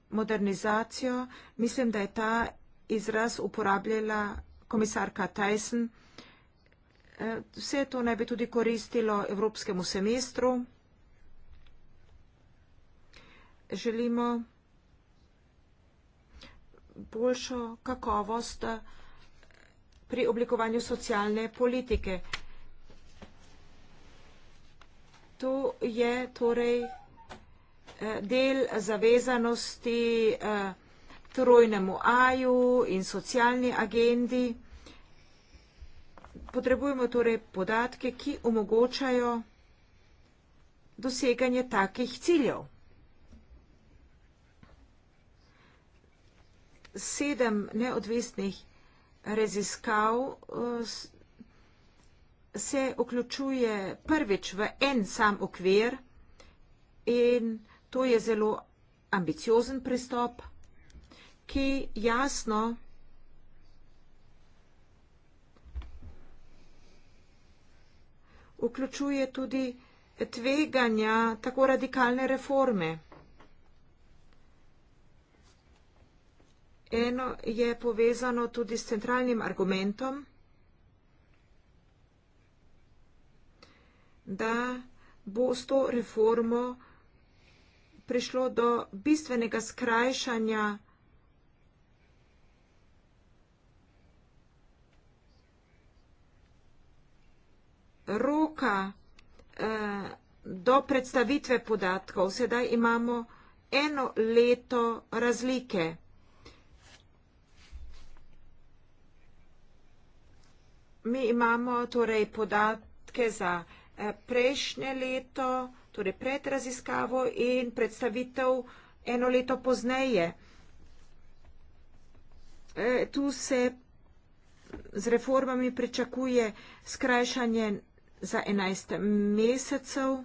modernizacijo. Mislim, da je ta izraz uporabljala komisarka Tyson. Eh, vse to naj bi tudi koristilo evropskemu semestru. Želimo boljšo kakovost eh, pri oblikovanju socialne politike. To je torej Eh, del zavezanosti eh, trojnemu aju in socialni agendi. Potrebujemo torej podatke, ki omogočajo doseganje takih ciljev. Sedem neodvisnih raziskav eh, se vključuje prvič v en sam okvir in vključuje To je zelo ambiciozen pristop, ki jasno vključuje tudi tveganja tako radikalne reforme. Eno je povezano tudi s centralnim argumentom, da bo s to reformo vključeno prišlo do bistvenega skrajšanja roka eh, do predstavitve podatkov. Sedaj imamo eno leto razlike. Mi imamo torej podatke za eh, prejšnje leto, torej pred raziskavo in predstavitev eno leto pozneje. E, tu se z reformami pričakuje skrajšanje za 11 mesecev.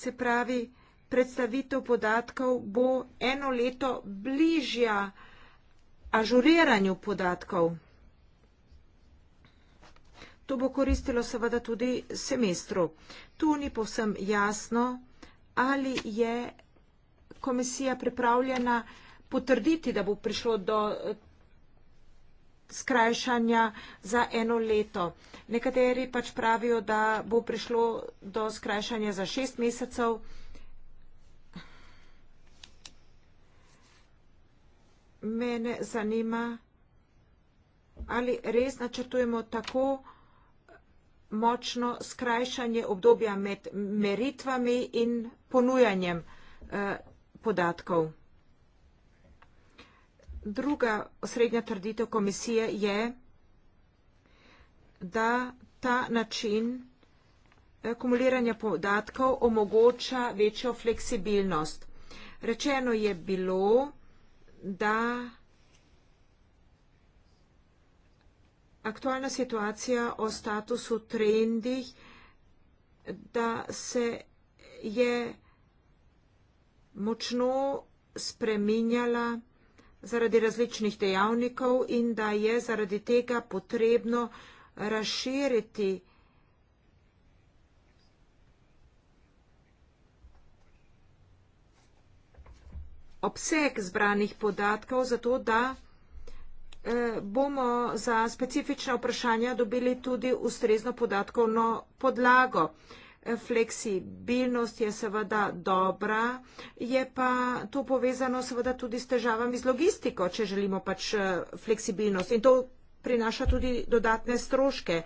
Se pravi, predstavitev podatkov bo eno leto bližja ažuriranju podatkov. To bo koristilo seveda tudi semestru. Tu ni povsem jasno, ali je komisija pripravljena potrditi, da bo prišlo do skrajšanja za eno leto. Nekateri pač pravijo, da bo prišlo do skrajšanja za šest mesecev. Mene zanima, ali res načrtujemo tako, močno skrajšanje obdobja med meritvami in ponujanjem eh, podatkov. Druga osrednja trditev komisije je, da ta način eh, kumuliranja podatkov omogoča večjo fleksibilnost. Rečeno je bilo, da aktualna situacija o statusu trendih, da se je močno spreminjala zaradi različnih dejavnikov in da je zaradi tega potrebno razširiti obseg zbranih podatkov, zato da Eh, bomo za specifična vprašanja dobili tudi ustrezno podatkovno podlago. Eh, fleksibilnost je seveda dobra, je pa to povezano seveda tudi s težavami z logistiko, če želimo pač eh, fleksibilnost. In to prinaša tudi dodatne stroške.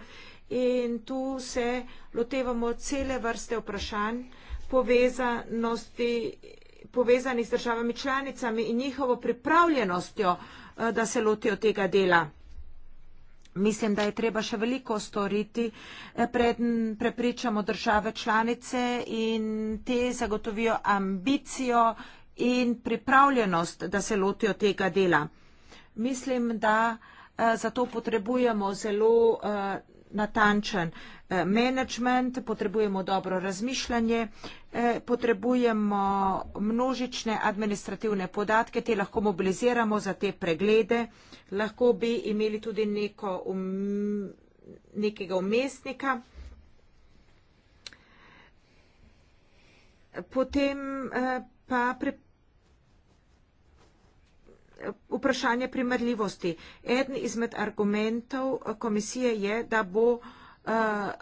In tu se lotevamo cele vrste vprašanj povezanosti povezani z državami članicami in njihovo pripravljenostjo, eh, da se lotijo tega dela. Mislim, da je treba še veliko storiti, eh, preden prepričamo države članice in te zagotovijo ambicijo in pripravljenost, da se lotijo tega dela. Mislim, da eh, zato potrebujemo zelo natančen eh, management, potrebujemo dobro razmišljanje, eh, potrebujemo množične administrativne podatke, te lahko mobiliziramo za te preglede, lahko bi imeli tudi neko, um, nekega umestnika. Potem eh, pa pri vprašanje primerljivosti. Eden izmed argumentov eh, komisije je, da bo eh,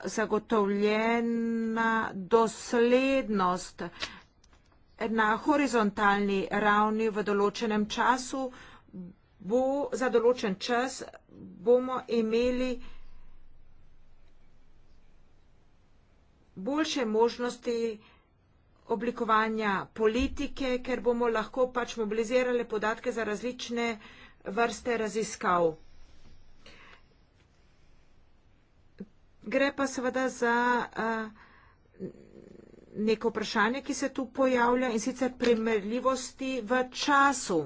zagotovljena doslednost na horizontalni ravni v določenem času, bo za določen čas bomo imeli boljše možnosti, oblikovanja politike, ker bomo lahko pač mobilizirali podatke za različne vrste raziskav. Gre pa seveda za neko vprašanje, ki se tu pojavlja in sicer primerljivosti v času.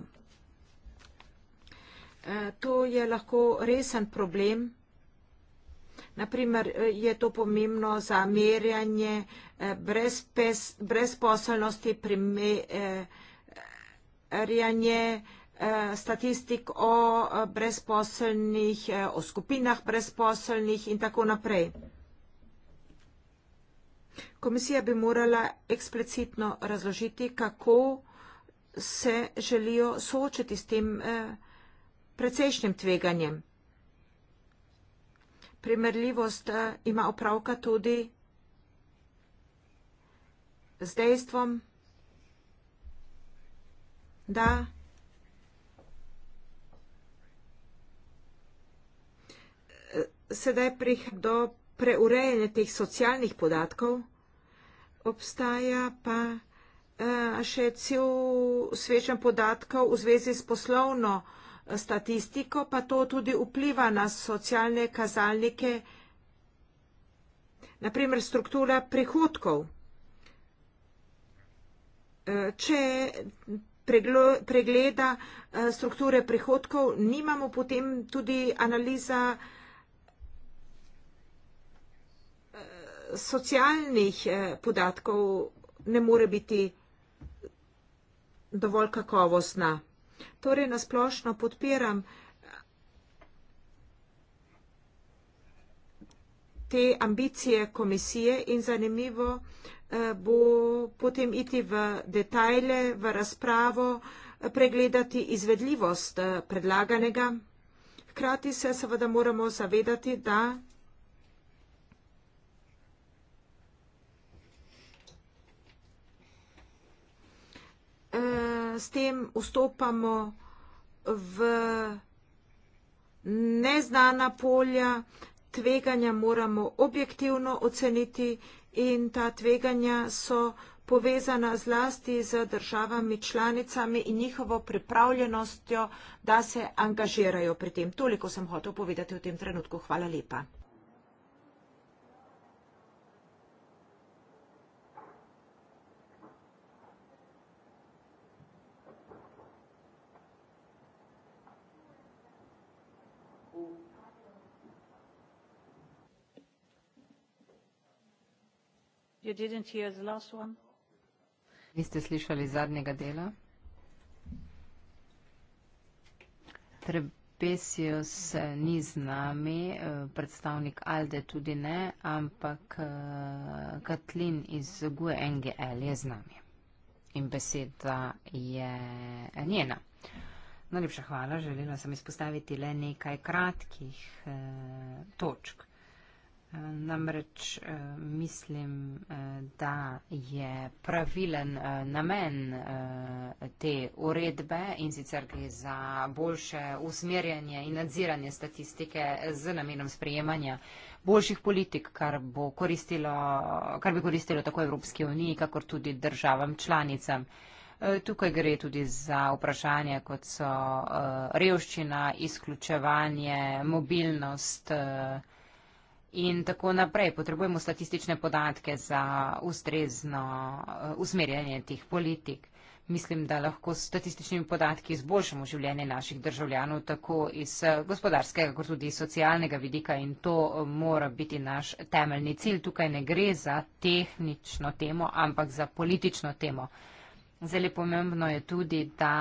To je lahko resen problem. Naprimer, eh, je to pomembno za merjanje eh, brezposelnosti, primerjanje eh, statistik o brezposelnih, o skupinah brezposelnih in tako naprej. Komisija bi morala eksplicitno razložiti, kako se želijo soočiti s tem precejšnjim tveganjem primerljivost eh, ima opravka tudi z dejstvom, da sedaj prihaja do preurejanja teh socialnih podatkov, obstaja pa eh, še cel svežen podatkov v zvezi s poslovno statistiko, pa to tudi vpliva na socialne kazalnike, naprimer struktura prihodkov. E, če pregleda e, strukture prihodkov, nimamo potem tudi analiza e, socialnih podatkov, ne more biti dovolj kakovostna. Torej, nasplošno podpiram te ambicije komisije in zanimivo eh, bo potem iti v detajle, v razpravo, eh, pregledati izvedljivost eh, predlaganega. Hkrati se seveda moramo zavedati, da uh, s tem vstopamo v neznana polja, tveganja moramo objektivno oceniti in ta tveganja so povezana zlasti z državami, članicami in njihovo pripravljenostjo, da se angažirajo pri tem. Toliko sem hotel povedati v tem trenutku. Hvala lepa. Niste slišali zadnjega dela. Trebesios ni z nami, eh, predstavnik Alde tudi ne, ampak eh, Katlin iz GUE NGL je z nami. In beseda je njena. Najlepša hvala, želela sem izpostaviti le nekaj kratkih eh, točk. Eh, namreč eh, mislim, eh, da je pravilen namen te uredbe in sicer gre za boljše usmerjanje in nadziranje statistike z namenom sprejemanja boljših politik, kar, bo kar bi koristilo tako Evropske unije, kakor tudi državam članicam. Tukaj gre tudi za vprašanje, kot so revščina, izključevanje, mobilnost in tako naprej. Potrebujemo statistične podatke za ustrezno eh, usmerjanje teh politik. Mislim, da lahko s statističnimi podatki izboljšamo življenje naših državljanov tako iz eh, gospodarskega, kot tudi iz socialnega vidika in to eh, mora biti naš temeljni cilj. Tukaj ne gre za tehnično temo, ampak za politično temo. Zelo pomembno je tudi, da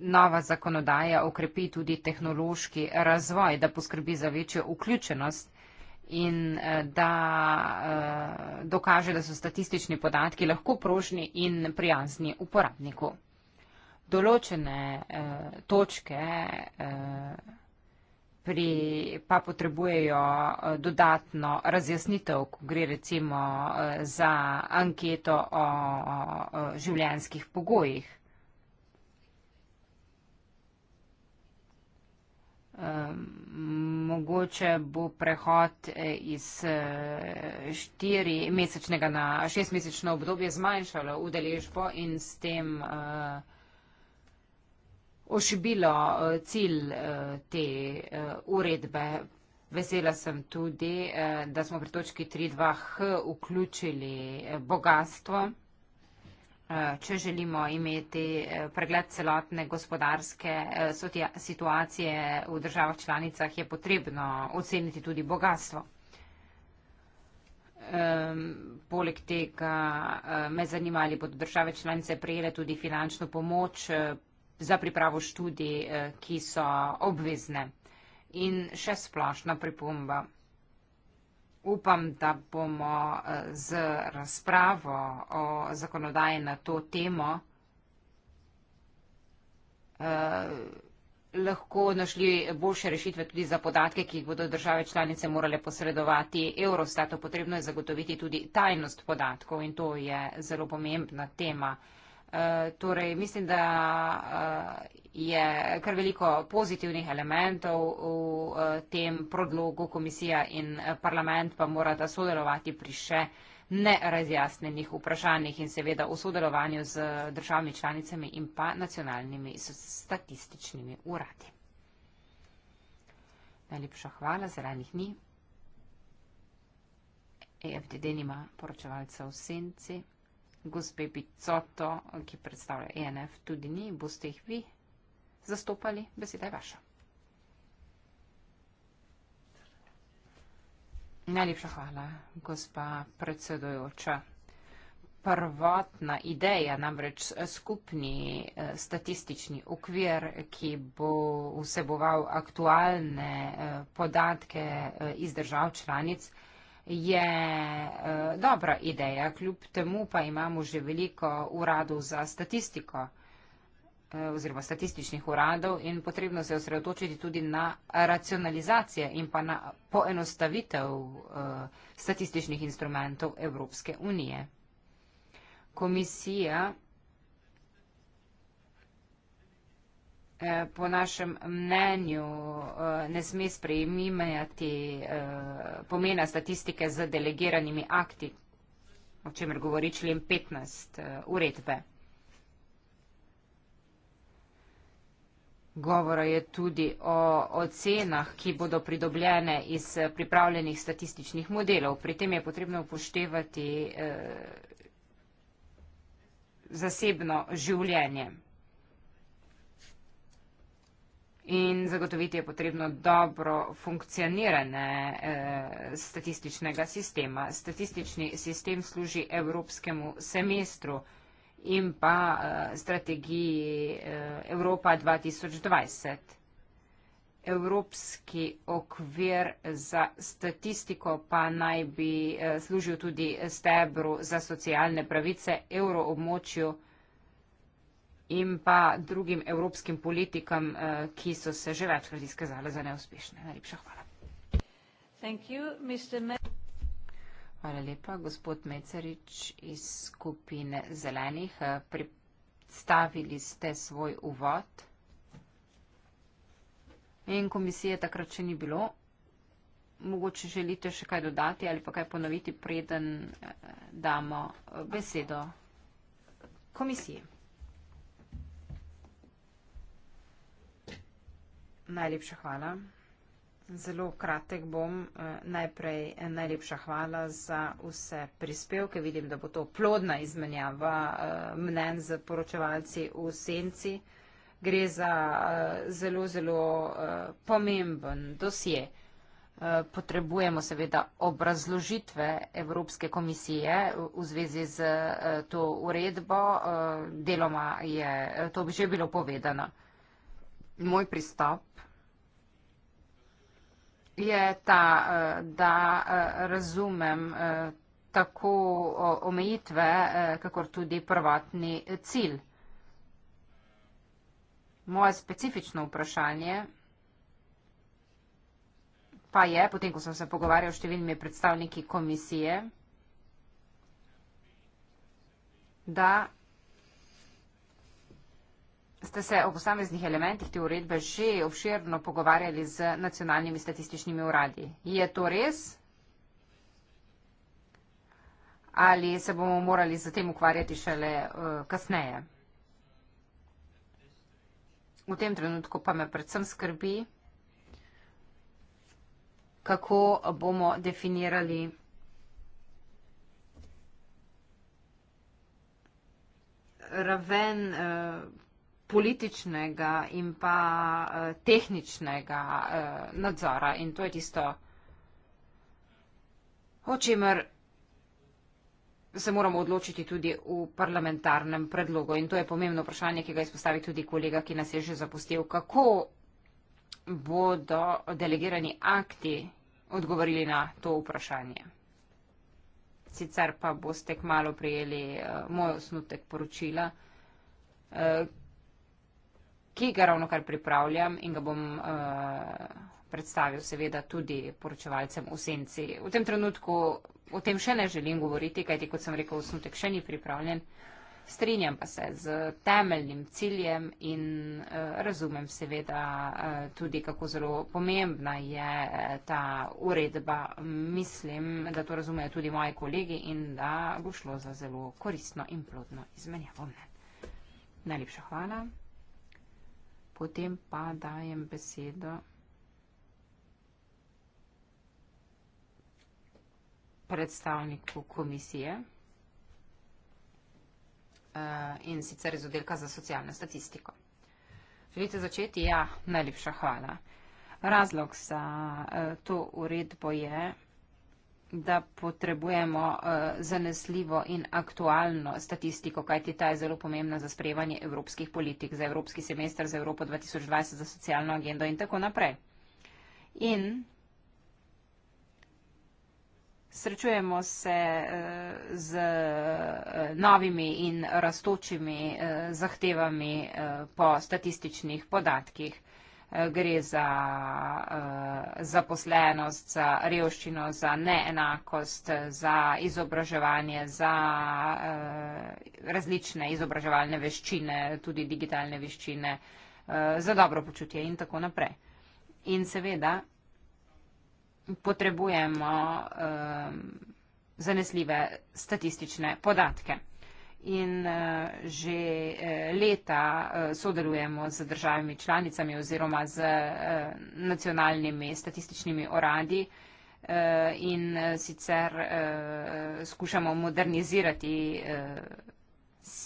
nova zakonodaja okrepi tudi tehnološki razvoj, da poskrbi za večjo vključenost in eh, da eh, dokaže, da so statistični podatki lahko prožni in prijazni uporabniku. Določene eh, točke pri, pa potrebujejo dodatno razjasnitev, ko gre recimo za anketo o življenskih pogojih. mogoče bo prehod eh, iz eh, štiri mesečnega na šest mesečno obdobje zmanjšalo udeležbo in s tem eh, ošibilo cilj te uredbe. Vesela sem tudi, da smo pri točki 3.2.h vključili bogatstvo. Eh, če želimo imeti eh, pregled celotne gospodarske eh, situacije v državah članicah, je potrebno oceniti tudi bogatstvo. Poleg tega me zanima, ali bodo države članice prejele tudi finančno pomoč za pripravo študij, ki so obvezne. In še splošna pripomba upam, da bomo eh, z razpravo o zakonodaji na to temo eh, lahko našli boljše rešitve tudi za podatke, ki jih bodo države članice morale posredovati Eurostatu. Potrebno je zagotoviti tudi tajnost podatkov in to je zelo pomembna tema. Eh, torej, mislim, da uh, je kar veliko pozitivnih elementov v uh, tem predlogu komisija in parlament pa morata sodelovati pri še nerazjasnenih vprašanjih in seveda v sodelovanju z državnimi članicami in pa nacionalnimi statističnimi uradi. Najlepša hvala, zelenih ni. EFDD nima poročevalca v senci gospe Picoto, ki predstavlja ENF, tudi ni, boste jih vi zastopali, beseda je vaša. Najlepša hvala, gospa predsedojoča. Prvotna ideja, namreč skupni eh, statistični okvir, ki bo vseboval aktualne eh, podatke eh, iz držav članic, je uh, dobra ideja. Kljub temu pa imamo že veliko uradov za statistiko uh, oziroma statističnih uradov in potrebno se osredotočiti tudi na racionalizacije in pa na poenostavitev uh, statističnih instrumentov Evropske unije. Komisija Eh, po našem mnenju eh, ne sme sprejemati eh, pomena statistike z delegiranimi akti, o čemer govori člen 15 uredbe. Govora je tudi o ocenah, ki bodo pridobljene iz pripravljenih statističnih modelov. Pri tem je potrebno upoštevati eh, zasebno življenje. In zagotoviti je potrebno dobro funkcioniranje eh, statističnega sistema. Statistični sistem služi evropskemu semestru in pa eh, strategiji eh, Evropa 2020. Evropski okvir za statistiko pa naj bi eh, služil tudi stebru za socialne pravice evroobmočju in pa drugim evropskim politikam, eh, ki so se že večkrat izkazale za neuspešne. Najlepša hvala. Hvala lepa. Gospod Mecarič iz skupine zelenih, eh, predstavili ste svoj uvod in komisije takrat še ni bilo. Mogoče želite še kaj dodati ali pa kaj ponoviti, preden eh, damo besedo komisiji. Najlepša hvala. Zelo kratek bom. Eh, najprej eh, najlepša hvala za vse prispevke. Vidim, da bo to plodna izmenjava eh, mnen z poročevalci v senci. Gre za zelo, zelo pomemben dosje. Potrebujemo seveda obrazložitve Evropske komisije v zvezi z to uredbo. Deloma je to že bilo povedano moj pristop je ta, eh, da eh, razumem eh, tako omejitve, kakor tudi prvotni cilj. Moje specifično vprašanje pa je, potem, ko sem se pogovarjal s številnimi predstavniki komisije, da Ste se o posameznih elementih te uredbe že obširno pogovarjali z nacionalnimi statističnimi uradi? Je to res? Ali se bomo morali z tem ukvarjati šele eh, kasneje? V tem trenutku pa me predvsem skrbi, kako bomo definirali raven eh, političnega in pa uh, tehničnega uh, nadzora. In to je tisto, o čemer se moramo odločiti tudi v parlamentarnem predlogu. In to je pomembno vprašanje, ki ga izpostavi tudi kolega, ki nas je že zapustil. Kako bodo delegirani akti odgovorili na to vprašanje? Sicer pa boste kmalo prijeli uh, eh, moj osnutek poročila. Uh, ki ga ravno kar pripravljam in ga bom uh, predstavil seveda tudi poročevalcem v senci. V tem trenutku o tem še ne želim govoriti, kajti kot sem rekel, osnutek še ni pripravljen. Strinjam pa se z temeljnim ciljem in uh, razumem seveda uh, tudi, kako zelo pomembna je uh, ta uredba. Mislim, da to razumejo tudi moji kolegi in da bo šlo za zelo koristno in plodno izmenjavo. Najlepša hvala potem pa dajem besedo predstavniku komisije eh, in sicer iz oddelka za socialno statistiko. Želite začeti? Ja, najlepša hvala. Razlog za eh, to uredbo je, da potrebujemo eh, zanesljivo in aktualno statistiko, kajti ta je zelo pomembna za sprejemanje evropskih politik, za evropski semester, za Evropo 2020, za socialno agendo in tako naprej. In Srečujemo se eh, z eh, novimi in rastočimi zahtevami po statističnih podatkih gre za eh, zaposlenost, za revščino, za neenakost, za izobraževanje, za eh, različne izobraževalne veščine, tudi digitalne veščine, eh, za dobro počutje in tako naprej. In seveda potrebujemo zanesljive statistične podatke in eh, že eh, leta eh, sodelujemo z državami članicami oziroma z nacionalnimi statističnimi uradi in sicer skušamo modernizirati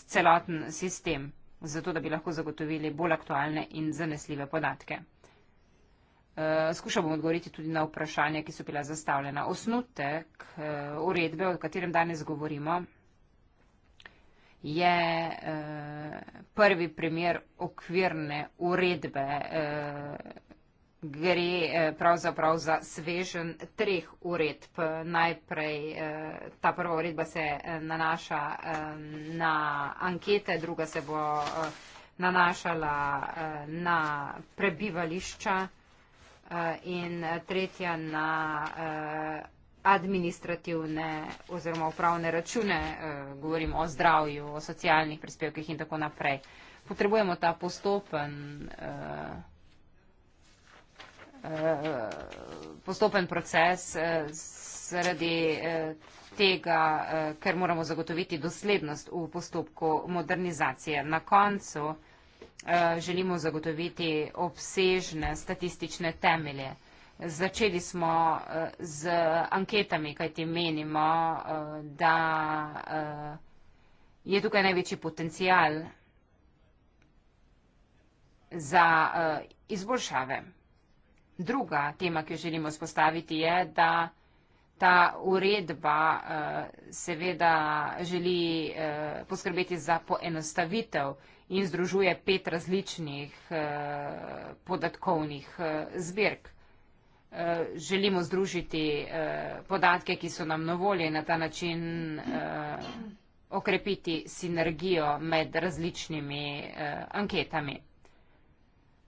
celoten sistem, zato da bi lahko zagotovili bolj aktualne in zanesljive podatke. Skušamo odgovoriti tudi na vprašanja, ki so bila zastavljena. Osnutek uredbe, o katerem danes govorimo, je eh, prvi primer okvirne uredbe, eh, gre eh, pravzaprav za svežen treh uredb. Najprej ta prva uredba se nanaša na ankete, druga se bo nanašala na prebivališča in tretja na administrativne oziroma upravne račune, eh, govorimo o zdravju, o socialnih prispevkih in tako naprej. Potrebujemo ta postopen, eh, eh, postopen proces zaradi tega, ker moramo zagotoviti doslednost v postopku modernizacije. Na koncu želimo zagotoviti obsežne statistične temelje. Začeli smo eh, z anketami, kajti menimo, eh, da eh, je tukaj največji potencial za izboljšave. Druga tema, ki jo želimo spostaviti, je, da ta uredba seveda želi poskrbeti za poenostavitev in združuje pet različnih podatkovnih zbirk. Eh, želimo združiti eh, podatke, ki so nam novolje in na ta način eh, okrepiti sinergijo med različnimi anketami.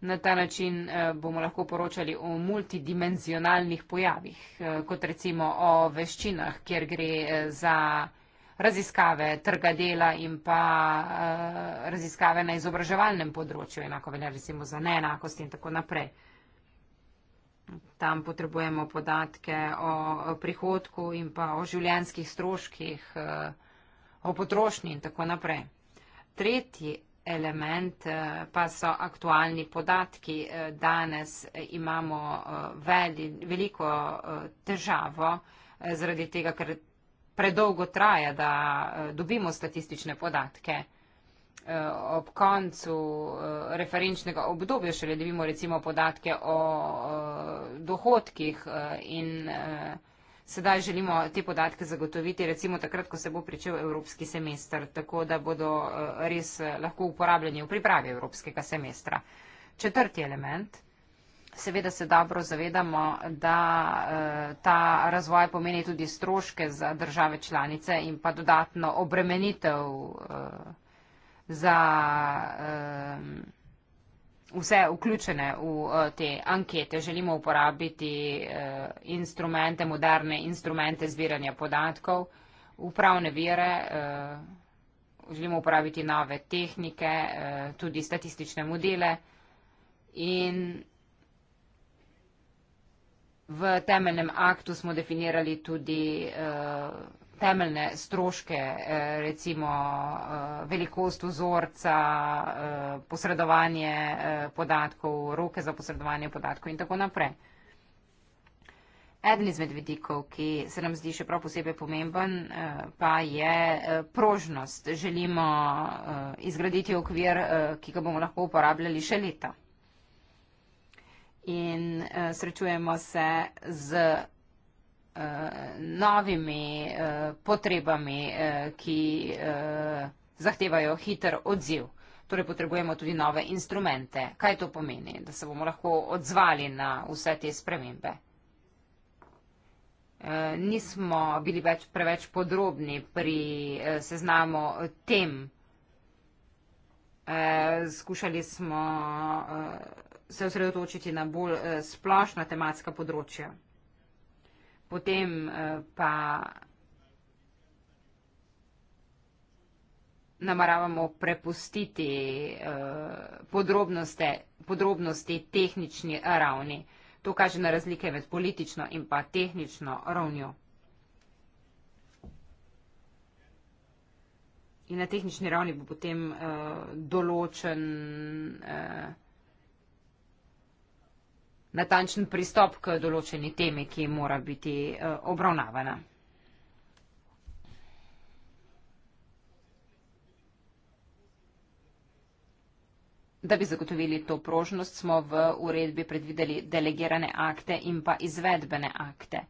Na ta način bomo lahko poročali o multidimenzionalnih pojavih, kot recimo o veščinah, kjer gre za raziskave trga dela in pa raziskave na izobraževalnem področju, enako velja recimo za neenakost in tako naprej tam potrebujemo podatke o prihodku in pa o življenskih stroških, eh, o potrošnji in tako naprej. Tretji element eh, pa so aktualni podatki. Eh, danes imamo veli, veliko težavo zaradi tega, ker predolgo traja, da dobimo statistične podatke. Eh, ob koncu eh, referenčnega obdobja šele dobimo recimo podatke o eh, dohodkih in sedaj želimo te podatke zagotoviti recimo takrat, ko se bo pričel evropski semester, tako da bodo res lahko uporabljeni v pripravi evropskega semestra. Četrti element. Seveda se dobro zavedamo, da ta razvoj pomeni tudi stroške za države članice in pa dodatno obremenitev za ehm, vse vključene v eh, te ankete. Želimo uporabiti eh, instrumente, moderne instrumente zbiranja podatkov, upravne vire, eh, želimo uporabiti nove tehnike, tudi statistične modele in v temeljnem aktu smo definirali tudi vse, temeljne stroške, eh, recimo eh, velikost vzorca, eh, posredovanje podatkov, roke za posredovanje podatkov in tako naprej. Eden izmed vidikov, ki se nam zdi še prav posebej pomemben, pa je prožnost. Želimo izgraditi okvir, ki ga bomo lahko uporabljali še leta. In srečujemo se z Eh, novimi eh, potrebami, eh, ki zahtevajo hiter odziv. Torej potrebujemo tudi nove instrumente. Kaj to pomeni, da se bomo lahko odzvali na vse te spremembe? Nismo bili več preveč podrobni pri seznamu tem. Skušali smo se osredotočiti na bolj splošna tematska področja potem eh, pa nameravamo prepustiti eh, podrobnosti, podrobnosti tehnični ravni. To kaže na razlike med politično in pa tehnično ravnjo. In na tehnični ravni bo potem uh, določen uh, natančen pristop k določeni temi, ki mora biti eh, obravnavana. Da bi zagotovili to prožnost, smo v uredbi predvideli delegirane akte in pa izvedbene akte,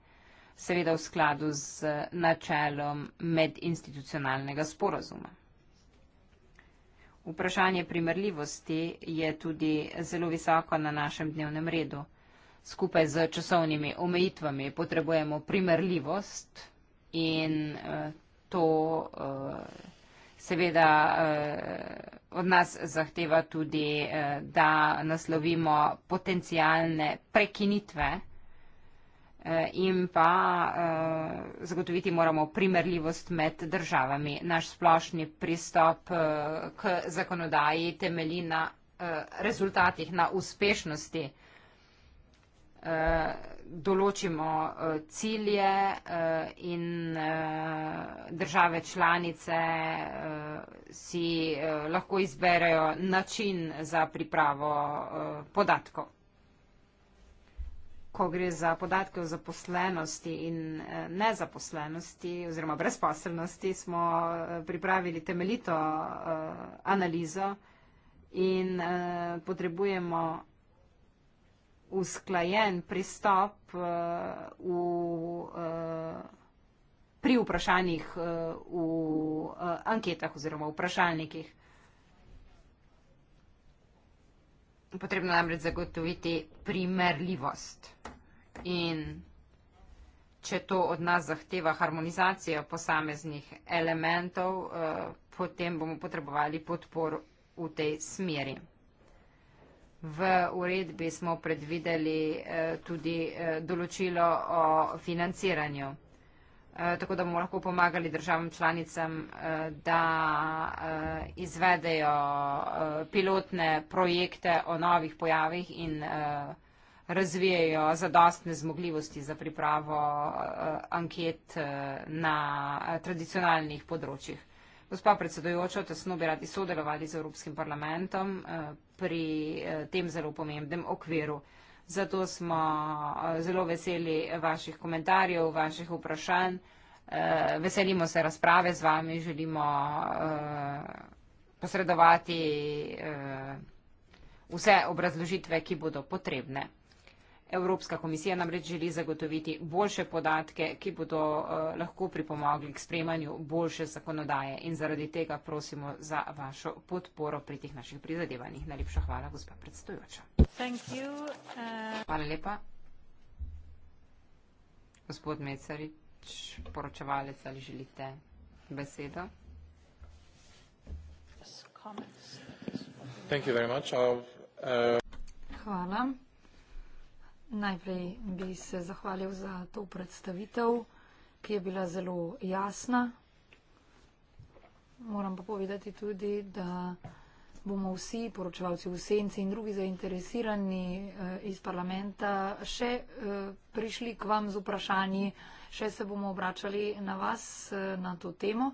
seveda v skladu z eh, načelom medinstitucionalnega sporazuma. Vprašanje primerljivosti je tudi zelo visoko na našem dnevnem redu. Skupaj z časovnimi omejitvami potrebujemo primerljivost in eh, to eh, seveda eh, od nas zahteva tudi, da naslovimo potencijalne prekinitve Eh, in pa eh, zagotoviti moramo primerljivost med državami. Naš splošni pristop eh, k zakonodaji temelji na rezultatih, na uspešnosti. Določimo cilje in države članice si lahko izberejo način za pripravo podatkov ko gre za podatke o zaposlenosti in eh, nezaposlenosti oziroma brezposelnosti, smo eh, pripravili temeljito eh, analizo in potrebujemo usklajen pristop v, pri vprašanjih v anketah oziroma vprašalnikih. potrebno namreč zagotoviti primerljivost. In če to od nas zahteva harmonizacijo posameznih elementov, eh, potem bomo potrebovali podpor v tej smeri. V uredbi smo predvideli eh, tudi eh, določilo o financiranju. Eh, tako da bomo lahko pomagali državam članicam, eh, da eh, izvedejo pilotne projekte o novih pojavih in razvijajo zadostne zmogljivosti za pripravo anket na tradicionalnih področjih. Gospa predsedojoča, tesno bi radi sodelovali z Evropskim parlamentom pri tem zelo pomembnem okviru. Zato smo zelo veseli vaših komentarjev, vaših vprašanj. E, veselimo se razprave z vami, želimo e, posredovati e, vse obrazložitve, ki bodo potrebne. Evropska komisija namreč želi zagotoviti boljše podatke, ki bodo eh, lahko pripomogli k sprejemanju boljše zakonodaje in zaradi tega prosimo za vašo podporo pri teh naših prizadevanjih. Najlepša hvala, gospa predstojoča. Eh. Hvala lepa. Gospod Mecarič, poročevalec, ali želite besedo? Uh, hvala. Najprej bi se zahvalil za to predstavitev, ki je bila zelo jasna. Moram pa povedati tudi, da bomo vsi poročevalci v senci in drugi zainteresirani eh, iz parlamenta še eh, prišli k vam z vprašanji, še se bomo obračali na vas eh, na to temo.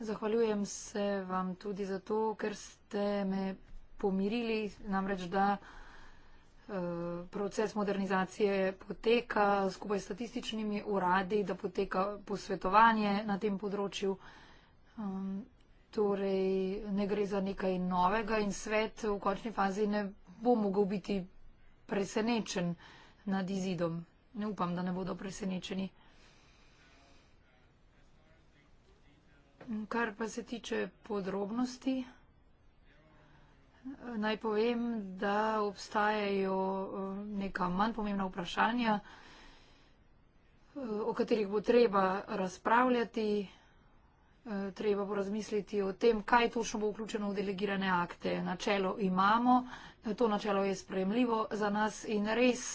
Zahvaljujem se vam tudi za to, ker ste me pomirili, namreč da. Eh, proces modernizacije poteka skupaj s statističnimi uradi, da poteka posvetovanje na tem področju. Um, torej, ne gre za nekaj novega in svet v končni fazi ne bo mogel biti presenečen nad izidom. Ne upam, da ne bodo presenečeni. Kar pa se tiče podrobnosti. Naj povem, da obstajajo eh, neka manj pomembna vprašanja, eh, o katerih bo treba razpravljati. Eh, treba bo razmisliti o tem, kaj točno bo vključeno v delegirane akte. Načelo imamo, to načelo je sprejemljivo za nas in res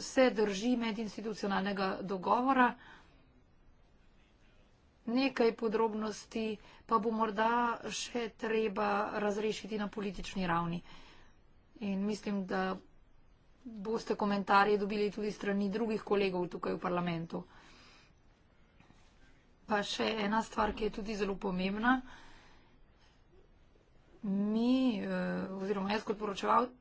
se drži medinstitucionalnega dogovora nekaj podrobnosti pa bo morda še treba razrešiti na politični ravni. In mislim, da boste komentarje dobili tudi strani drugih kolegov tukaj v parlamentu. Pa še ena stvar, ki je tudi zelo pomembna. Mi, eh, oziroma jaz kot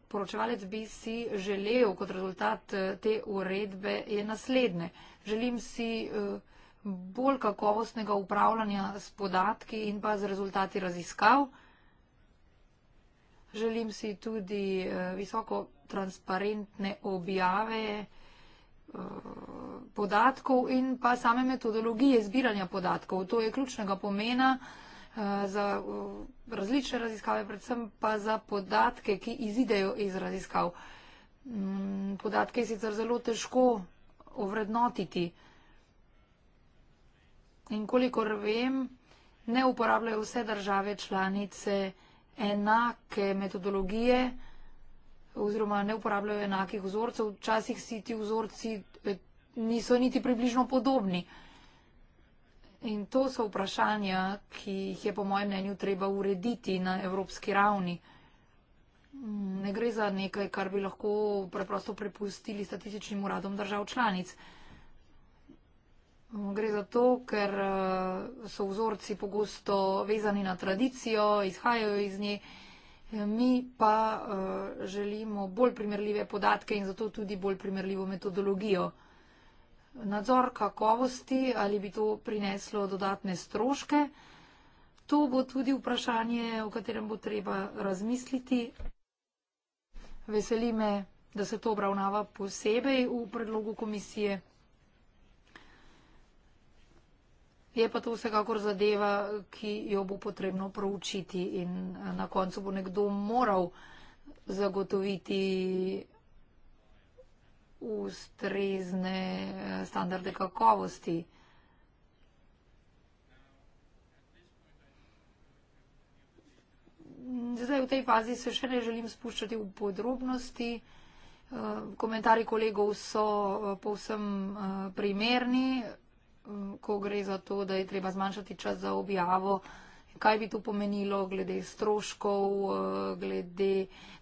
poročevalec, bi si želel kot rezultat eh, te uredbe je naslednje. Želim si uh, bolj kakovostnega upravljanja s podatki in pa z rezultati raziskav. Želim si tudi eh, visoko transparentne objave eh, podatkov in pa same metodologije zbiranja podatkov. To je ključnega pomena eh, za različne raziskave, predvsem pa za podatke, ki izidejo iz raziskav. Mm, podatke je sicer zelo težko ovrednotiti. In kolikor vem, ne uporabljajo vse države članice enake metodologije oziroma ne uporabljajo enakih vzorcev. Včasih si ti vzorci eh, niso niti približno podobni. In to so vprašanja, ki jih je po mojem mnenju treba urediti na evropski ravni. Mm, ne gre za nekaj, kar bi lahko preprosto prepustili statističnim uradom držav članic. Gre za to, ker eh, so vzorci pogosto vezani na tradicijo, izhajajo iz nje, eh, mi pa eh, želimo bolj primerljive podatke in zato tudi bolj primerljivo metodologijo. Nadzor kakovosti, ali bi to prineslo dodatne stroške, to bo tudi vprašanje, o katerem bo treba razmisliti. Veseli me, da se to obravnava posebej v predlogu komisije. Je pa to vsekakor zadeva, ki jo bo potrebno proučiti in eh, na koncu bo nekdo moral zagotoviti ustrezne eh, standarde kakovosti. Zdaj v tej fazi se še ne želim spuščati v podrobnosti. Eh, Komentari kolegov so povsem primerni. Eh, ko gre za to, da je treba zmanjšati čas za objavo, kaj bi to pomenilo glede stroškov, eh, glede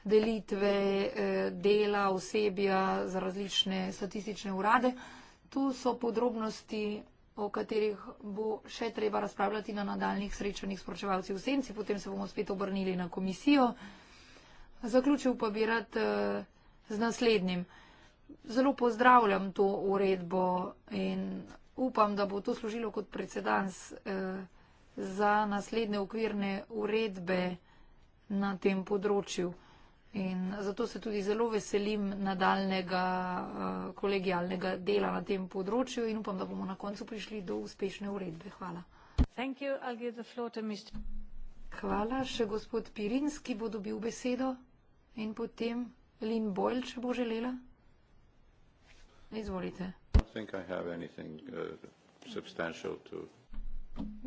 delitve eh, dela, osebja za različne statistične urade. Tu so podrobnosti, o katerih bo še treba razpravljati na nadaljnih srečanjih s poročevalci v senci, potem se bomo spet obrnili na komisijo. Zaključil pa bi rad z naslednjim. Zelo pozdravljam to uredbo in upam, da bo to služilo kot precedans eh, za naslednje okvirne uredbe na tem področju. In zato se tudi zelo veselim nadaljnega eh, kolegijalnega dela na tem področju in upam, da bomo na koncu prišli do uspešne uredbe. Hvala. Hvala. Še gospod Pirinski bo dobil besedo in potem Lin Boyle, če bo želela. Izvolite think I have anything uh, substantial to.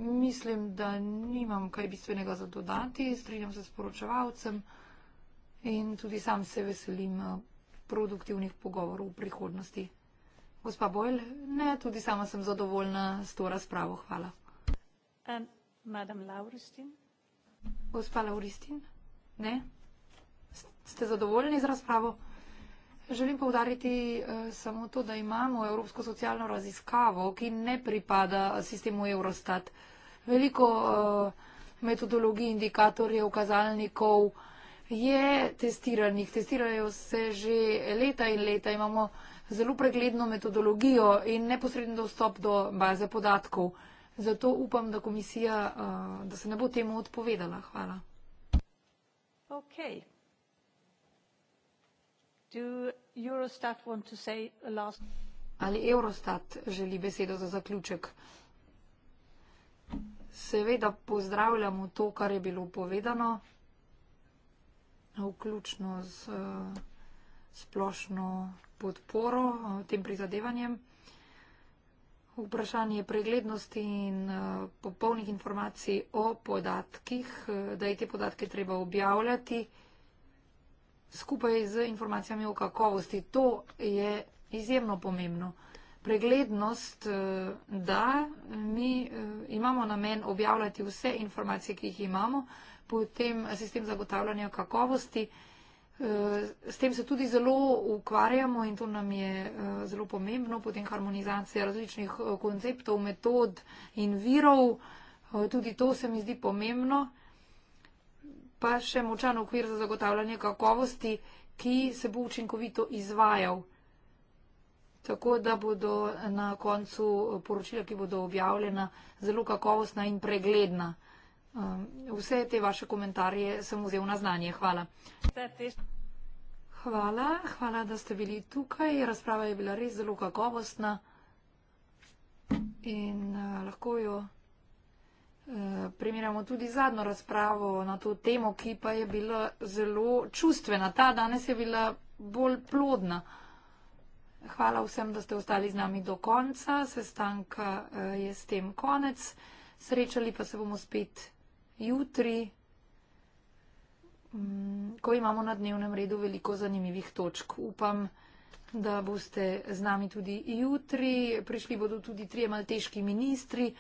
Mislim, da nimam kaj bistvenega za dodati, strinjam se s poročevalcem in tudi sam se veselim uh, produktivnih pogovorov v prihodnosti. Gospa Bojl, ne, tudi sama sem zadovoljna s to razpravo. Hvala. Um, Madam Lauristin. Gospa Lauristin, ne? Ste zadovoljni z razpravo? Želim povdariti eh, samo to, da imamo evropsko socialno raziskavo, ki ne pripada sistemu Eurostat. Veliko eh, metodologij, indikatorjev, kazalnikov je testiranih. Testirajo se že leta in leta. Imamo zelo pregledno metodologijo in neposreden dostop do baze podatkov. Zato upam, da komisija, eh, da se ne bo temu odpovedala. Hvala. Okay. Ali Eurostat želi besedo za zaključek? Seveda pozdravljamo to, kar je bilo povedano, vključno z splošno podporo tem prizadevanjem. Vprašanje preglednosti in popolnih informacij o podatkih, da je te podatke treba objavljati skupaj z informacijami o kakovosti. To je izjemno pomembno. Preglednost, eh, da mi eh, imamo namen objavljati vse informacije, ki jih imamo, potem sistem zagotavljanja kakovosti. Eh, s tem se tudi zelo ukvarjamo in to nam je zelo pomembno, potem harmonizacija različnih konceptov, metod in virov. Tudi to se mi zdi pomembno pa še močan okvir za zagotavljanje kakovosti, ki se bo učinkovito izvajal. Tako da bodo na koncu poročila, ki bodo objavljena, zelo kakovostna in pregledna. Um, vse te vaše komentarje sem vzel na znanje. Hvala. Hvala, hvala, da ste bili tukaj. Razprava je bila res zelo kakovostna in uh, lahko jo. Primerjamo tudi zadnjo razpravo na to temo, ki pa je bila zelo čustvena. Ta danes je bila bolj plodna. Hvala vsem, da ste ostali z nami do konca. Sestanka eh, je s tem konec. Srečali pa se bomo spet jutri, mm, ko imamo na dnevnem redu veliko zanimivih točk. Upam, da boste z nami tudi jutri. Prišli bodo tudi trije malteški ministri.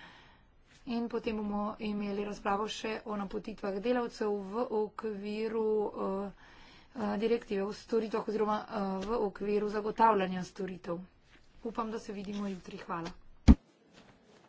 In potem bomo imeli razpravo še o napotitvah delavcev v okviru eh, eh, direktive v storitvah oziroma eh, v okviru zagotavljanja storitev. Upam, da se vidimo jutri. Hvala.